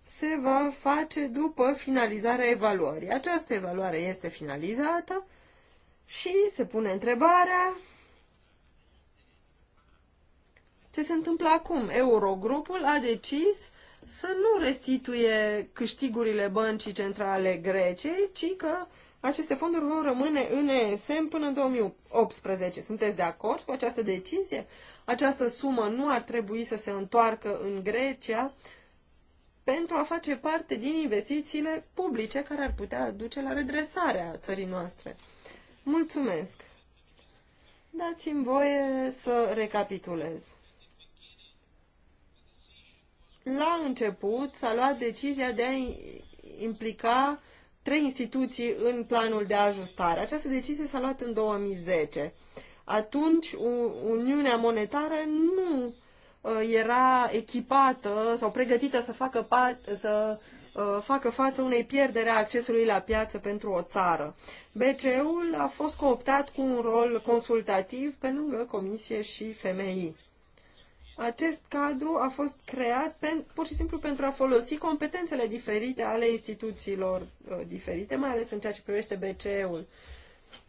se va face după finalizarea evaluării. Această evaluare este finalizată și se pune întrebarea ce se întâmplă acum. Eurogrupul a decis să nu restituie câștigurile băncii centrale Greciei, ci că aceste fonduri vor rămâne în ESM până în 2018. Sunteți de acord cu această decizie? Această sumă nu ar trebui să se întoarcă în Grecia pentru a face parte din investițiile publice care ar putea duce la redresarea țării noastre. Mulțumesc! Dați-mi voie să recapitulez. La început s-a luat decizia de a implica trei instituții în planul de ajustare. Această decizie s-a luat în 2010. Atunci, Uniunea Monetară nu uh, era echipată sau pregătită să facă, să uh, facă față unei pierdere a accesului la piață pentru o țară. BCE-ul a fost cooptat cu un rol consultativ pe lângă Comisie și FMI. Acest cadru a fost creat pen, pur și simplu pentru a folosi competențele diferite ale instituțiilor uh, diferite, mai ales în ceea ce privește BCE-ul.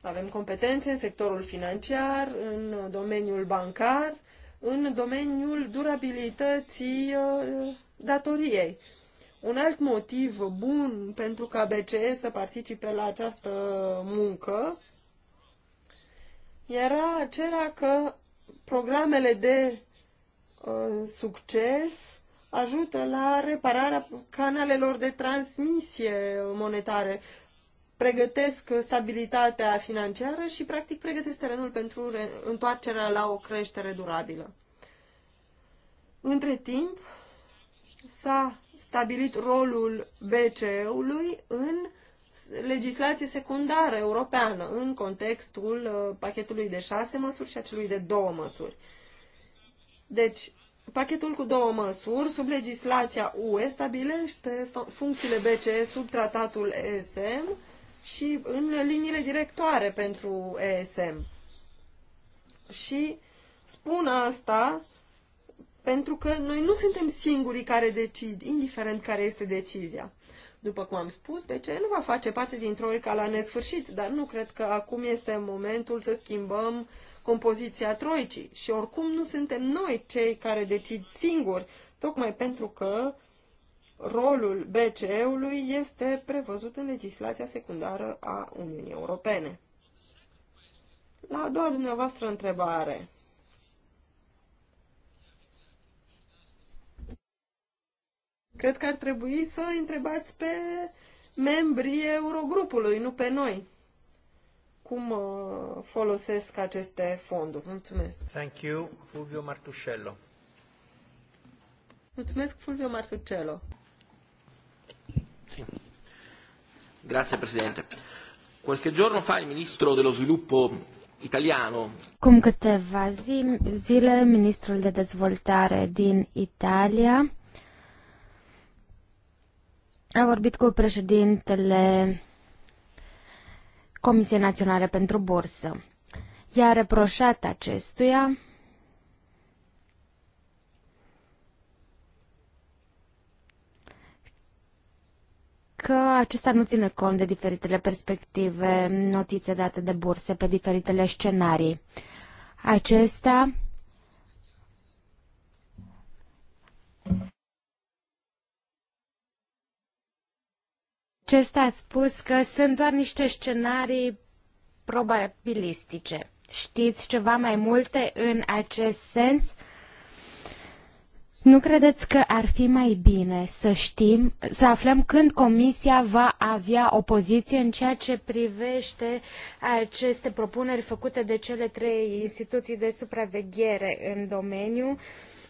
Avem competențe în sectorul financiar, în domeniul bancar, în domeniul durabilității uh, datoriei. Un alt motiv bun pentru ca BCE să participe la această muncă era acela că programele de Uh, succes ajută la repararea canalelor de transmisie monetare, pregătesc stabilitatea financiară și, practic, pregătesc terenul pentru întoarcerea la o creștere durabilă. Între timp, s-a stabilit rolul BCE-ului în legislație secundară europeană, în contextul uh, pachetului de șase măsuri și acelui de două măsuri. Deci, pachetul cu două măsuri sub legislația UE stabilește funcțiile BCE sub tratatul ESM și în liniile directoare pentru ESM. Și spun asta pentru că noi nu suntem singurii care decid, indiferent care este decizia. După cum am spus, BCE nu va face parte din Troica la nesfârșit, dar nu cred că acum este momentul să schimbăm uh, compoziția troicii și oricum nu suntem noi cei care decid singuri, tocmai pentru că rolul BCE-ului este prevăzut în legislația secundară a Uniunii Europene. La a doua dumneavoastră întrebare. Cred că ar trebui să întrebați pe membrii Eurogrupului, nu pe noi cum uh, folosesc aceste fonduri. Mulțumesc. Thank you, Fulvio Martuscello. Mulțumesc, Fulvio Martuscello. Grazie, Presidente. Qualche giorno fa il Ministro dello Sviluppo italiano. Cum câteva zi, zile, ministrul de dezvoltare din Italia a vorbit cu președintele Comisiei Naționale pentru Bursă. I-a reproșat acestuia că acesta nu ține cont de diferitele perspective, notițe date de burse pe diferitele scenarii. Acesta Acesta a spus că sunt doar niște scenarii probabilistice. Știți ceva mai multe în acest sens? Nu credeți că ar fi mai bine să știm, să aflăm când Comisia va avea o poziție în ceea ce privește aceste propuneri făcute de cele trei instituții de supraveghere în domeniu? Uh,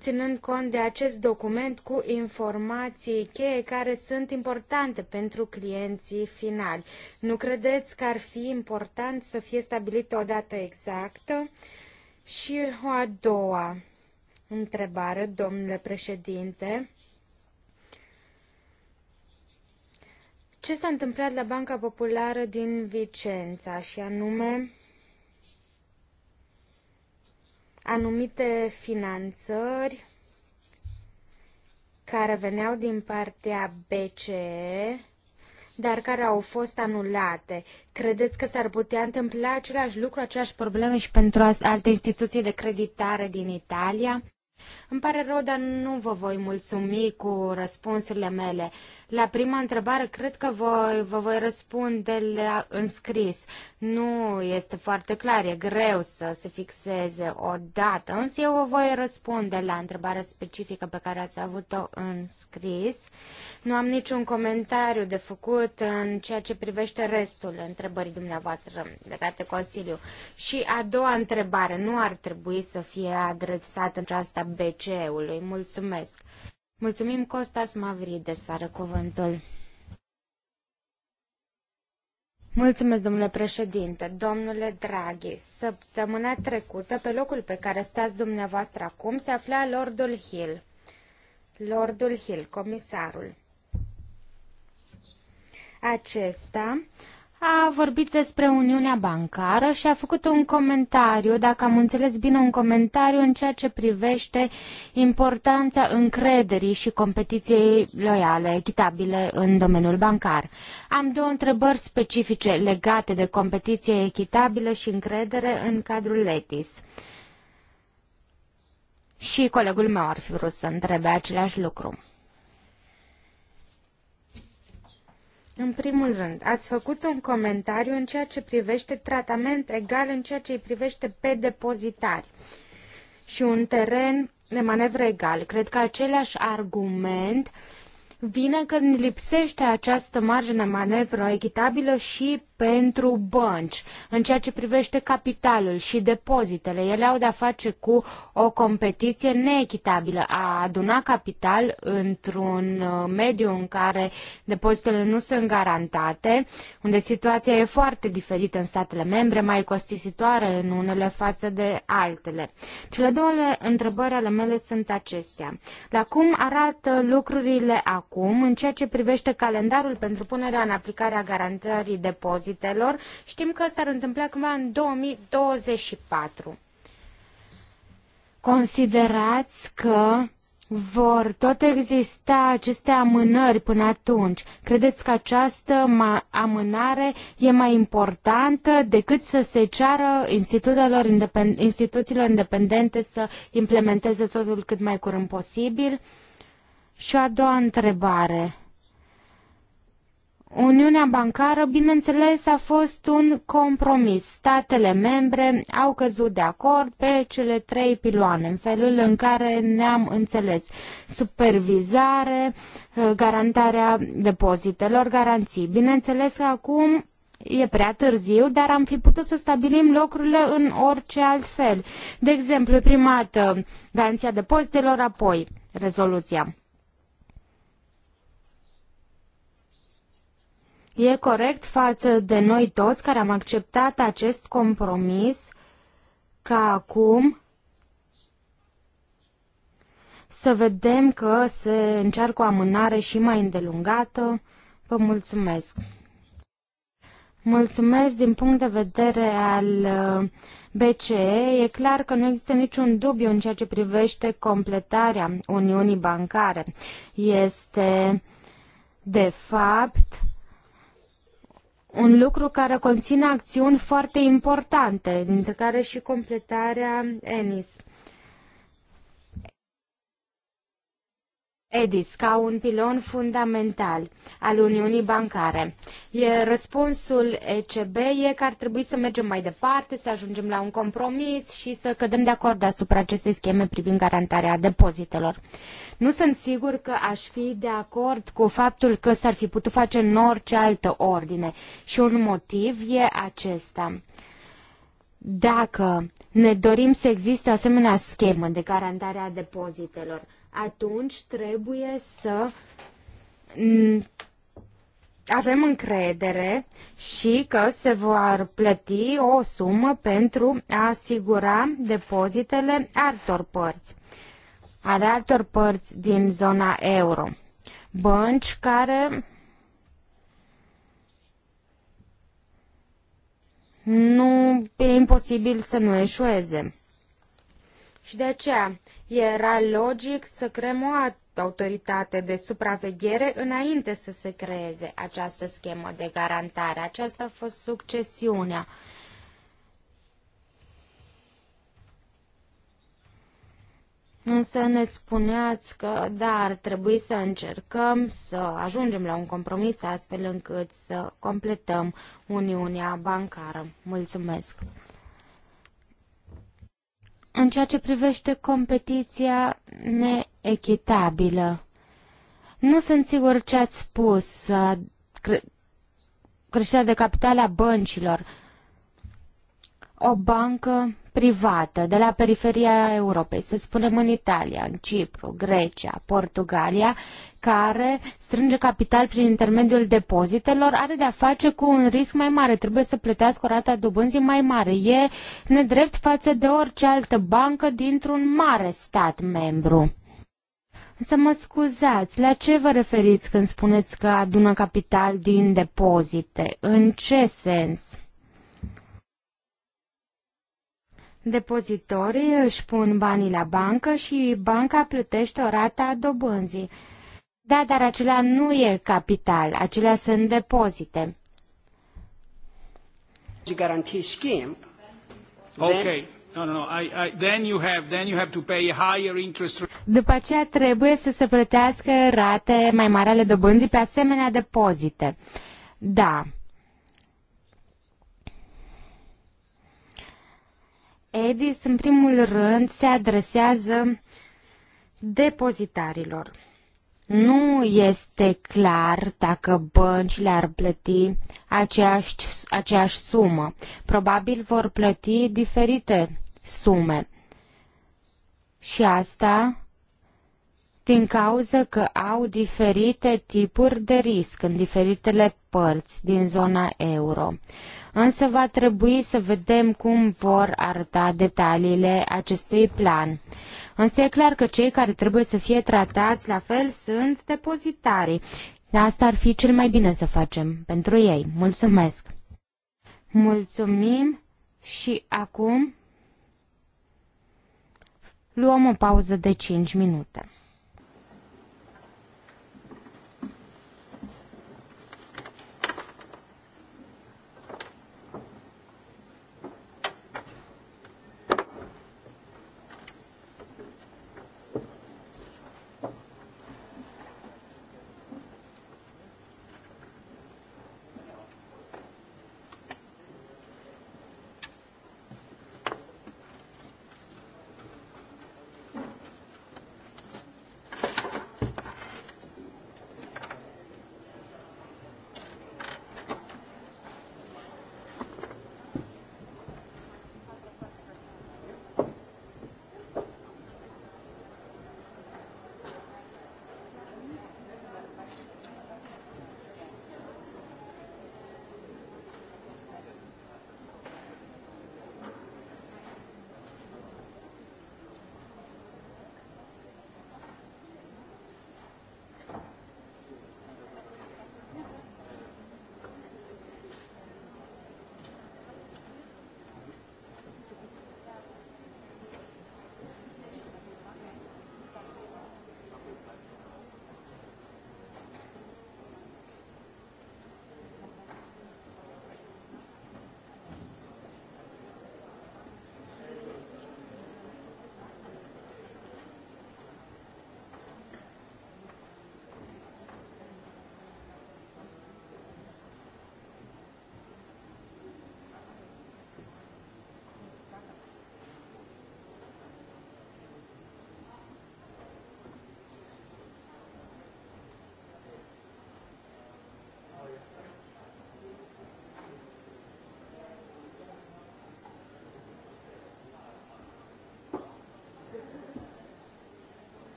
ținând cont de acest document cu informații cheie care sunt importante pentru clienții finali. Nu credeți că ar fi important să fie stabilită o dată exactă? Și o a doua întrebare, domnule președinte. Ce s-a întâmplat la Banca Populară din Vicența și anume anumite finanțări care veneau din partea BCE, dar care au fost anulate. Credeți că s-ar putea întâmpla același lucru, aceeași probleme și pentru alte instituții de creditare din Italia? Îmi pare rău, dar nu vă voi mulțumi cu răspunsurile mele. La prima întrebare cred că voi, vă voi răspunde la înscris. Nu este foarte clar, e greu să se fixeze o dată, însă eu vă voi răspunde la întrebarea specifică pe care ați avut-o înscris. Nu am niciun comentariu de făcut în ceea ce privește restul întrebării dumneavoastră legate Consiliu. Și a doua întrebare nu ar trebui să fie adresată aceasta BCE-ului. Mulțumesc! Mulțumim, Costas Mavrides, are cuvântul. Mulțumesc, domnule președinte. Domnule Draghi, săptămâna trecută, pe locul pe care stați dumneavoastră acum, se afla Lordul Hill. Lordul Hill, comisarul. Acesta a vorbit despre Uniunea Bancară și a făcut un comentariu, dacă am înțeles bine, un comentariu în ceea ce privește importanța încrederii și competiției loiale, echitabile în domeniul bancar. Am două întrebări specifice legate de competiție echitabilă și încredere în cadrul LETIS. Și colegul meu ar fi vrut să întrebe același lucru. În primul rând, ați făcut un comentariu în ceea ce privește tratament egal în ceea ce îi privește pe depozitari și un teren de manevră egal. Cred că același argument vine când lipsește această margine manevră echitabilă și pentru bănci, în ceea ce privește capitalul și depozitele. Ele au de-a face cu o competiție neechitabilă. A aduna capital într-un uh, mediu în care depozitele nu sunt garantate, unde situația e foarte diferită în statele membre, mai costisitoare în unele față de altele. Cele două întrebări ale mele sunt acestea. La cum arată lucrurile acum în ceea ce privește calendarul pentru punerea în aplicare a garantării depozitelor? impozitelor, știm că s-ar întâmpla cândva în 2024. Considerați că vor tot exista aceste amânări până atunci. Credeți că această amânare e mai importantă decât să se ceară instituțiilor, independ- instituțiilor independente să implementeze totul cât mai curând posibil? Și a doua întrebare. Uniunea bancară, bineînțeles, a fost un compromis. Statele membre au căzut de acord pe cele trei piloane, în felul în care ne-am înțeles. Supervizare, eh, garantarea depozitelor, garanții. Bineînțeles că acum e prea târziu, dar am fi putut să stabilim lucrurile în orice alt fel. De exemplu, prima dată garanția depozitelor, apoi rezoluția. E corect față de noi toți care am acceptat acest compromis ca acum să vedem că se încearcă o amânare și mai îndelungată. Vă mulțumesc! Mulțumesc din punct de vedere al uh, BCE. E clar că nu există niciun dubiu în ceea ce privește completarea Uniunii Bancare. Este, de fapt, un lucru care conține acțiuni foarte importante, dintre care și completarea ENIS. EDIS ca un pilon fundamental al Uniunii Bancare. E răspunsul ECB e că ar trebui să mergem mai departe, să ajungem la un compromis și să cădem de acord asupra acestei scheme privind garantarea depozitelor. Nu sunt sigur că aș fi de acord cu faptul că s-ar fi putut face în orice altă ordine și un motiv e acesta. Dacă ne dorim să existe o asemenea schemă de garantare a depozitelor, atunci trebuie să avem încredere și că se vor plăti o sumă pentru a asigura depozitele altor părți ale altor părți din zona euro. Bănci care nu e imposibil să nu eșueze. Și de aceea era logic să creăm o autoritate de supraveghere înainte să se creeze această schemă de garantare. Aceasta a fost succesiunea Însă ne spuneați că, da, ar trebui să încercăm să ajungem la un compromis astfel încât să completăm Uniunea Bancară. Mulțumesc! În ceea ce privește competiția neechitabilă, nu sunt sigur ce ați spus, uh, creșterea de capital a băncilor o bancă privată de la periferia Europei, să spunem în Italia, în Cipru, Grecia, Portugalia, care strânge capital prin intermediul depozitelor, are de-a face cu un risc mai mare, trebuie să plătească o rată dobânzii mai mare. E nedrept față de orice altă bancă dintr-un mare stat membru. Să mă scuzați, la ce vă referiți când spuneți că adună capital din depozite? În ce sens? Depozitorii își pun banii la bancă și banca plătește o rată a dobânzii. Da, dar acela nu e capital, acelea sunt depozite. Deci Guarantee scheme. No, no, no. I, I, then you have, then you have to pay higher interest. După aceea trebuie să se plătească rate mai mari ale dobânzii pe asemenea depozite. Da. EDIS, în primul rând, se adresează depozitarilor. Nu este clar dacă băncile ar plăti aceeași, aceeași sumă. Probabil vor plăti diferite sume. Și asta din cauza că au diferite tipuri de risc în diferitele părți din zona euro însă va trebui să vedem cum vor arăta detaliile acestui plan. Însă e clar că cei care trebuie să fie tratați la fel sunt depozitarii. Asta ar fi cel mai bine să facem pentru ei. Mulțumesc! Mulțumim și acum luăm o pauză de 5 minute.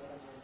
Grazie.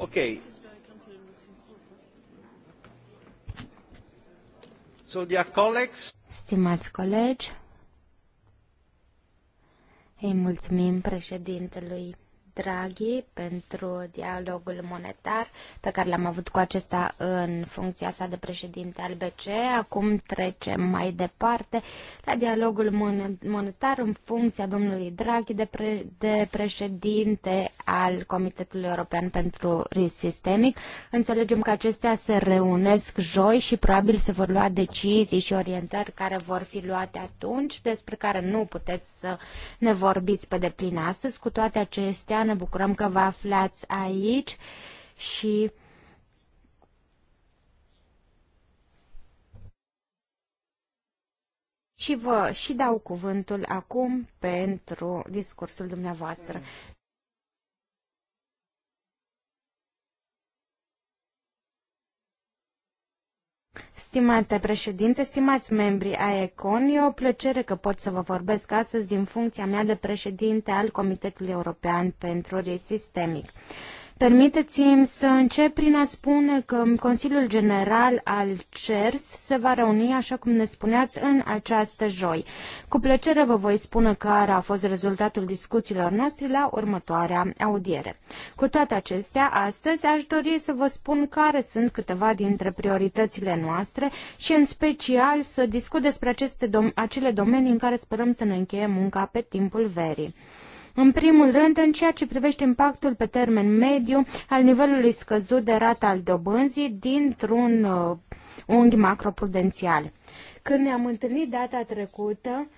Okay. So, dear colleagues, Stimați colegi, îi mulțumim președintelui Draghi pentru dialogul monetar pe care l-am avut cu acesta în funcția sa de președinte al BCE. Acum trecem mai departe la dialogul monetar în funcția domnului Draghi de, pre- de președinte al Comitetului European pentru Risc Sistemic. Înțelegem că acestea se reunesc joi și probabil se vor lua decizii și orientări care vor fi luate atunci, despre care nu puteți să ne vorbiți pe deplin astăzi. Cu toate acestea, ne bucurăm că vă aflați aici și și vă și dau cuvântul acum pentru discursul dumneavoastră. Stimate președinte, stimați membri ai ECON, e o plăcere că pot să vă vorbesc astăzi din funcția mea de președinte al Comitetului European pentru Risc Sistemic. Permiteți-mi să încep prin a spune că Consiliul General al CERS se va reuni, așa cum ne spuneați, în această joi. Cu plăcere vă voi spune care a fost rezultatul discuțiilor noastre la următoarea audiere. Cu toate acestea, astăzi aș dori să vă spun care sunt câteva dintre prioritățile noastre și în special să discut despre aceste dom- acele domenii în care sperăm să ne încheiem munca pe timpul verii. În primul rând, în ceea ce privește impactul pe termen mediu al nivelului scăzut de rata al dobânzii dintr-un uh, unghi macroprudențial. Când ne-am întâlnit data trecută,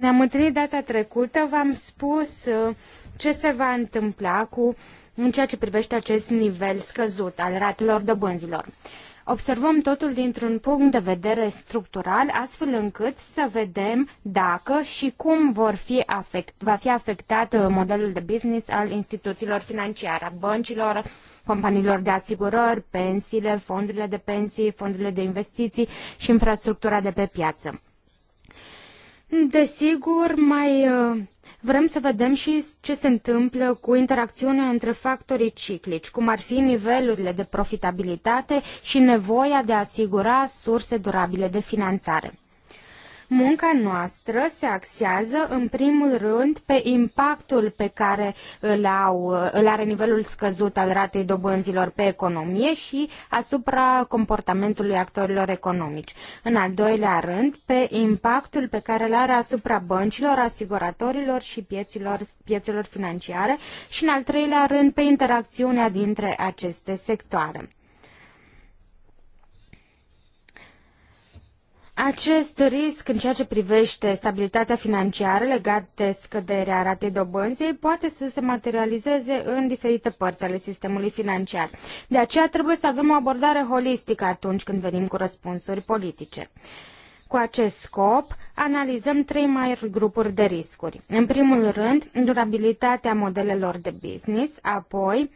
Ne-am întâlnit data trecută, v-am spus uh, ce se va întâmpla cu în ceea ce privește acest nivel scăzut al ratelor dobânzilor observăm totul dintr-un punct de vedere structural, astfel încât să vedem dacă și cum vor fi afect, va fi afectat uh, modelul de business al instituțiilor financiare, a băncilor, companiilor de asigurări, pensiile, fondurile de pensii, fondurile de investiții și infrastructura de pe piață. Desigur, mai uh, vrem să vedem și ce se întâmplă cu interacțiunea între factorii ciclici, cum ar fi nivelurile de profitabilitate și nevoia de a asigura surse durabile de finanțare. Munca noastră se axează în primul rând pe impactul pe care îl, au, îl are nivelul scăzut al ratei dobânzilor pe economie și asupra comportamentului actorilor economici. În al doilea rând, pe impactul pe care îl are asupra băncilor, asiguratorilor și pieților, piețelor financiare și în al treilea rând pe interacțiunea dintre aceste sectoare. Acest risc în ceea ce privește stabilitatea financiară legat de scăderea ratei dobânzii poate să se materializeze în diferite părți ale sistemului financiar. De aceea trebuie să avem o abordare holistică atunci când venim cu răspunsuri politice. Cu acest scop, analizăm trei mari grupuri de riscuri. În primul rând, durabilitatea modelelor de business, apoi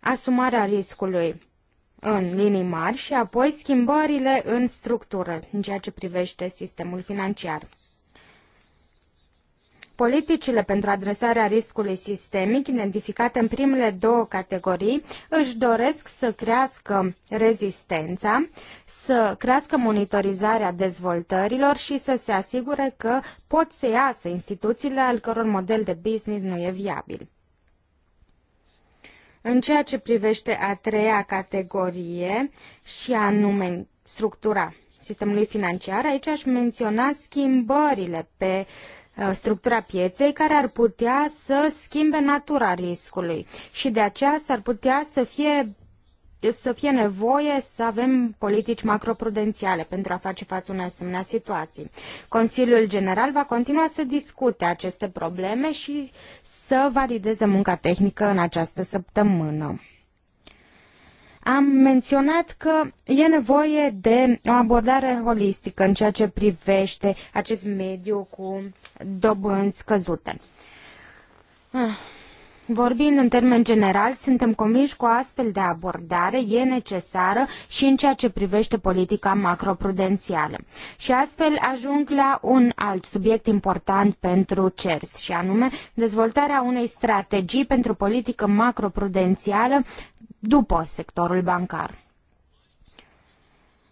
asumarea riscului în linii mari și apoi schimbările în structură în ceea ce privește sistemul financiar. Politicile pentru adresarea riscului sistemic, identificate în primele două categorii, își doresc să crească rezistența, să crească monitorizarea dezvoltărilor și să se asigure că pot să iasă instituțiile al căror model de business nu e viabil. În ceea ce privește a treia categorie și anume structura sistemului financiar, aici aș menționa schimbările pe uh, structura pieței care ar putea să schimbe natura riscului și de aceea s-ar putea să fie să fie nevoie să avem politici macroprudențiale pentru a face față unei asemenea situații. Consiliul General va continua să discute aceste probleme și să valideze munca tehnică în această săptămână. Am menționat că e nevoie de o abordare holistică în ceea ce privește acest mediu cu dobânzi scăzute. Ah. Vorbind în termen general, suntem convinși că o astfel de abordare e necesară și în ceea ce privește politica macroprudențială. Și astfel ajung la un alt subiect important pentru CERS, și anume dezvoltarea unei strategii pentru politică macroprudențială după sectorul bancar.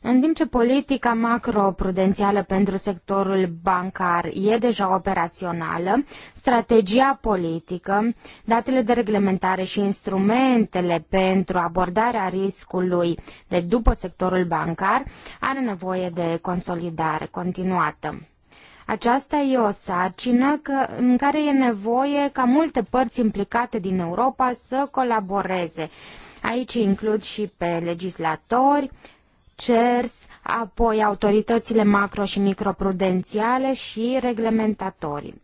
În timp ce politica macroprudențială pentru sectorul bancar e deja operațională, strategia politică, datele de reglementare și instrumentele pentru abordarea riscului de după sectorul bancar are nevoie de consolidare continuată. Aceasta e o sarcină că, în care e nevoie ca multe părți implicate din Europa să colaboreze. Aici includ și pe legislatori, CERS, apoi autoritățile macro- și microprudențiale și reglementatorii.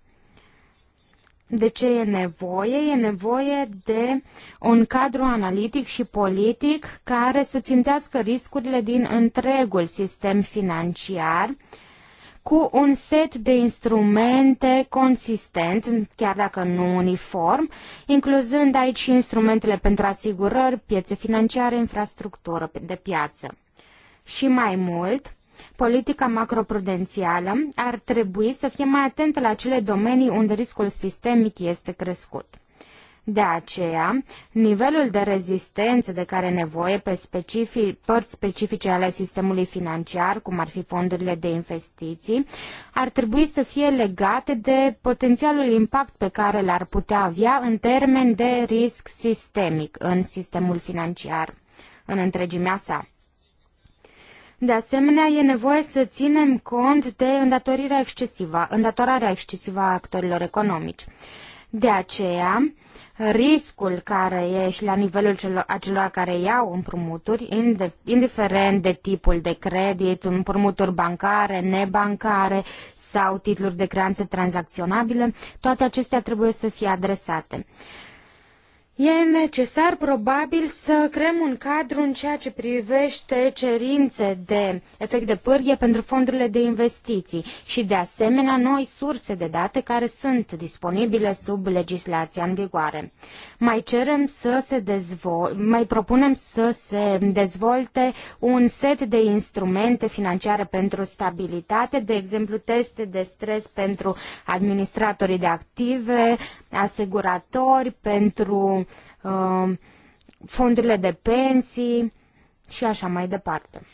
De ce e nevoie? E nevoie de un cadru analitic și politic care să țintească riscurile din întregul sistem financiar cu un set de instrumente consistent, chiar dacă nu uniform, incluzând aici instrumentele pentru asigurări, piețe financiare, infrastructură de piață. Și mai mult, politica macroprudențială ar trebui să fie mai atentă la acele domenii unde riscul sistemic este crescut. De aceea, nivelul de rezistență de care nevoie pe specific, părți specifice ale sistemului financiar, cum ar fi fondurile de investiții, ar trebui să fie legate de potențialul impact pe care l-ar putea avea în termen de risc sistemic în sistemul financiar, în întregimea sa. De asemenea, e nevoie să ținem cont de îndatorirea excesivă, îndatorarea excesivă a actorilor economici. De aceea, riscul care e și la nivelul celor, acelor care iau împrumuturi, indiferent de tipul de credit, împrumuturi bancare, nebancare sau titluri de creanțe tranzacționabile, toate acestea trebuie să fie adresate. E necesar probabil să creăm un cadru în ceea ce privește cerințe de efect de pârghie pentru fondurile de investiții și de asemenea noi surse de date care sunt disponibile sub legislația în vigoare. Mai cerem să se dezvol- mai propunem să se dezvolte un set de instrumente financiare pentru stabilitate, de exemplu teste de stres pentru administratorii de active, asiguratori, pentru Um, fondurile de pensii și așa mai departe.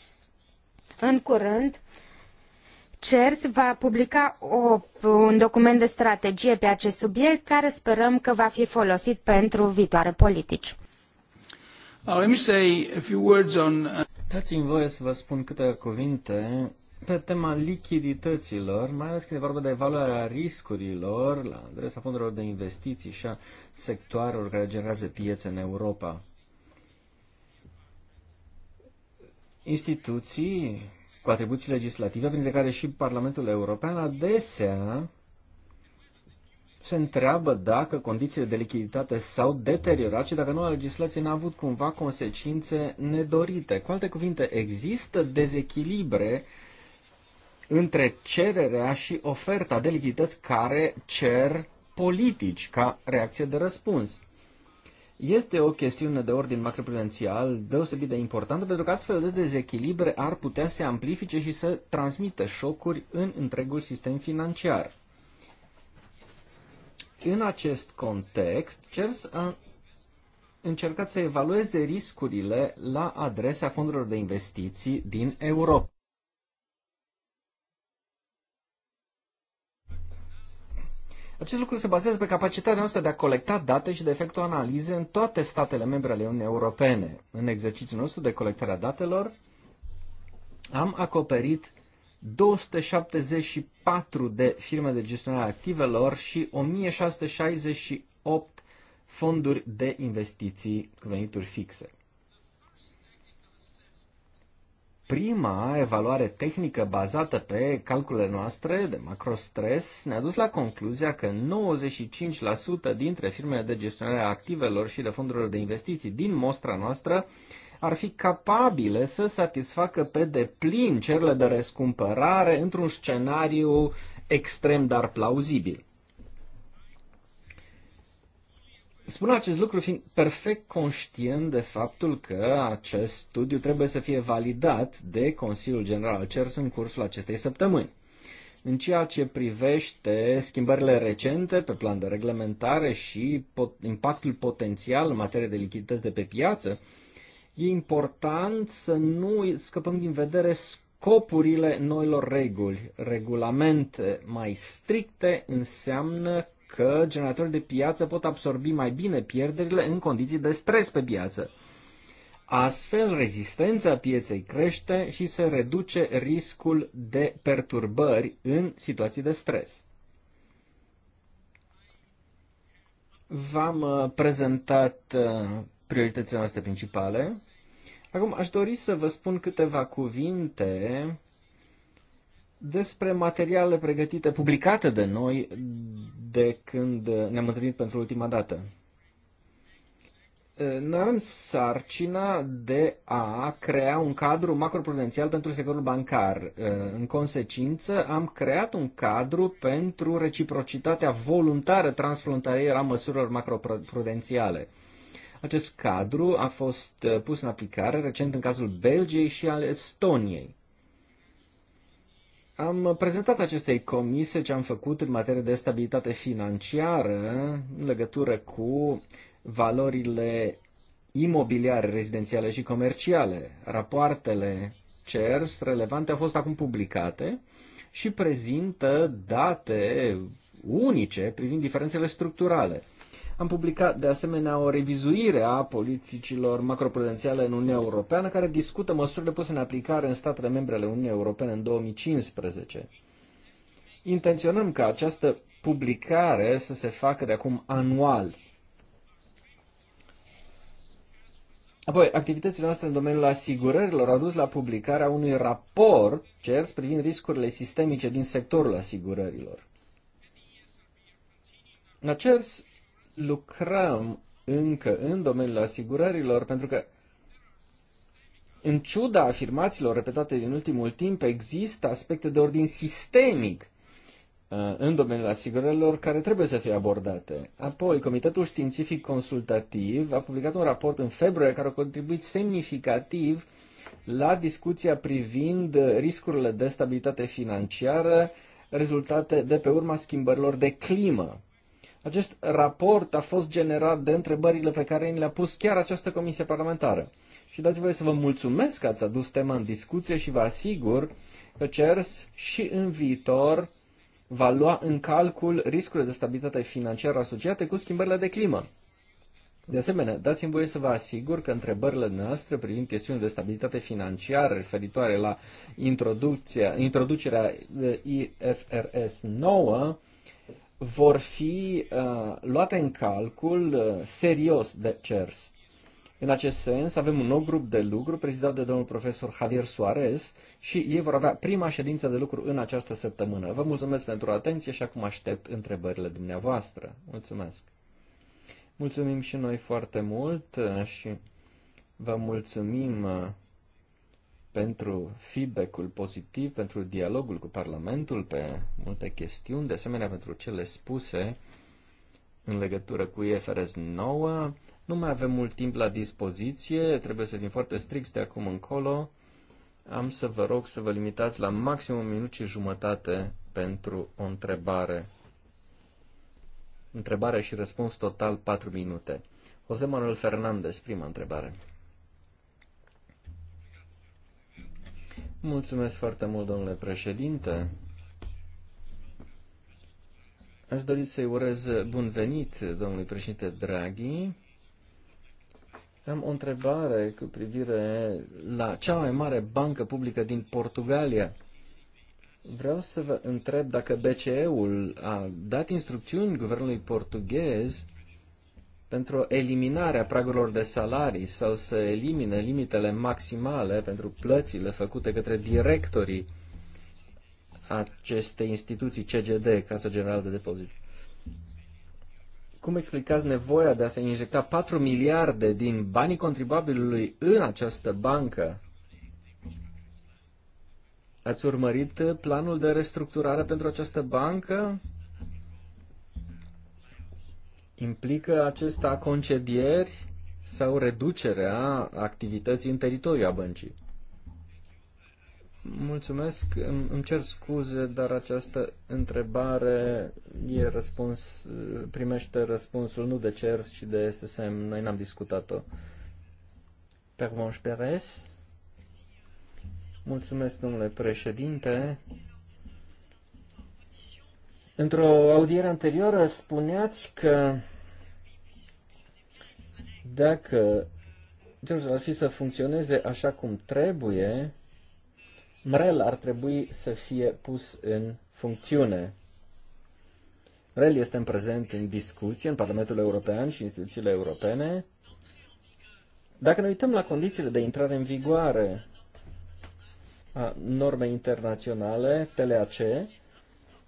În curând, CERS va publica o, un document de strategie pe acest subiect care sperăm că va fi folosit pentru viitoare politici. Uh, uh, Dați-mi voie să vă spun câte cuvinte pe tema lichidităților, mai ales când e vorba de evaluarea riscurilor la adresa fondurilor de investiții și a sectoarelor care generează piețe în Europa. Instituții cu atribuții legislative, printre care și Parlamentul European, adesea se întreabă dacă condițiile de lichiditate s-au deteriorat și dacă noua legislație n-a avut cumva consecințe nedorite. Cu alte cuvinte, există dezechilibre uh, între cererea și oferta de lichidități care cer politici ca reacție de răspuns. Este o chestiune de ordin macroprudențial deosebit de importantă pentru că astfel de dezechilibre ar putea să amplifice și să transmită șocuri în întregul sistem financiar. În acest context, CERS a încercat să evalueze riscurile la adresa fondurilor de investiții din Europa. Acest lucru se bazează pe capacitatea noastră de a colecta date și de efectua analize în toate statele membre ale Uniunii Europene. În exercițiul nostru de colectare a datelor am acoperit 274 de firme de gestionare a activelor și 1668 fonduri de investiții cu venituri fixe. prima evaluare tehnică bazată pe calculele noastre de macrostres ne-a dus la concluzia că 95% dintre firmele de gestionare a activelor și de fondurilor de investiții din mostra noastră ar fi capabile să satisfacă pe deplin cerile de răscumpărare într-un scenariu extrem, dar plauzibil. Spun acest lucru fiind perfect conștient de faptul că acest studiu trebuie să fie validat de Consiliul General al CERS în cursul acestei săptămâni. În ceea ce privește schimbările recente pe plan de reglementare și pot, impactul potențial în materie de lichidități de pe piață, e important să nu scăpăm din vedere scopurile noilor reguli. Regulamente mai stricte înseamnă că generatorii de piață pot absorbi mai bine pierderile în condiții de stres pe piață. Astfel, rezistența pieței crește și se reduce riscul de perturbări în situații de stres. V-am uh, prezentat uh, prioritățile noastre principale. Acum aș dori să vă spun câteva cuvinte despre materiale pregătite, publicate de noi de când ne-am întâlnit pentru ultima dată. Noi avem sarcina de a crea un cadru macroprudențial pentru sectorul bancar. În consecință, am creat un cadru pentru reciprocitatea voluntară transfrontalieră a măsurilor macroprudențiale. Acest cadru a fost pus în aplicare recent în cazul Belgiei și al Estoniei. Am prezentat acestei comise ce am făcut în materie de stabilitate financiară în legătură cu valorile imobiliare, rezidențiale și comerciale. Rapoartele CERS relevante au fost acum publicate și prezintă date unice privind diferențele structurale. Am publicat de asemenea o revizuire a politicilor macroprudențiale în Uniunea Europeană care discută măsurile puse în aplicare în statele membre ale Uniunii Europene în 2015. Intenționăm ca această publicare să se facă de acum anual. Apoi, activitățile noastre în domeniul asigurărilor au dus la publicarea unui raport CERS privind riscurile sistemice din sectorul asigurărilor. La CERS lucrăm încă în domeniul asigurărilor, pentru că în ciuda afirmațiilor repetate din ultimul timp, există aspecte de ordin sistemic uh, în domeniul asigurărilor care trebuie să fie abordate. Apoi, Comitetul Științific Consultativ a publicat un raport în februarie care a contribuit semnificativ la discuția privind riscurile de stabilitate financiară rezultate de pe urma schimbărilor de climă. Acest raport a fost generat de întrebările pe care ni le-a pus chiar această comisie parlamentară. Și dați voie să vă mulțumesc că ați adus tema în discuție și vă asigur că CERS și în viitor va lua în calcul riscurile de stabilitate financiară asociate cu schimbările de climă. De asemenea, dați-mi voie să vă asigur că întrebările noastre privind chestiuni de stabilitate financiară referitoare la introducerea eh, IFRS 9 vor fi uh, luate în calcul uh, serios de CERS. În acest sens, avem un nou grup de lucru prezidat de domnul profesor Javier Suarez și ei vor avea prima ședință de lucru în această săptămână. Vă mulțumesc pentru atenție și acum aștept întrebările dumneavoastră. Mulțumesc! Mulțumim și noi foarte mult uh, și vă mulțumim uh, pentru feedback-ul pozitiv, pentru dialogul cu Parlamentul pe multe chestiuni, de asemenea pentru cele spuse în legătură cu IFRS 9. Nu mai avem mult timp la dispoziție, trebuie să fim foarte strict de acum încolo. Am să vă rog să vă limitați la maxim un minut și jumătate pentru o întrebare. Întrebare și răspuns total 4 minute. Jose Manuel Fernandez, prima întrebare. Mulțumesc foarte mult, domnule președinte. Aș dori să-i urez bun venit domnului președinte Draghi. Am o întrebare cu privire la cea mai mare bancă publică din Portugalia. Vreau să vă întreb dacă BCE-ul a dat instrucțiuni guvernului portughez pentru eliminarea pragurilor de salarii sau să elimine limitele maximale pentru plățile făcute către directorii acestei instituții CGD, Casa Generală de Depozit. Cum explicați nevoia de a se injecta 4 miliarde din banii contribuabilului în această bancă? Ați urmărit planul de restructurare pentru această bancă? implică acesta concedieri sau reducerea activității în teritoriu a băncii. Mulțumesc, îmi cer scuze, dar această întrebare e răspuns, primește răspunsul nu de CERS, ci de SSM. Noi n-am discutat-o. Pervonș Perez. Mulțumesc, domnule președinte. Într-o audiere anterioară spuneați că dacă George ar fi să funcționeze așa cum trebuie, MREL ar trebui să fie pus în funcțiune. MREL este în prezent în discuție în Parlamentul European și instituțiile europene. Dacă ne uităm la condițiile de intrare în vigoare a normei internaționale, TLAC,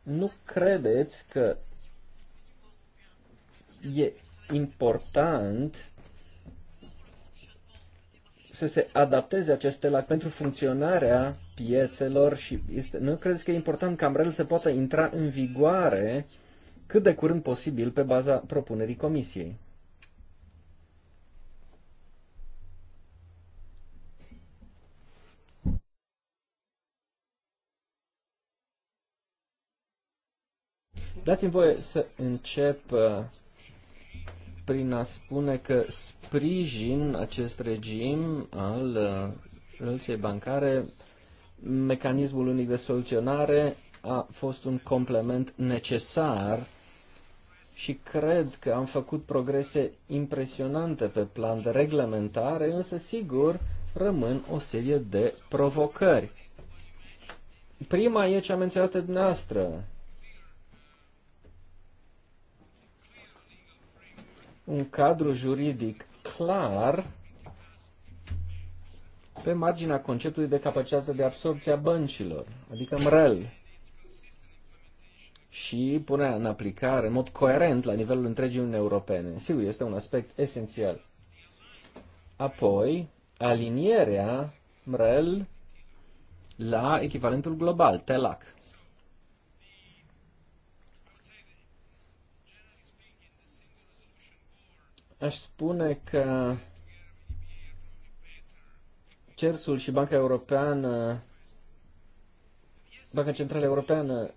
nu credeți că e important să se adapteze aceste lac pentru funcționarea piețelor și este, nu credeți că e important ca MREL să poată intra în vigoare cât de curând posibil pe baza propunerii comisiei? Dați-mi voie să încep uh, prin a spune că sprijin acest regim al soluției uh, bancare, mecanismul unic de soluționare a fost un complement necesar și cred că am făcut progrese impresionante pe plan de reglementare, însă sigur rămân o serie de provocări. Prima e cea menționată dumneavoastră, un cadru juridic clar pe marginea conceptului de capacitate de absorbție a băncilor, adică MREL, și punerea în aplicare în mod coerent la nivelul întregii Uniunii Europene. Sigur, este un aspect esențial. Apoi, alinierea MREL la echivalentul global, TELAC. Aș spune că CERSUL și Banca Europeană, Banca Centrală Europeană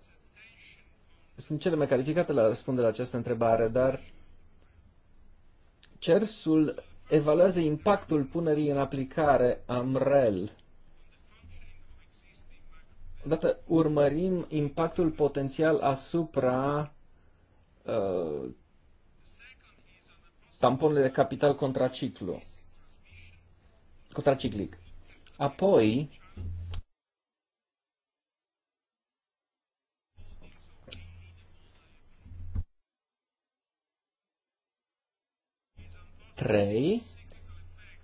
sunt cele mai calificate la răspunde la această întrebare, dar CERSUL evaluează impactul punerii în aplicare a MREL. Odată urmărim impactul potențial asupra uh, tamponele de capital contraciclu, contraciclic. Apoi, trei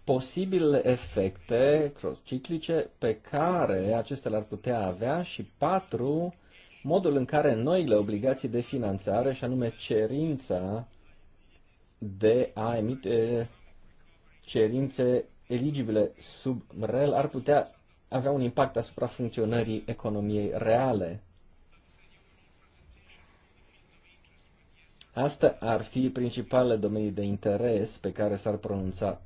posibile efecte ciclice pe care acestea le-ar putea avea și patru modul în care noile obligații de finanțare, și anume cerința de a emite cerințe eligibile sub MREL ar putea avea un impact asupra funcționării economiei reale. Asta ar fi principalele domenii de interes pe care s-ar pronunța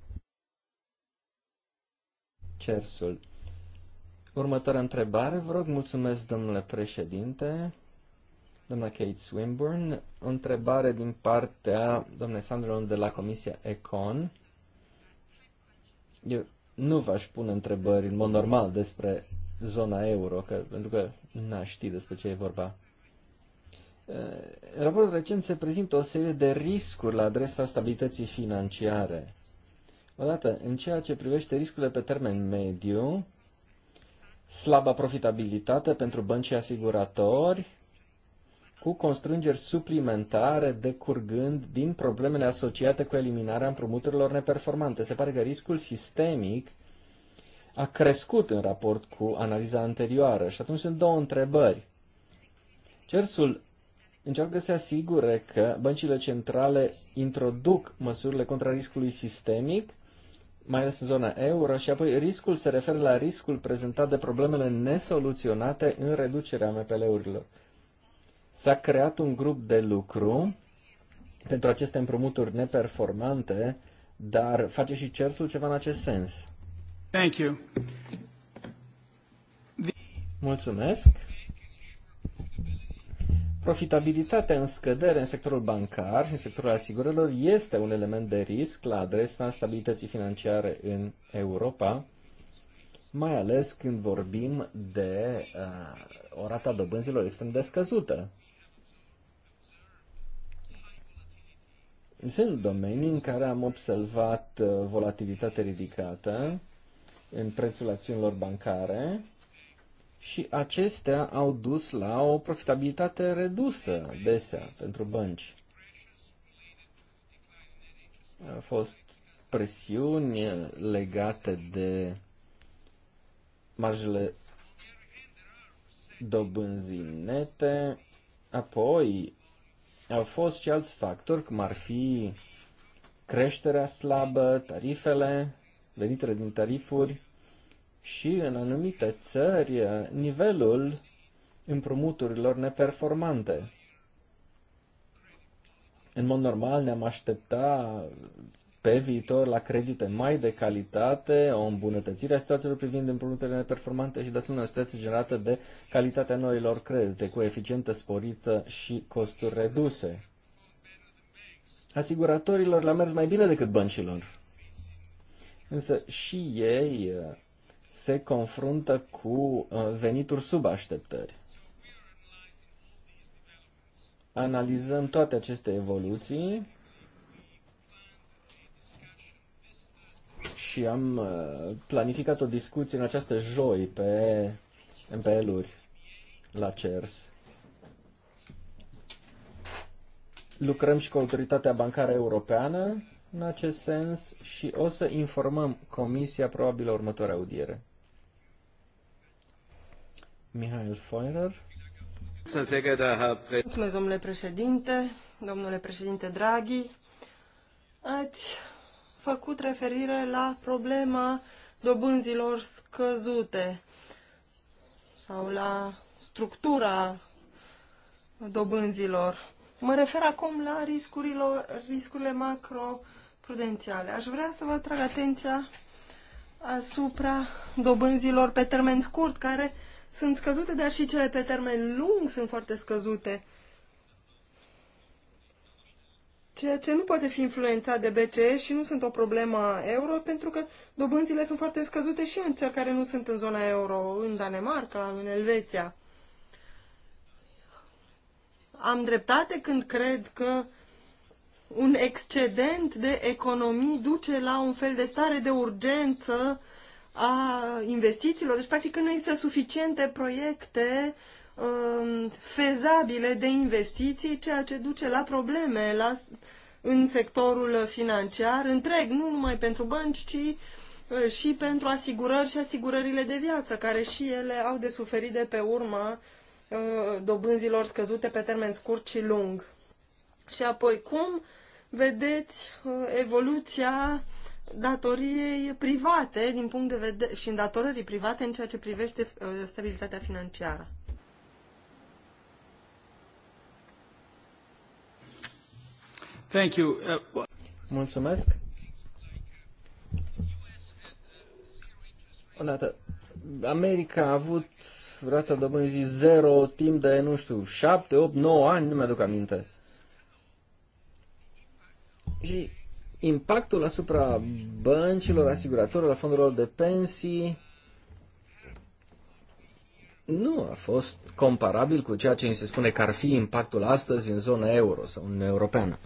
CERSul. Următoarea întrebare, vă rog, mulțumesc, domnule președinte doamna Kate Swinburne. O întrebare din partea doamnei Sandron de la Comisia Econ. Eu nu v-aș pune întrebări în mod normal despre zona euro, că, pentru că n-aș ști despre ce e vorba. În raportul recent se prezintă o serie de riscuri la adresa stabilității financiare. Odată, în ceea ce privește riscurile pe termen mediu, slaba profitabilitate pentru bănci și asiguratori, cu constrângeri suplimentare decurgând din problemele asociate cu eliminarea împrumuturilor neperformante. Se pare că riscul sistemic a crescut în raport cu analiza anterioară și atunci sunt două întrebări. Cersul încearcă să se asigure că băncile centrale introduc măsurile contra riscului sistemic, mai ales în zona euro, și apoi riscul se referă la riscul prezentat de problemele nesoluționate în reducerea MPL-urilor. S-a creat un grup de lucru pentru aceste împrumuturi neperformante, dar face și CERSUL ceva în acest sens. Thank you. Mulțumesc. Profitabilitatea în scădere în sectorul bancar și în sectorul asigurărilor este un element de risc la adresa stabilității financiare în Europa, mai ales când vorbim de uh, o rata dobânzilor extrem de scăzută. Sunt domenii în care am observat uh, volatilitate ridicată în prețul acțiunilor bancare și acestea au dus la o profitabilitate redusă desea pentru bănci. Au fost presiuni legate de marjele dobânzii nete, apoi au fost și alți factori, cum ar fi creșterea slabă, tarifele, venitele din tarifuri și, în anumite țări, nivelul împrumuturilor neperformante. În mod normal ne-am aștepta pe viitor la credite mai de calitate, o îmbunătățire a situațiilor privind împrumuturile neperformante și de asemenea o situație generată de calitatea noilor credite cu eficientă sporită și costuri reduse. Asiguratorilor le-a mers mai bine decât băncilor. Însă și ei uh, se confruntă cu uh, venituri sub așteptări. Analizăm toate aceste evoluții și am uh, planificat o discuție în această joi pe MPL-uri la CERS. Lucrăm și cu Autoritatea Bancară Europeană în acest sens și o să informăm Comisia probabil la următoarea audiere. Mihail Feurer. Mulțumesc, domnule președinte, domnule președinte Draghi. Ați făcut referire la problema dobânzilor scăzute sau la structura dobânzilor. Mă refer acum la riscurile macroprudențiale. Aș vrea să vă atrag atenția asupra dobânzilor pe termen scurt, care sunt scăzute, dar și cele pe termen lung sunt foarte scăzute ceea ce nu poate fi influențat de BCE și nu sunt o problemă euro, pentru că dobânzile sunt foarte scăzute și în țări care nu sunt în zona euro, în Danemarca, în Elveția. Am dreptate când cred că un excedent de economii duce la un fel de stare de urgență a investițiilor. Deci, practic, nu există suficiente proiecte Um, fezabile de investiții, ceea ce duce la probleme la, în sectorul financiar întreg, nu numai pentru bănci, ci uh, și pentru asigurări și asigurările de viață, care și ele au de suferit de pe urma uh, dobânzilor scăzute pe termen scurt și lung. Și apoi, cum vedeți uh, evoluția datoriei private din punct de vedere, și îndatorării private în ceea ce privește stabilitatea financiară? Thank you. Uh, Mulțumesc. Odată, America a avut rata dobânzii zero timp de, nu știu, 7, 8, 9 ani, nu mi-aduc aminte. Și impactul asupra băncilor, asiguratorilor, fondurilor de pensii nu a fost comparabil cu ceea ce ni se spune că ar fi impactul astăzi în zona euro sau în europeană.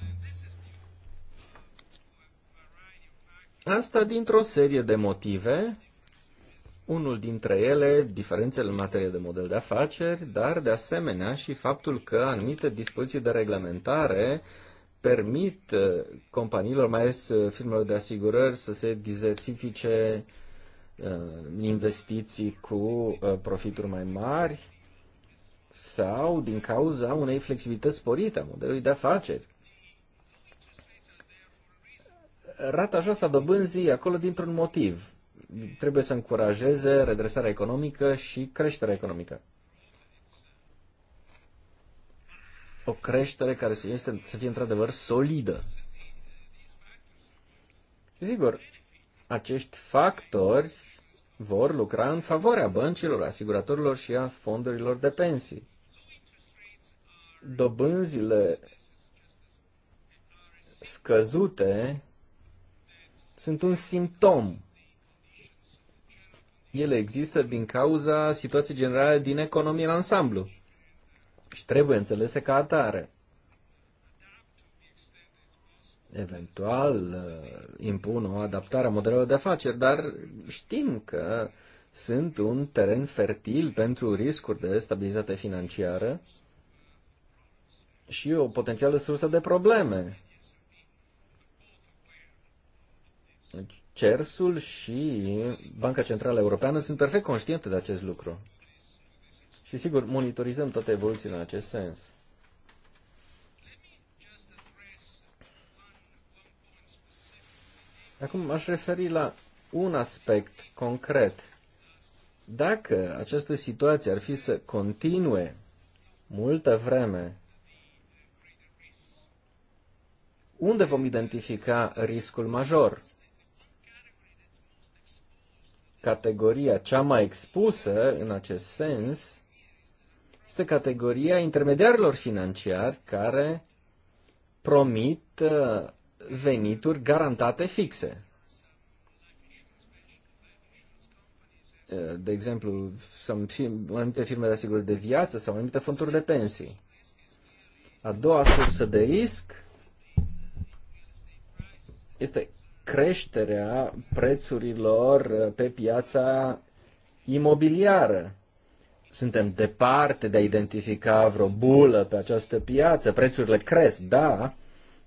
Asta dintr-o serie de motive, unul dintre ele, diferențele în materie de model de afaceri, dar de asemenea și faptul că anumite dispoziții de reglementare permit uh, companiilor, mai ales uh, firmelor de asigurări, să se diversifice uh, investiții cu profituri mai mari sau din cauza unei flexibilități sporite a modelului de afaceri rata joasă a dobânzii acolo dintr-un motiv. Trebuie să încurajeze redresarea economică și creșterea economică. O creștere care să, este, să fie într-adevăr solidă. Și sigur, acești factori vor lucra în favoarea băncilor, asiguratorilor și a fondurilor de pensii. Dobânzile scăzute sunt un simptom. Ele există din cauza situației generale din economie în ansamblu și trebuie înțelese ca atare. Eventual uh, impun o adaptare a modelelor de afaceri, dar știm că sunt un teren fertil pentru riscuri de stabilitate financiară și o potențială sursă de probleme CERSUL și Banca Centrală Europeană sunt perfect conștiente de acest lucru. Și sigur, monitorizăm toate evoluțiile în acest sens. Acum aș referi la un aspect concret. Dacă această situație ar fi să continue multă vreme, unde vom identifica riscul major? Categoria cea mai expusă în acest sens este categoria intermediarilor financiari care promit uh, venituri garantate fixe. Uh, de exemplu, anumite firme de asigurări de viață sau anumite fonduri de pensii. A doua sursă de risc este creșterea prețurilor pe piața imobiliară. Suntem departe de a identifica vreo bulă pe această piață. Prețurile cresc, da,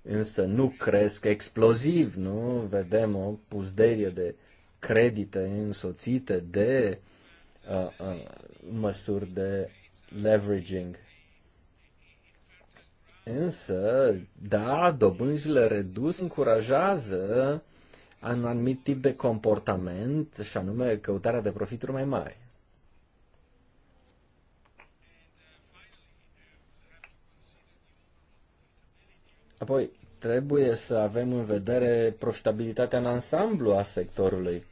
însă nu cresc exploziv, nu? Vedem o puzderie de credite însoțite de uh, uh, măsuri de leveraging. Însă, da, dobânzile reduse încurajează un anumit tip de comportament, și anume căutarea de profituri mai mari. Apoi, trebuie să avem în vedere profitabilitatea în ansamblu a sectorului.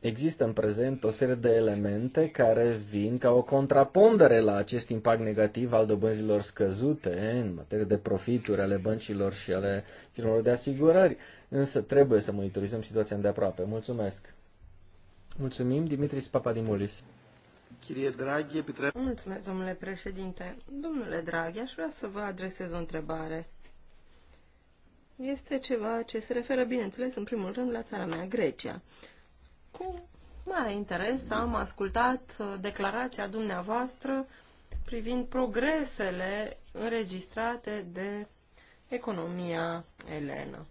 Există în prezent o serie de elemente care vin ca o contrapondere la acest impact negativ al dobânzilor scăzute în materie de profituri ale băncilor și ale firmelor de asigurări însă trebuie să monitorizăm situația îndeaproape. Mulțumesc! Mulțumim, Dimitris Papadimulis. Chirie Draghi, pitre... Mulțumesc, domnule președinte. Domnule Draghi, aș vrea să vă adresez o întrebare. Este ceva ce se referă, bineînțeles, în primul rând la țara mea, Grecia. Cu mare interes am ascultat uh, declarația dumneavoastră privind progresele înregistrate de economia elenă.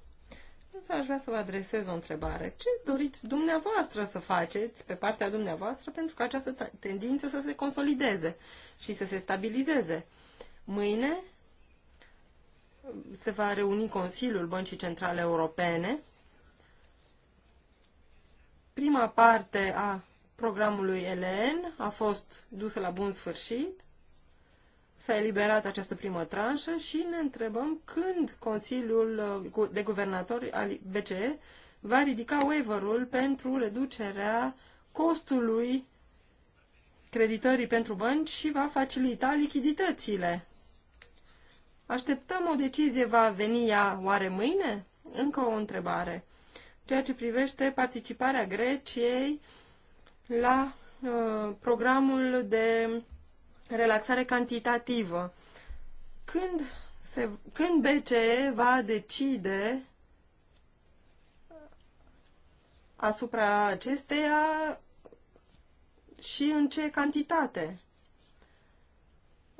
Însă deci aș vrea să vă adresez o întrebare. Ce doriți dumneavoastră să faceți pe partea dumneavoastră pentru că această tendință să se consolideze și să se stabilizeze? Mâine se va reuni Consiliul Băncii Centrale Europene. Prima parte a programului ELN a fost dusă la bun sfârșit S-a eliberat această primă tranșă și ne întrebăm când Consiliul uh, de Guvernatori al BCE va ridica waiver-ul pentru reducerea costului creditării pentru bănci și va facilita lichiditățile. Așteptăm o decizie, va veni ea oare mâine? Încă o întrebare. Ceea ce privește participarea Greciei la uh, programul de relaxare cantitativă. Când, se, când BCE va decide asupra acesteia și în ce cantitate?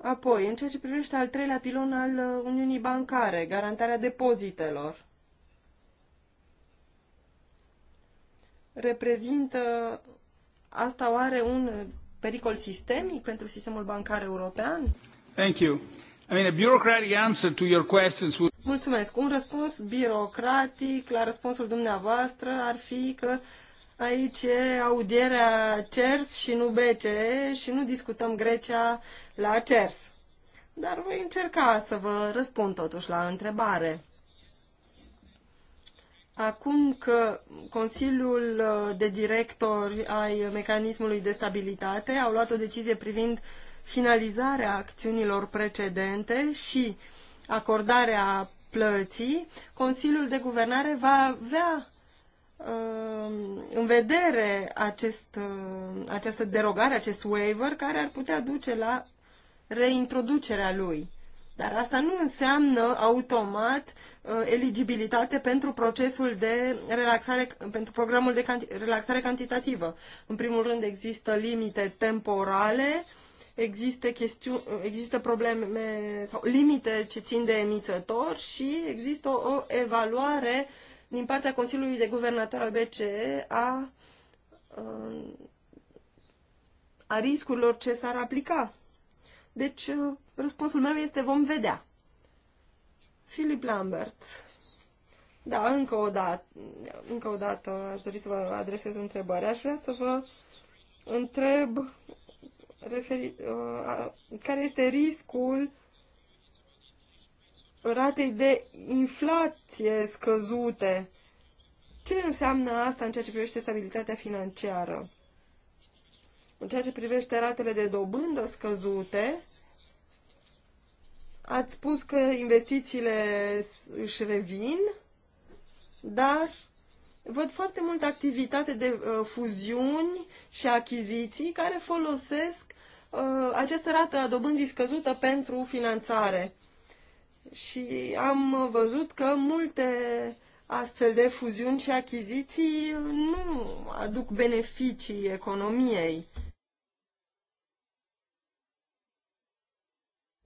Apoi, în ceea ce privește al treilea pilon al uh, Uniunii Bancare, garantarea depozitelor, reprezintă asta oare un pericol sistemic pentru sistemul bancar european? Thank you. I mean, a bureaucratic answer to your questions would... Mulțumesc. Un răspuns birocratic la răspunsul dumneavoastră ar fi că aici e audierea CERS și nu BCE și nu discutăm Grecia la CERS. Dar voi încerca să vă răspund totuși la întrebare acum că Consiliul uh, de Directori ai Mecanismului de Stabilitate au luat o decizie privind finalizarea acțiunilor precedente și acordarea plății, Consiliul de Guvernare va avea uh, în vedere acest, uh, această derogare, acest waiver, care ar putea duce la reintroducerea lui. Dar asta nu înseamnă automat uh, eligibilitate pentru procesul de relaxare, pentru programul de canti- relaxare cantitativă. În primul rând există limite temporale, există, chestiu- uh, există probleme sau limite ce țin de emițător și există o, o evaluare din partea Consiliului de Guvernator al BCE a, uh, a riscurilor ce s-ar aplica. Deci, Răspunsul meu este vom vedea. Philip Lambert. Da, încă o dată, încă o dată aș dori să vă adresez întrebarea. Aș vrea să vă întreb referi, uh, care este riscul ratei de inflație scăzute. Ce înseamnă asta în ceea ce privește stabilitatea financiară? În ceea ce privește ratele de dobândă scăzute, Ați spus că investițiile își revin, dar văd foarte multă activitate de uh, fuziuni și achiziții care folosesc uh, această rată a dobânzii scăzută pentru finanțare. Și am văzut că multe astfel de fuziuni și achiziții nu aduc beneficii economiei.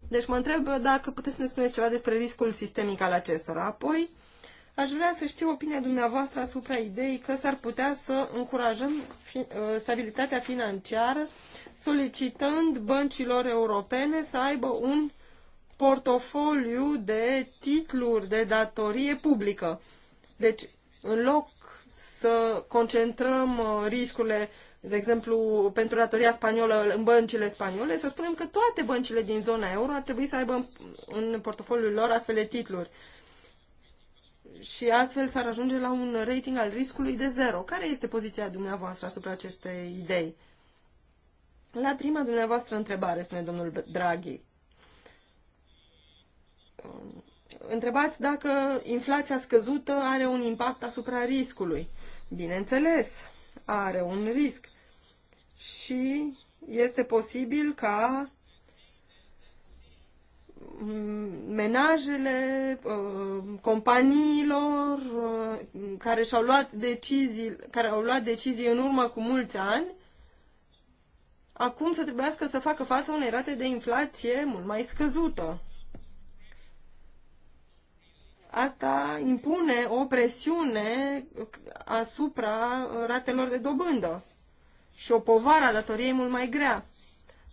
Deci mă întreb dacă puteți să ne spuneți ceva despre riscul sistemic al acestora. Apoi, aș vrea să știu opinia dumneavoastră asupra ideii că s-ar putea să încurajăm fi, uh, stabilitatea financiară solicitând băncilor europene să aibă un portofoliu de titluri de datorie publică. Deci, în loc să concentrăm uh, riscurile de exemplu, pentru datoria spaniolă în băncile spaniole, să spunem că toate băncile din zona euro ar trebui să aibă în portofoliul lor astfel de titluri. Și astfel s-ar ajunge la un rating al riscului de zero. Care este poziția dumneavoastră asupra acestei idei? La prima dumneavoastră întrebare, spune domnul Draghi. Întrebați dacă inflația scăzută are un impact asupra riscului. Bineînțeles, are un risc și este posibil ca mm, menajele uh, companiilor uh, care și-au luat decizii, care au luat decizii în urmă cu mulți ani, acum să trebuiască să facă față unei rate de inflație mult mai scăzută. Asta impune o presiune asupra ratelor de dobândă și o povară a datoriei mult mai grea.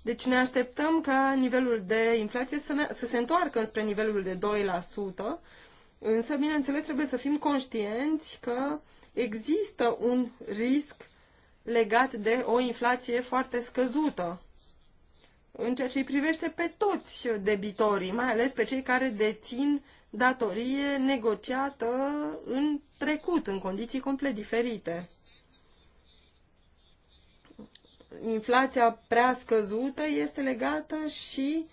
Deci ne așteptăm ca nivelul de inflație să, ne, să se întoarcă spre nivelul de 2%, însă, bineînțeles, trebuie să fim conștienți că există un risc legat de o inflație foarte scăzută în ceea ce îi privește pe toți debitorii, mai ales pe cei care dețin datorie negociată în trecut, în condiții complet diferite inflația prea scăzută este legată și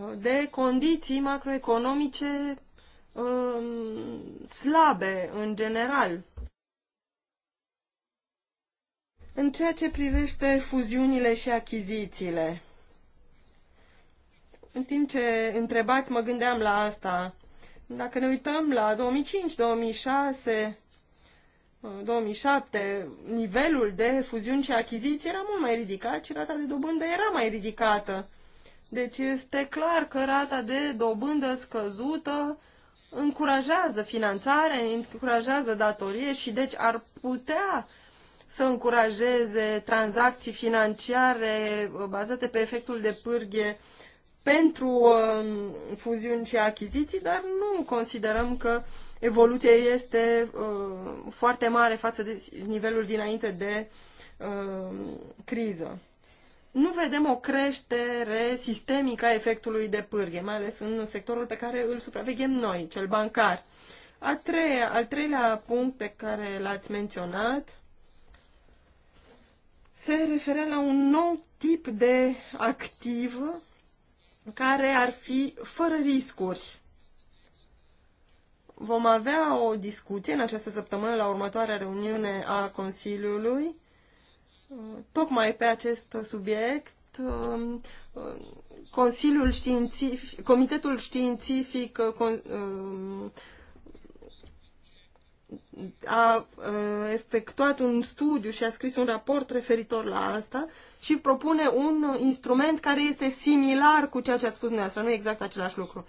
uh, de condiții macroeconomice um, slabe în general. În ceea ce privește fuziunile și achizițiile, în timp ce întrebați, mă gândeam la asta. Dacă ne uităm la 2005-2006, 2007 nivelul de fuziuni și achiziții era mult mai ridicat și rata de dobândă era mai ridicată. Deci este clar că rata de dobândă scăzută încurajează finanțare, încurajează datorie și deci ar putea să încurajeze tranzacții financiare bazate pe efectul de pârghie pentru um, fuziuni și achiziții, dar nu considerăm că uh, evoluția este uh, foarte mare față de nivelul dinainte de uh, criză. Nu vedem o creștere sistemică a efectului de pârghe, mai ales în sectorul pe care îl supraveghem noi, cel bancar. A treia, al treilea punct pe care l-ați menționat se referea la un nou tip de activ care ar fi fără riscuri Vom avea o discuție în această săptămână la următoarea reuniune a Consiliului, tocmai pe acest subiect. Consiliul științific, Comitetul Științific a uh, efectuat un studiu și a scris un raport referitor la asta și propune un instrument care este similar cu ceea ce ați spus dumneavoastră, nu exact același lucru.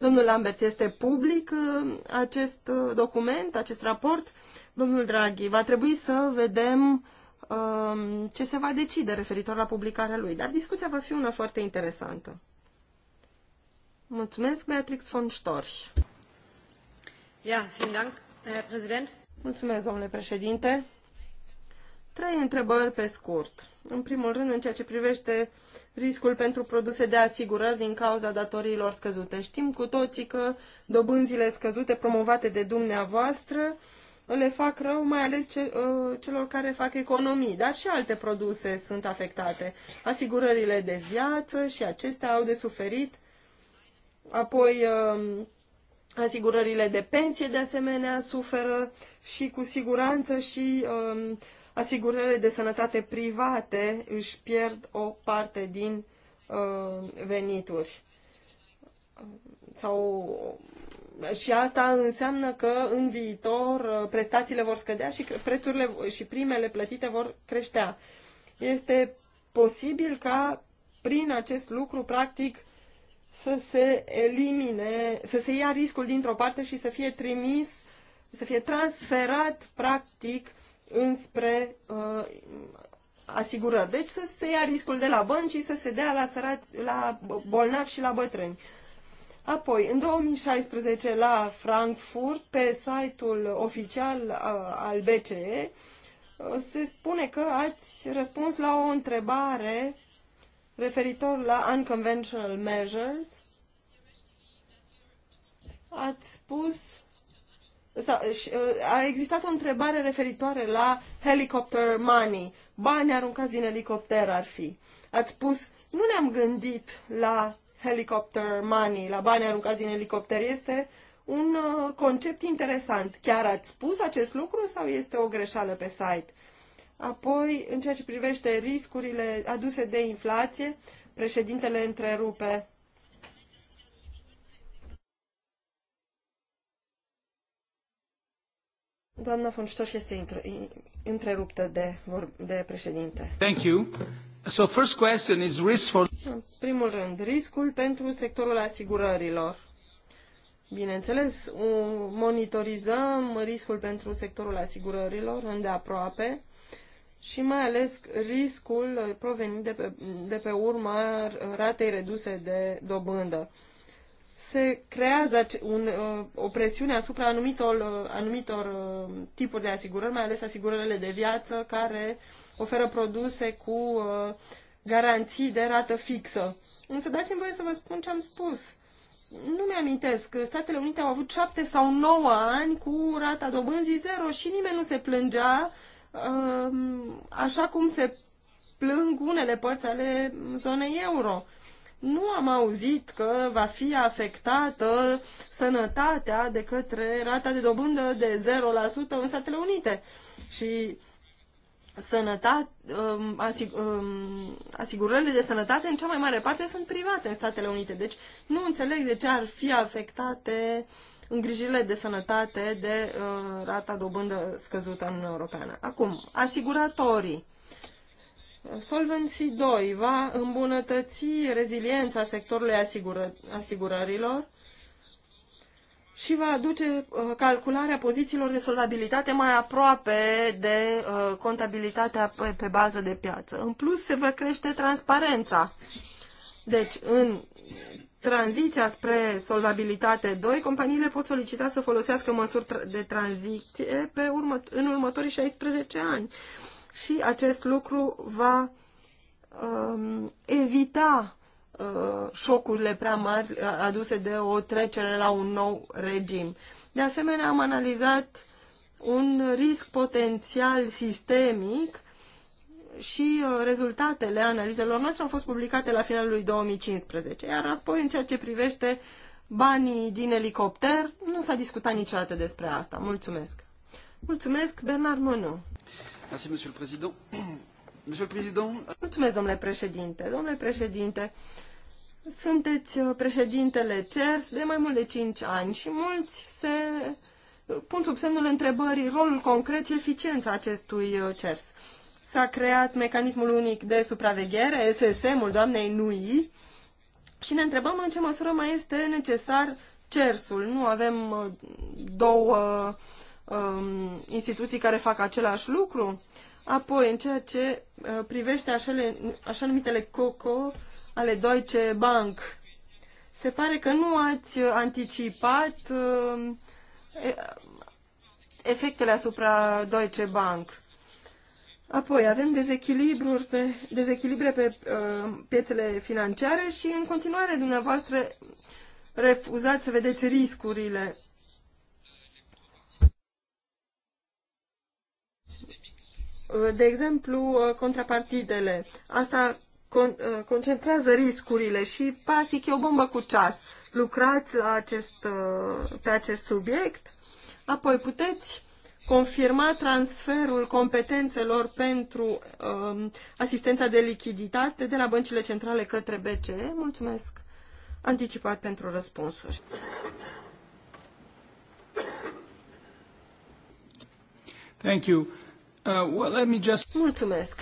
Domnul Lambert, este public uh, acest uh, document, acest raport? Domnul Draghi, va trebui să vedem um, ce se va decide referitor la publicarea lui, dar discuția va fi una foarte interesantă. Mulțumesc, Beatrix von Storch. Ja, vielen Dank, Herr Präsident. Mulțumesc, domnule președinte. Trei întrebări pe scurt. În primul rând, în ceea ce privește riscul pentru produse de asigurări din cauza datoriilor scăzute. Știm cu toții că dobânzile scăzute promovate de dumneavoastră le fac rău, mai ales ce, uh, celor care fac economii, dar și alte produse sunt afectate. Asigurările de viață și acestea au de suferit. Apoi, um, asigurările de pensie, de asemenea, suferă și cu siguranță și uh, asigurările de sănătate private își pierd o parte din uh, venituri. Sau și asta înseamnă că în viitor uh, prestațiile vor scădea și prețurile și primele plătite vor creștea. Este posibil ca prin acest lucru, practic, să se elimine, să se ia riscul dintr-o parte și să fie trimis, să fie transferat, practic, înspre uh, asigurări. Deci să se ia riscul de la bănci și să se dea la, sărat, la bolnavi și la bătrâni. Apoi, în 2016, la Frankfurt, pe site-ul oficial uh, al BCE, uh, se spune că ați răspuns la o întrebare referitor la unconventional measures. Ați spus Uh, a existat o întrebare referitoare la helicopter money, bani aruncați din elicopter ar fi. Ați spus, nu ne-am gândit la helicopter money, la bani aruncați din elicopter, este un uh, concept interesant. Chiar ați spus acest lucru sau este o greșeală pe site? Apoi, în ceea ce privește riscurile aduse de inflație, președintele întrerupe Doamna von este întreruptă de, de președinte. Thank you. So first question is risk for... În primul rând, riscul pentru sectorul asigurărilor. Bineînțeles, monitorizăm riscul pentru sectorul asigurărilor îndeaproape și mai ales riscul provenit de pe, de pe urma ratei reduse de dobândă se creează un, uh, o presiune asupra anumitor, uh, anumitor uh, tipuri de asigurări, mai ales asigurările de viață, care oferă produse cu garanții de rată fixă. Însă dați-mi voie să vă spun ce am spus. Nu mi-amintesc. că Statele Unite au avut șapte sau nouă ani cu rata dobânzii zero și nimeni nu se plângea um, așa cum se plâng unele părți ale zonei euro nu am auzit că va fi afectată sănătatea de către rata de dobândă de 0% în Statele Unite. Și sănătate, um, um, asigurările de sănătate în cea mai mare parte sunt private în Statele Unite. Deci nu înțeleg de ce ar fi afectate îngrijirile de sănătate de uh, rata dobândă scăzută în Europeană. Acum, asiguratorii. Solvency 2 va îmbunătăți reziliența sectorului asigură, asigurărilor și va aduce uh, calcularea pozițiilor de solvabilitate mai aproape de uh, contabilitatea pe, pe bază de piață. În plus, se va crește transparența. Deci, în tranziția spre solvabilitate 2, companiile pot solicita să folosească măsuri de tranziție pe urmă, în următorii 16 ani și acest lucru va um, evita uh, șocurile prea mari uh, aduse de o trecere la un nou regim. De asemenea, am analizat un risc potențial sistemic și uh, rezultatele analizelor noastre au fost publicate la finalul lui 2015. Iar apoi, în ceea ce privește banii din elicopter, nu s-a discutat niciodată despre asta. Mulțumesc! Mulțumesc, Bernard Monu! domnule președinte. Domnule președinte, sunteți uh, președintele CERS de mai mult de cinci ani și mulți se uh, pun sub semnul întrebării rolul concret și eficiența acestui uh, CERS. S-a creat mecanismul unic de supraveghere, SSM-ul doamnei Nui, și ne întrebăm în ce măsură mai este necesar CERS-ul. Nu avem două uh, um, instituții care fac același lucru. Apoi, în ceea ce uh, privește așele, așa numitele COCO ale Deutsche Bank, se pare că nu ați anticipat uh, efectele asupra Deutsche Bank. Apoi avem dezechilibruri pe, dezechilibre pe uh, piețele financiare și în continuare dumneavoastră refuzați să vedeți riscurile De exemplu, uh, contrapartidele. Asta con, uh, concentrează riscurile și, practic, e o bombă cu ceas. Lucrați la acest, uh, pe acest subiect, apoi puteți confirma transferul competențelor pentru um, asistența de lichiditate de la băncile centrale către BCE. Mulțumesc anticipat pentru răspunsuri. Thank you. Uh, well, let me just... Mulțumesc.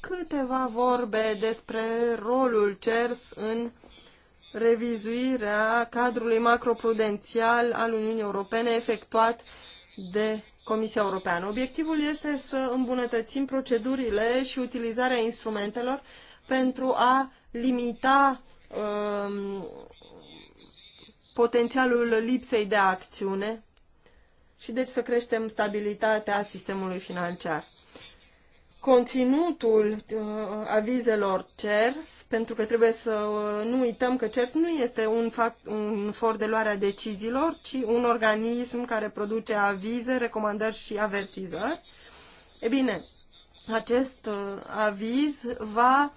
Câteva vorbe despre rolul CERS în revizuirea cadrului macroprudențial al Uniunii Europene efectuat de Comisia Europeană. Obiectivul este să îmbunătățim procedurile și utilizarea instrumentelor pentru a limita um, potențialul lipsei de acțiune și deci să creștem stabilitatea sistemului financiar. Conținutul uh, avizelor CERS, pentru că trebuie să uh, nu uităm că CERS nu este un, fact, un for de luare a deciziilor, ci un organism care produce avize, recomandări și avertizări. E bine, acest uh, aviz va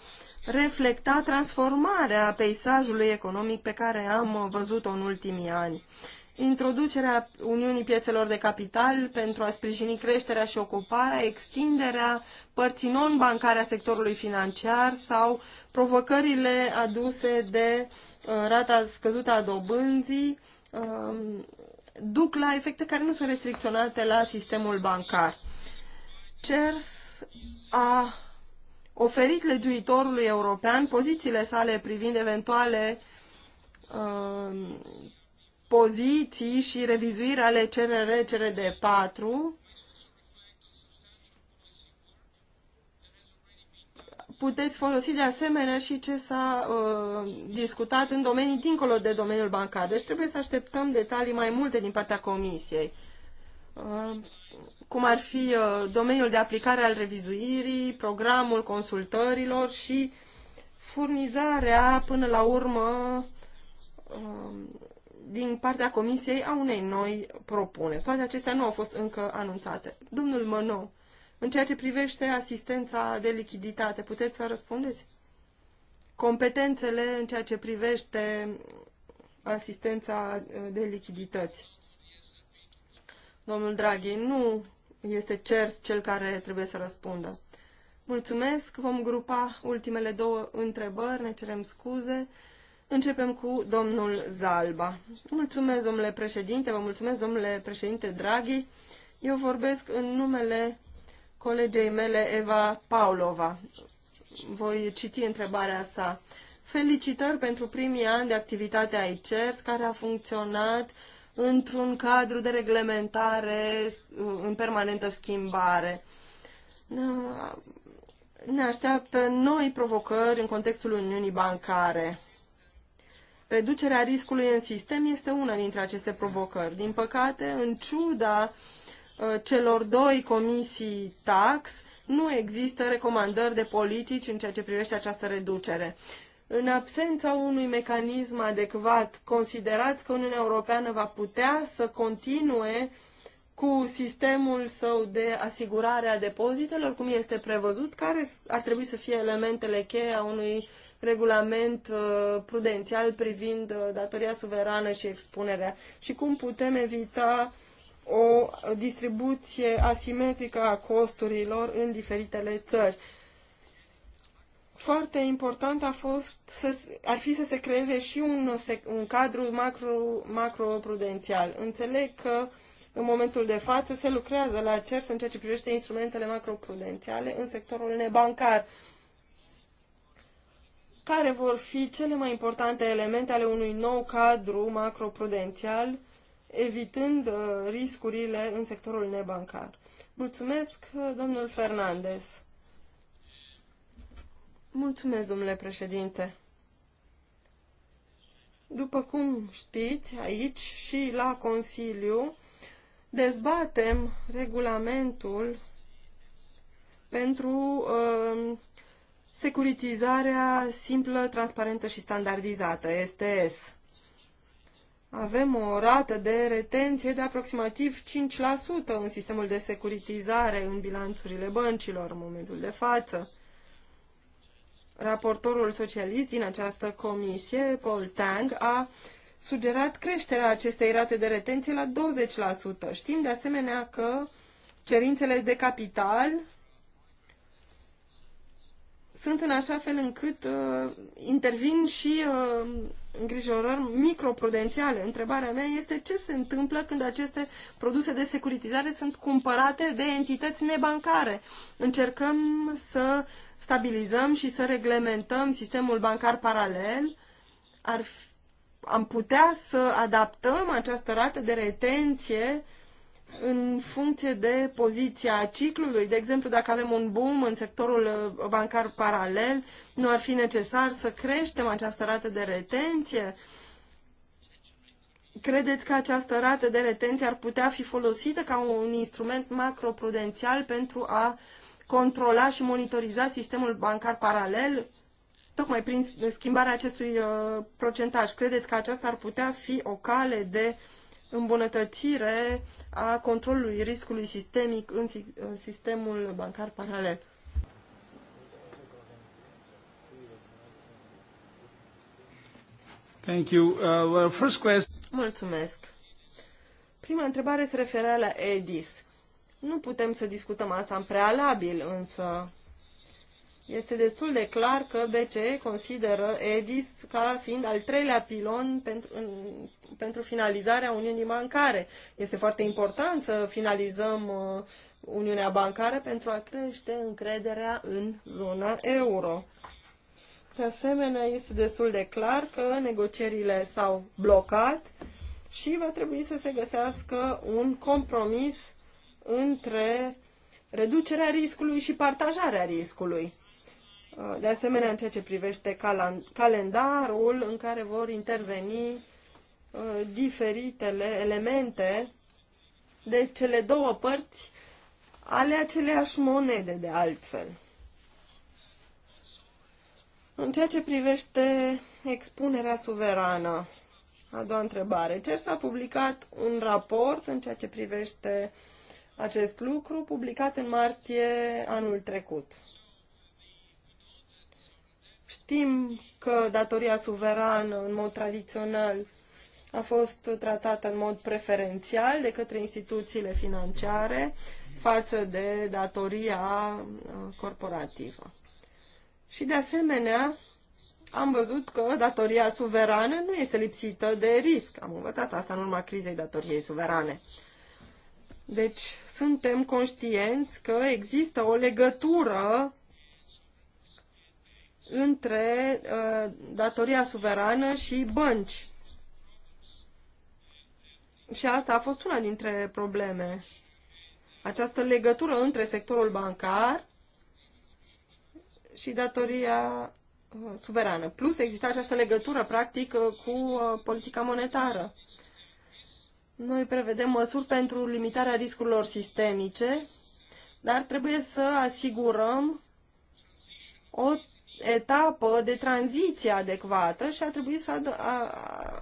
reflecta transformarea peisajului economic pe care am văzut-o în ultimii ani introducerea Uniunii Piețelor de Capital pentru a sprijini creșterea și ocuparea, extinderea părții non-bancare a sectorului financiar sau provocările aduse de uh, rata scăzută a dobânzii um, duc la efecte care nu sunt restricționate la sistemul bancar. CERS a oferit legiuitorului european pozițiile sale privind eventuale uh, poziții și revizuiri ale CNR, CRD 4, puteți folosi de asemenea și ce s-a uh, discutat în domenii dincolo de domeniul bancar. Deci trebuie să așteptăm detalii mai multe din partea comisiei. Uh, cum ar fi uh, domeniul de aplicare al revizuirii, programul consultărilor și furnizarea până la urmă uh, din partea Comisiei a unei noi propuneri. Toate acestea nu au fost încă anunțate. Domnul Mănă, în ceea ce privește asistența de lichiditate, puteți să răspundeți? Competențele în ceea ce privește asistența uh, de lichidități. Domnul Draghi, nu este CERS cel care trebuie să răspundă. Mulțumesc, vom grupa ultimele două întrebări, ne cerem scuze Începem cu domnul Zalba. Mulțumesc, domnule președinte, vă mulțumesc, domnule președinte Draghi. Eu vorbesc în numele colegei mele, Eva Paulova. Voi citi întrebarea sa. Felicitări pentru primii ani de activitate a ICERS, care a funcționat într-un cadru de reglementare uh, în permanentă schimbare. Ne așteaptă noi provocări în contextul Uniunii Bancare Reducerea riscului în sistem este una dintre aceste provocări. Din păcate, în ciuda uh, celor doi comisii tax, nu există recomandări de politici în ceea ce privește această reducere. În absența unui mecanism adecvat, considerați că Uniunea Europeană va putea să continue cu sistemul său de asigurare a depozitelor, cum este prevăzut, care ar trebui să fie elementele cheie a unui regulament uh, prudențial privind uh, datoria suverană și expunerea și cum putem evita o distribuție asimetrică a costurilor în diferitele țări. Foarte important a fost să, ar fi să se creeze și un, un cadru macro, macroprudențial. Înțeleg că în momentul de față se lucrează la CERS în ceea ce privește instrumentele macroprudențiale în sectorul nebancar care vor fi cele mai importante elemente ale unui nou cadru macroprudențial, evitând uh, riscurile în sectorul nebancar. Mulțumesc, uh, domnul Fernandez. Mulțumesc, domnule președinte. După cum știți, aici și la Consiliu dezbatem regulamentul pentru uh, Securitizarea simplă, transparentă și standardizată, STS. Avem o rată de retenție de aproximativ 5% în sistemul de securitizare în bilanțurile băncilor în momentul de față. Raportorul socialist din această comisie, Paul Tang, a sugerat creșterea acestei rate de retenție la 20%. Știm de asemenea că cerințele de capital sunt în așa fel încât uh, intervin și uh, îngrijorări microprudențiale. Întrebarea mea este ce se întâmplă când aceste produse de securitizare sunt cumpărate de entități nebancare. Încercăm să stabilizăm și să reglementăm sistemul bancar paralel. Ar, am putea să adaptăm această rată de retenție uh, în funcție de poziția ciclului. De exemplu, dacă avem un boom în sectorul uh, bancar paralel, nu ar fi necesar să creștem această rată de retenție? Credeți că această rată de retenție ar putea fi folosită ca un instrument macroprudențial pentru a controla și monitoriza sistemul bancar paralel? Tocmai prin schimbarea acestui uh, procentaj, credeți că aceasta ar putea fi o cale de uh, îmbunătățire a controlului riscului sistemic în sistemul bancar paralel. Thank you. Uh, well, first question. Mulțumesc. Prima întrebare se referea la EDIS. Nu putem să discutăm asta în prealabil, însă este destul de clar că BCE consideră EDIS ca fiind al treilea pilon pentru, în, pentru finalizarea Uniunii Bancare. Este foarte important să finalizăm uh, Uniunea Bancară pentru a crește încrederea în zona euro. De asemenea, este destul de clar că negocierile s-au blocat și va trebui să se găsească un compromis între reducerea riscului și partajarea riscului de asemenea în ceea ce privește calendarul în care vor interveni uh, diferitele elemente de cele două părți ale aceleași monede de altfel. În ceea ce privește expunerea suverană, a doua întrebare. CER s-a publicat un raport în ceea ce privește acest lucru, publicat în martie anul trecut. Știm că datoria suverană, în mod tradițional, a fost tratată în mod preferențial de către instituțiile financiare față de datoria uh, corporativă. Și, de asemenea, am văzut că datoria suverană nu este lipsită de risc. Am învățat asta în urma crizei datoriei suverane. Deci, suntem conștienți că există o legătură între uh, datoria suverană și bănci. Și asta a fost una dintre probleme. Această legătură între sectorul bancar și datoria uh, suverană. Plus exista această legătură, practic, uh, cu uh, politica monetară. Noi prevedem măsuri pentru limitarea riscurilor sistemice, dar trebuie să asigurăm o etapă de tranziție adecvată și a trebuit să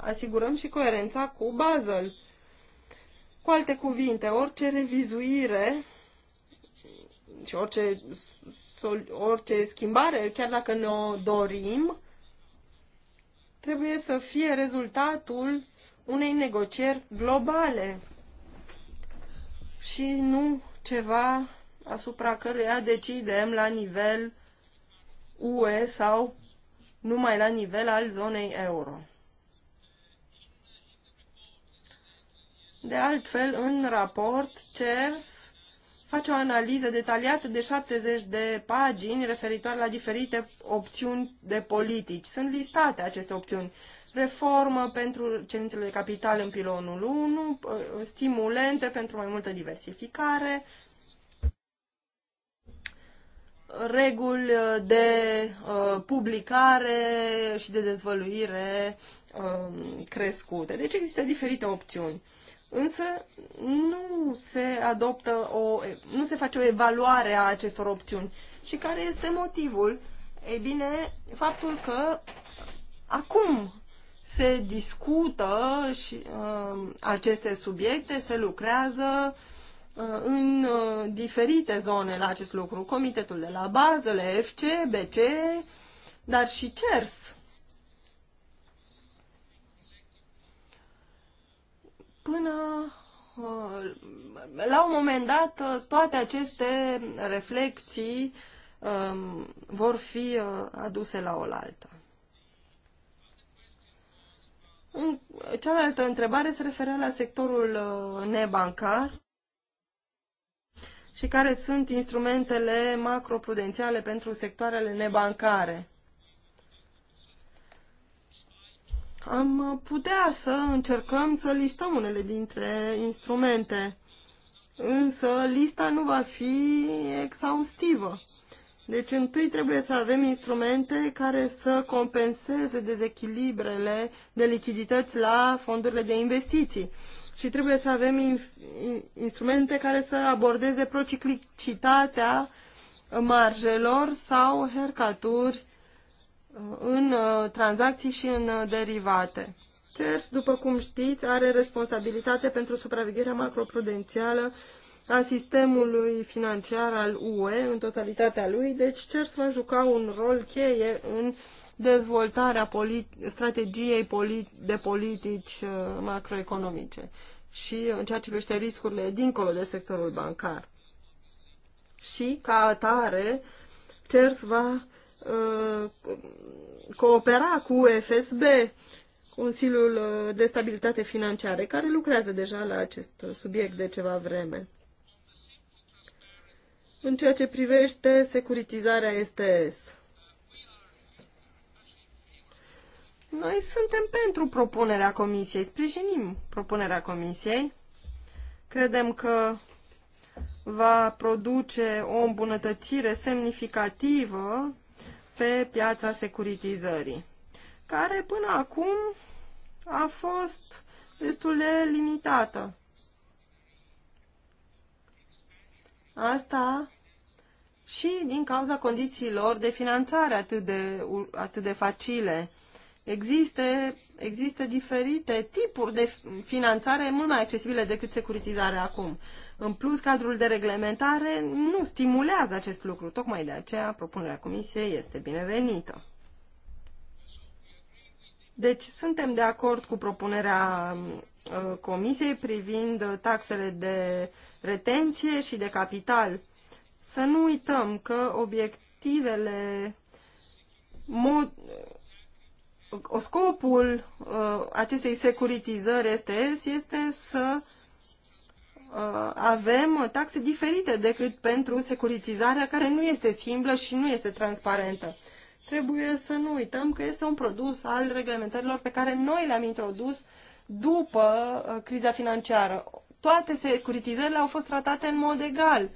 asigurăm și coerența cu Basel. Cu alte cuvinte, orice revizuire și orice, orice schimbare, chiar dacă ne o dorim, trebuie să fie rezultatul unei negocieri globale și nu ceva asupra căruia decidem la nivel UE sau numai la nivel al zonei euro. De altfel, în raport, CERS face o analiză detaliată de 70 de pagini referitoare la diferite opțiuni de politici. Sunt listate aceste opțiuni. Reformă pentru cerințele de capital în pilonul 1, stimulente pentru mai multă diversificare, reguli uh, de uh, publicare și de dezvăluire um, crescute. Deci există diferite opțiuni. Însă nu se adoptă o, nu se face o evaluare a acestor opțiuni. Și care este motivul? Ei bine, faptul că acum se discută și uh, aceste subiecte, se lucrează uh, Uh, în uh, diferite zone la acest lucru. Comitetul de la bază, le FC, BC, dar și CERS. Până uh, la un moment dat, toate aceste reflexii um, vor fi aduse la oaltă. Cealaltă întrebare se referă la sectorul nebancar și care sunt instrumentele macroprudențiale pentru sectoarele nebancare. Am putea să încercăm să listăm unele dintre instrumente, însă lista nu va fi exhaustivă. Deci întâi trebuie să avem instrumente care să compenseze dezechilibrele de lichidități la fondurile de investiții și trebuie să avem instrumente care să abordeze prociclicitatea marjelor sau hercaturi uh, în uh, tranzacții și în uh, derivate. CERS, după cum știți, are responsabilitate pentru supravegherea macroprudențială a sistemului financiar al UE în totalitatea lui, deci CERS va juca un rol cheie în uh, dezvoltarea polit- strategiei polit- de politici uh, macroeconomice și în ceea ce privește riscurile dincolo de sectorul bancar. Și, ca atare, CERS va uh, coopera cu FSB, Consiliul uh, de Stabilitate Financiară, care lucrează deja la acest uh, subiect de ceva vreme. În ceea ce privește securitizarea STS, Noi suntem pentru propunerea comisiei, sprijinim propunerea comisiei. Credem că va produce o îmbunătățire semnificativă pe piața securitizării, care până acum a fost destul de limitată. Asta și din cauza condițiilor de finanțare atât de, atât de facile Existe, există diferite tipuri de finanțare mult mai accesibile decât securitizarea acum. În plus, cadrul de reglementare nu stimulează acest lucru. Tocmai de aceea, propunerea Comisiei este binevenită. Deci, suntem de acord cu propunerea uh, Comisiei privind taxele de retenție și de capital. Să nu uităm că obiectivele mod, scopul uh, acestei securitizări STS este să uh, avem taxe diferite decât pentru securitizarea care nu este simplă și nu este transparentă. Trebuie să nu uităm că este un produs al reglementărilor pe care noi le-am introdus după uh, criza financiară. Toate securitizările au fost tratate în mod egal,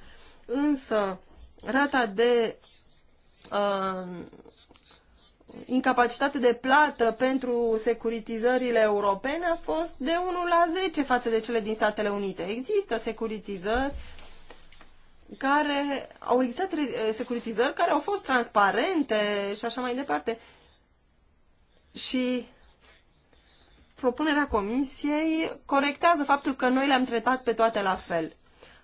însă rata de uh, incapacitate de plată pentru securitizările europene a fost de 1 la 10 față de cele din Statele Unite. Există securitizări care au existat securitizări care au fost transparente și așa mai departe. Și propunerea comisiei corectează faptul că noi le-am tratat pe toate la fel.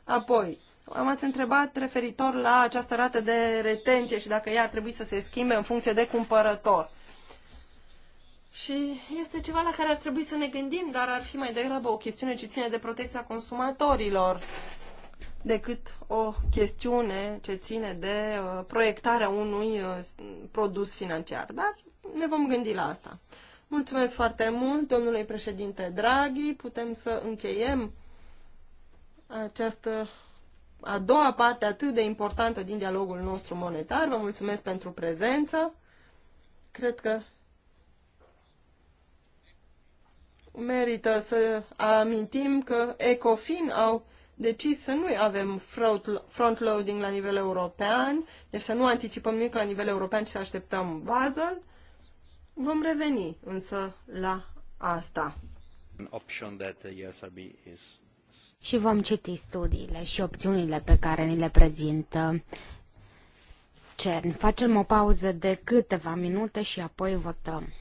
Apoi, M-ați întrebat referitor la această rată de retenție și dacă ea ar trebui să se schimbe în funcție de cumpărător. Și este ceva la care ar trebui să ne gândim, dar ar fi mai degrabă o chestiune ce ține de protecția consumatorilor decât o chestiune ce ține de uh, proiectarea unui uh, produs financiar. Dar ne vom gândi la asta. Mulțumesc foarte mult, domnule președinte Draghi. Putem să încheiem această a doua parte atât de importantă din dialogul nostru monetar. Vă mulțumesc pentru prezență. Cred că merită să amintim că ECOFIN au decis să nu avem front-loading la nivel european, deci să nu anticipăm nimic la nivel european, ci să așteptăm Basel. Vom reveni însă la asta. An option that the ESRB is și vom citi studiile și opțiunile pe care ni le prezintă CERN. Facem o pauză de câteva minute și apoi votăm.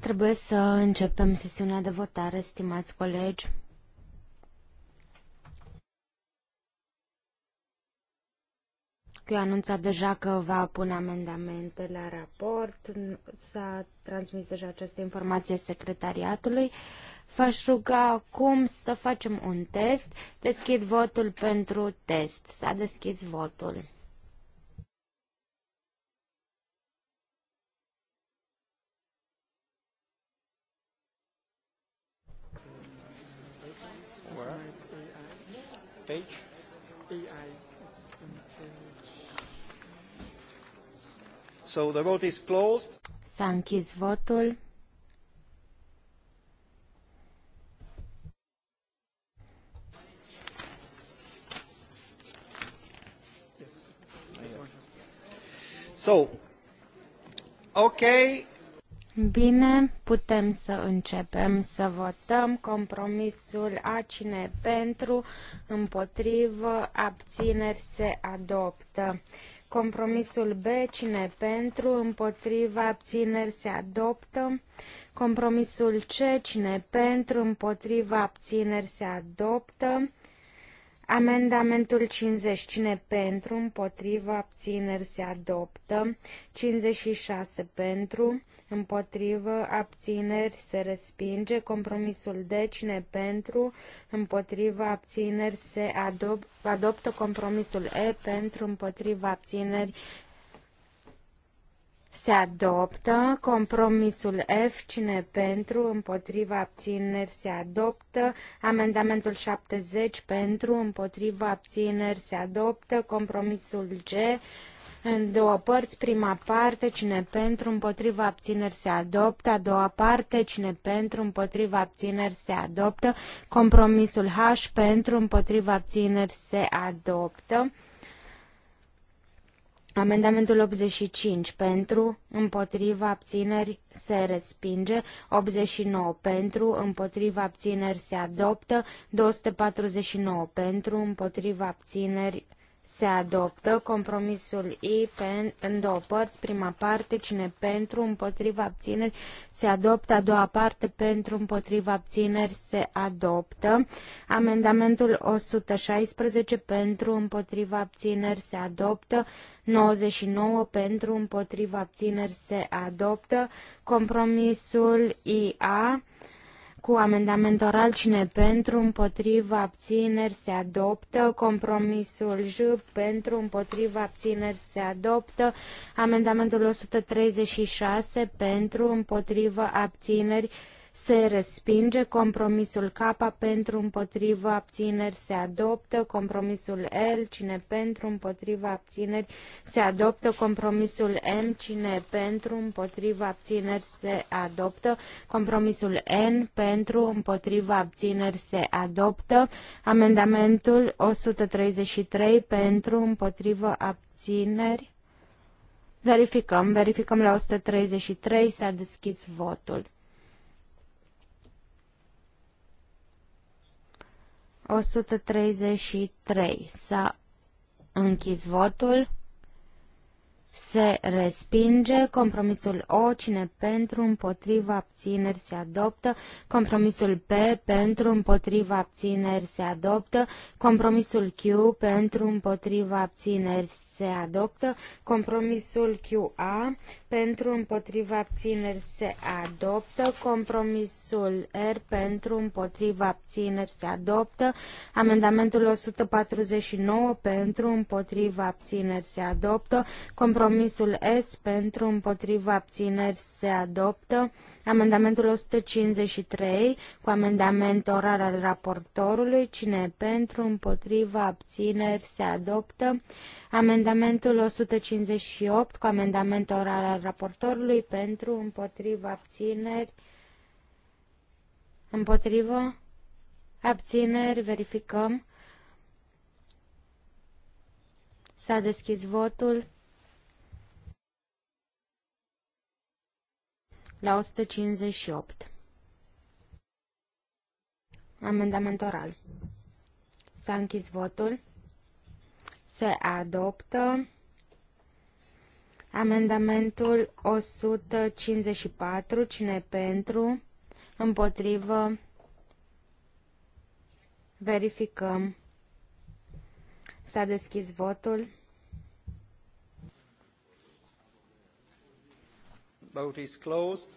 Trebuie să începem sesiunea de votare, stimați colegi. Eu anunțat deja că va pune amendamente la raport. S-a transmis deja această informație secretariatului. V-aș ruga acum să facem un test. Deschid votul pentru test. S-a deschis votul. page? So the vote is closed. S-a închis votul. So, okay, Bine, putem să începem să votăm compromisul A, cine pentru, împotrivă, abțineri se adoptă. Compromisul B, cine pentru, împotriva, abțineri se adoptă. Compromisul C, cine pentru, împotriva, abțineri se adoptă. Amendamentul 50. Cine pentru? Împotriva abțineri se adoptă. 56 pentru. Împotrivă abțineri se respinge. Compromisul de cine pentru? Împotriva abțineri se adop adoptă. Compromisul E pentru. Împotriva abțineri se adoptă compromisul F, cine pentru, împotriva abțineri se adoptă, amendamentul 70 pentru, împotriva abțineri se adoptă, compromisul G, în două părți, prima parte, cine pentru, împotriva abțineri se adoptă, a doua parte, cine pentru, împotriva abțineri se adoptă, compromisul H pentru, împotriva abțineri se adoptă. Amendamentul 85 pentru, împotriva abțineri se respinge, 89 pentru, împotriva abțineri se adoptă, 249 pentru, împotriva abțineri se adoptă compromisul I pen, în două părți, prima parte, cine pentru, împotriva abțineri, se adoptă, a doua parte, pentru, împotriva abțineri, se adoptă. Amendamentul 116 pentru, împotriva abțineri, se adoptă. 99 pentru, împotriva abțineri, se adoptă. Compromisul IA cu amendament oral cine pentru, împotriva abțineri se adoptă, compromisul J pentru, împotriva abțineri se adoptă, amendamentul 136 pentru, împotriva abțineri se se respinge, compromisul K pentru împotriva abțineri se adoptă, compromisul L, cine pentru împotriva abțineri se adoptă, compromisul M, cine pentru împotriva abțineri se adoptă, compromisul N pentru împotriva abțineri se adoptă, amendamentul 133 pentru împotriva abțineri. Verificăm, verificăm la 133, s-a deschis votul. 133. S-a închis votul. Se respinge compromisul O, cine pentru, împotriva, abțineri, se adoptă. Compromisul P, pentru, împotriva, abțineri, se adoptă. Compromisul Q, pentru, împotriva, abțineri, se adoptă. Compromisul QA, pentru împotriva abțineri se adoptă, compromisul R pentru împotriva abțineri se adoptă, amendamentul 149 pentru împotriva abțineri se adoptă, compromisul S pentru împotriva abțineri se adoptă, Amendamentul 153 cu amendament oral al raportorului. Cine pentru, împotriva, abțineri, se adoptă. Amendamentul 158 cu amendament oral al raportorului. Pentru, împotriva, abțineri, împotrivă, abțineri, verificăm. S-a deschis votul. la 158. Amendament oral. S-a închis votul. Se adoptă amendamentul 154. Cine pentru? Împotrivă? Verificăm. S-a deschis votul. Vote is closed.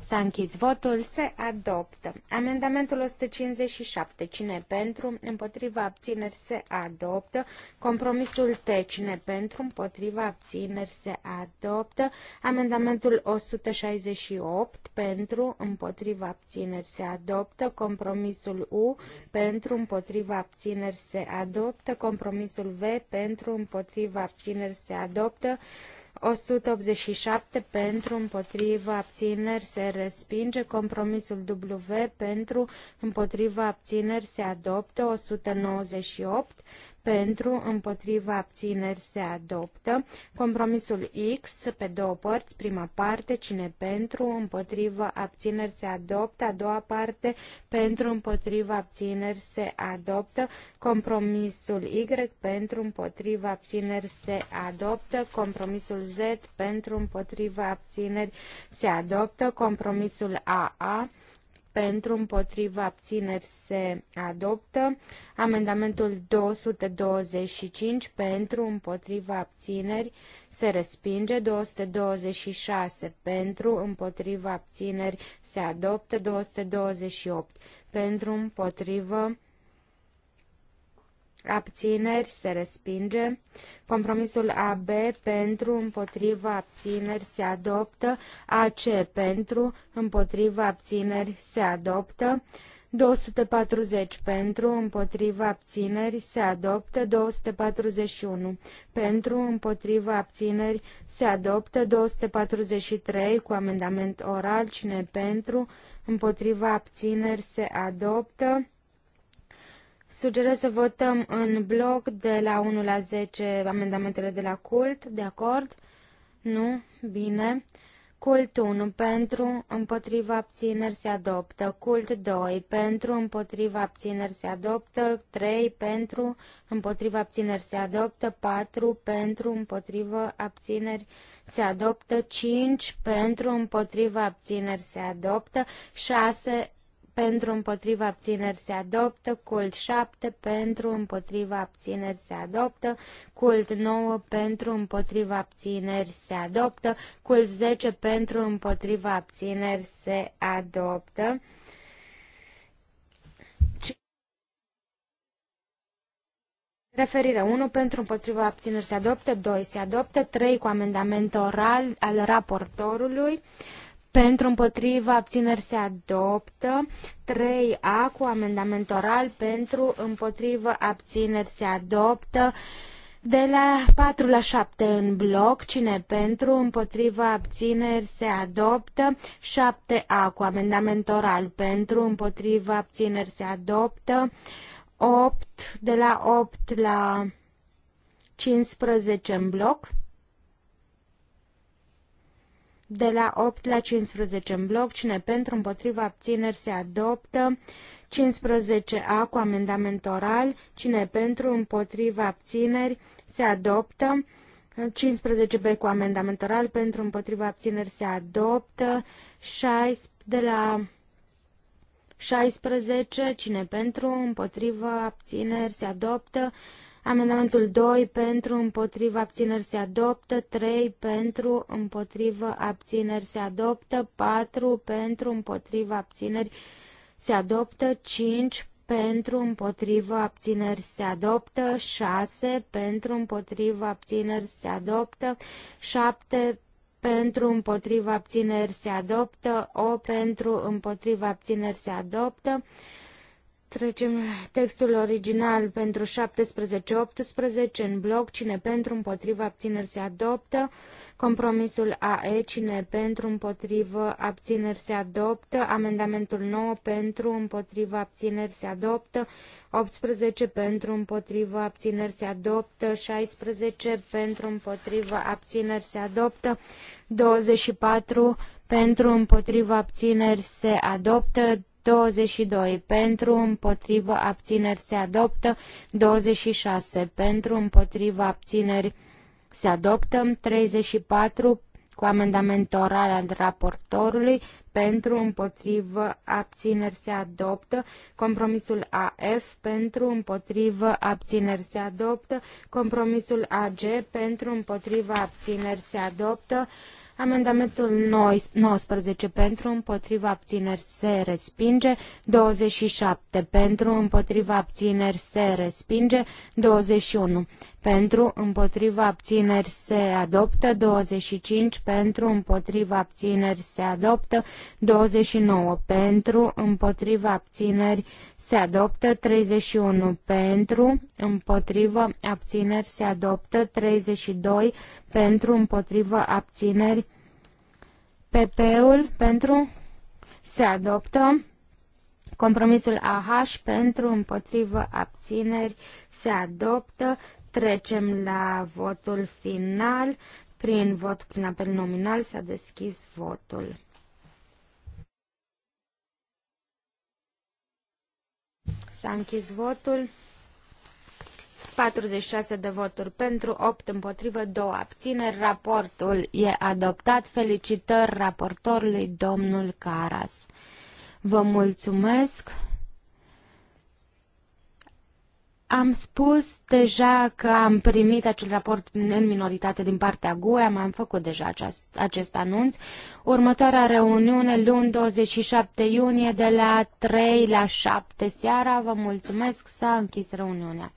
S-a închis votul, se adoptă. Amendamentul 157, cine pentru, împotriva abțineri, se adoptă. Compromisul T, cine pentru, împotriva abțineri, se adoptă. Amendamentul 168, pentru, împotriva abțineri, se adoptă. Compromisul U, pentru, împotriva abțineri, se adoptă. Compromisul V, pentru, împotriva abțineri, se adoptă. 187 pentru, împotriva, abțineri se respinge, compromisul W pentru, împotriva, abțineri se adoptă, 198 pentru, împotriva, abțineri se adoptă. Compromisul X pe două părți, prima parte, cine pentru, împotriva, abțineri se adoptă, a doua parte, pentru, împotriva, abțineri se adoptă. Compromisul Y pentru, împotriva, abțineri se adoptă. Compromisul Z pentru, împotriva, abțineri se adoptă. Compromisul AA pentru împotriva abțineri se adoptă. Amendamentul 225 pentru împotriva abțineri se respinge. 226 pentru împotriva abțineri se adoptă. 228 pentru împotriva abțineri se respinge, compromisul AB pentru împotriva abțineri se adoptă, AC pentru împotriva abțineri se adoptă, 240 pentru, împotriva abțineri, se adoptă 241. Pentru, împotriva abțineri, se adoptă 243 cu amendament oral. Cine pentru, împotriva abțineri, se adoptă Sugerez să votăm în bloc de la 1 la 10 amendamentele de la cult, de acord? Nu? Bine. Cult 1 pentru, împotriva abțineri se adoptă. Cult 2 pentru, împotriva abțineri se adoptă. 3 pentru, împotriva abțineri se adoptă. 4 pentru, împotriva abțineri se adoptă. 5 pentru, împotriva abțineri se adoptă. 6 pentru împotriva abțineri se adoptă, cult 7 pentru împotriva abțineri se adoptă, cult 9 pentru împotriva abțineri se adoptă, cult 10 pentru împotriva abțineri se adoptă. Referire 1 pentru împotriva abțineri se adoptă, 2 se adoptă, 3 cu amendament oral al raportorului. Pentru împotriva abțineri se adoptă. 3A cu amendament oral. Pentru împotriva abțineri se adoptă. De la 4 la 7 în bloc, cine pentru, împotriva, abțineri, se adoptă. 7A cu amendament oral pentru, împotriva, abțineri, se adoptă. 8, de la 8 la 15 în bloc de la 8 la 15 în bloc, cine pentru, împotriva, abțineri se adoptă, 15A cu amendament oral, cine pentru, împotriva, abțineri se adoptă, 15B cu amendament oral, pentru, împotriva, abțineri se adoptă, 6 de la 16, cine pentru, împotriva, abțineri se adoptă, Amendamentul 2 pentru împotriva abțineri se adoptă, 3 pentru împotriva abțineri se adoptă, 4 pentru împotriva abțineri se adoptă, 5 pentru împotriva abțineri se adoptă, 6 pentru împotriva abțineri se adoptă, 7 pentru împotriva abțineri se adoptă, 8 pentru împotriva abțineri se adoptă, Trecem textul original pentru 17-18 în bloc, cine pentru împotriva abțineri se adoptă, compromisul AE, cine pentru împotrivă abțineri se adoptă, amendamentul 9 pentru împotriva abțineri se adoptă, 18 pentru împotrivă, abțineri se adoptă, 16 pentru împotrivă, abțineri se adoptă, 24 pentru împotrivă, abțineri se adoptă, 22 pentru, împotrivă, abțineri se adoptă, 26 pentru, împotrivă, abțineri se adoptă, 34 cu amendament oral al raportorului, pentru, împotrivă, abțineri se adoptă, compromisul AF pentru, împotrivă, abțineri se adoptă, compromisul AG pentru, împotrivă, abțineri se adoptă, Amendamentul 19 pentru, împotriva abțineri se respinge, 27 pentru, împotriva abțineri se respinge, 21 pentru împotriva abțineri se adoptă, 25 pentru împotriva abțineri se adoptă, 29 pentru împotriva abțineri se adoptă, 31 pentru împotriva abțineri se adoptă, 32 pentru împotriva abțineri PP-ul pentru se adoptă. Compromisul AH pentru împotrivă abțineri se adoptă. Trecem la votul final. Prin vot prin apel nominal s-a deschis votul. S-a închis votul. 46 de voturi pentru, 8 împotrivă, 2 abțineri. Raportul e adoptat. Felicitări raportorului domnul Caras. Vă mulțumesc! Am spus deja că am primit acel raport în minoritate din partea GUE, am făcut deja aceast, acest anunț. Următoarea reuniune, luni 27 iunie, de la 3 la 7 seara. Vă mulțumesc, s-a închis reuniunea.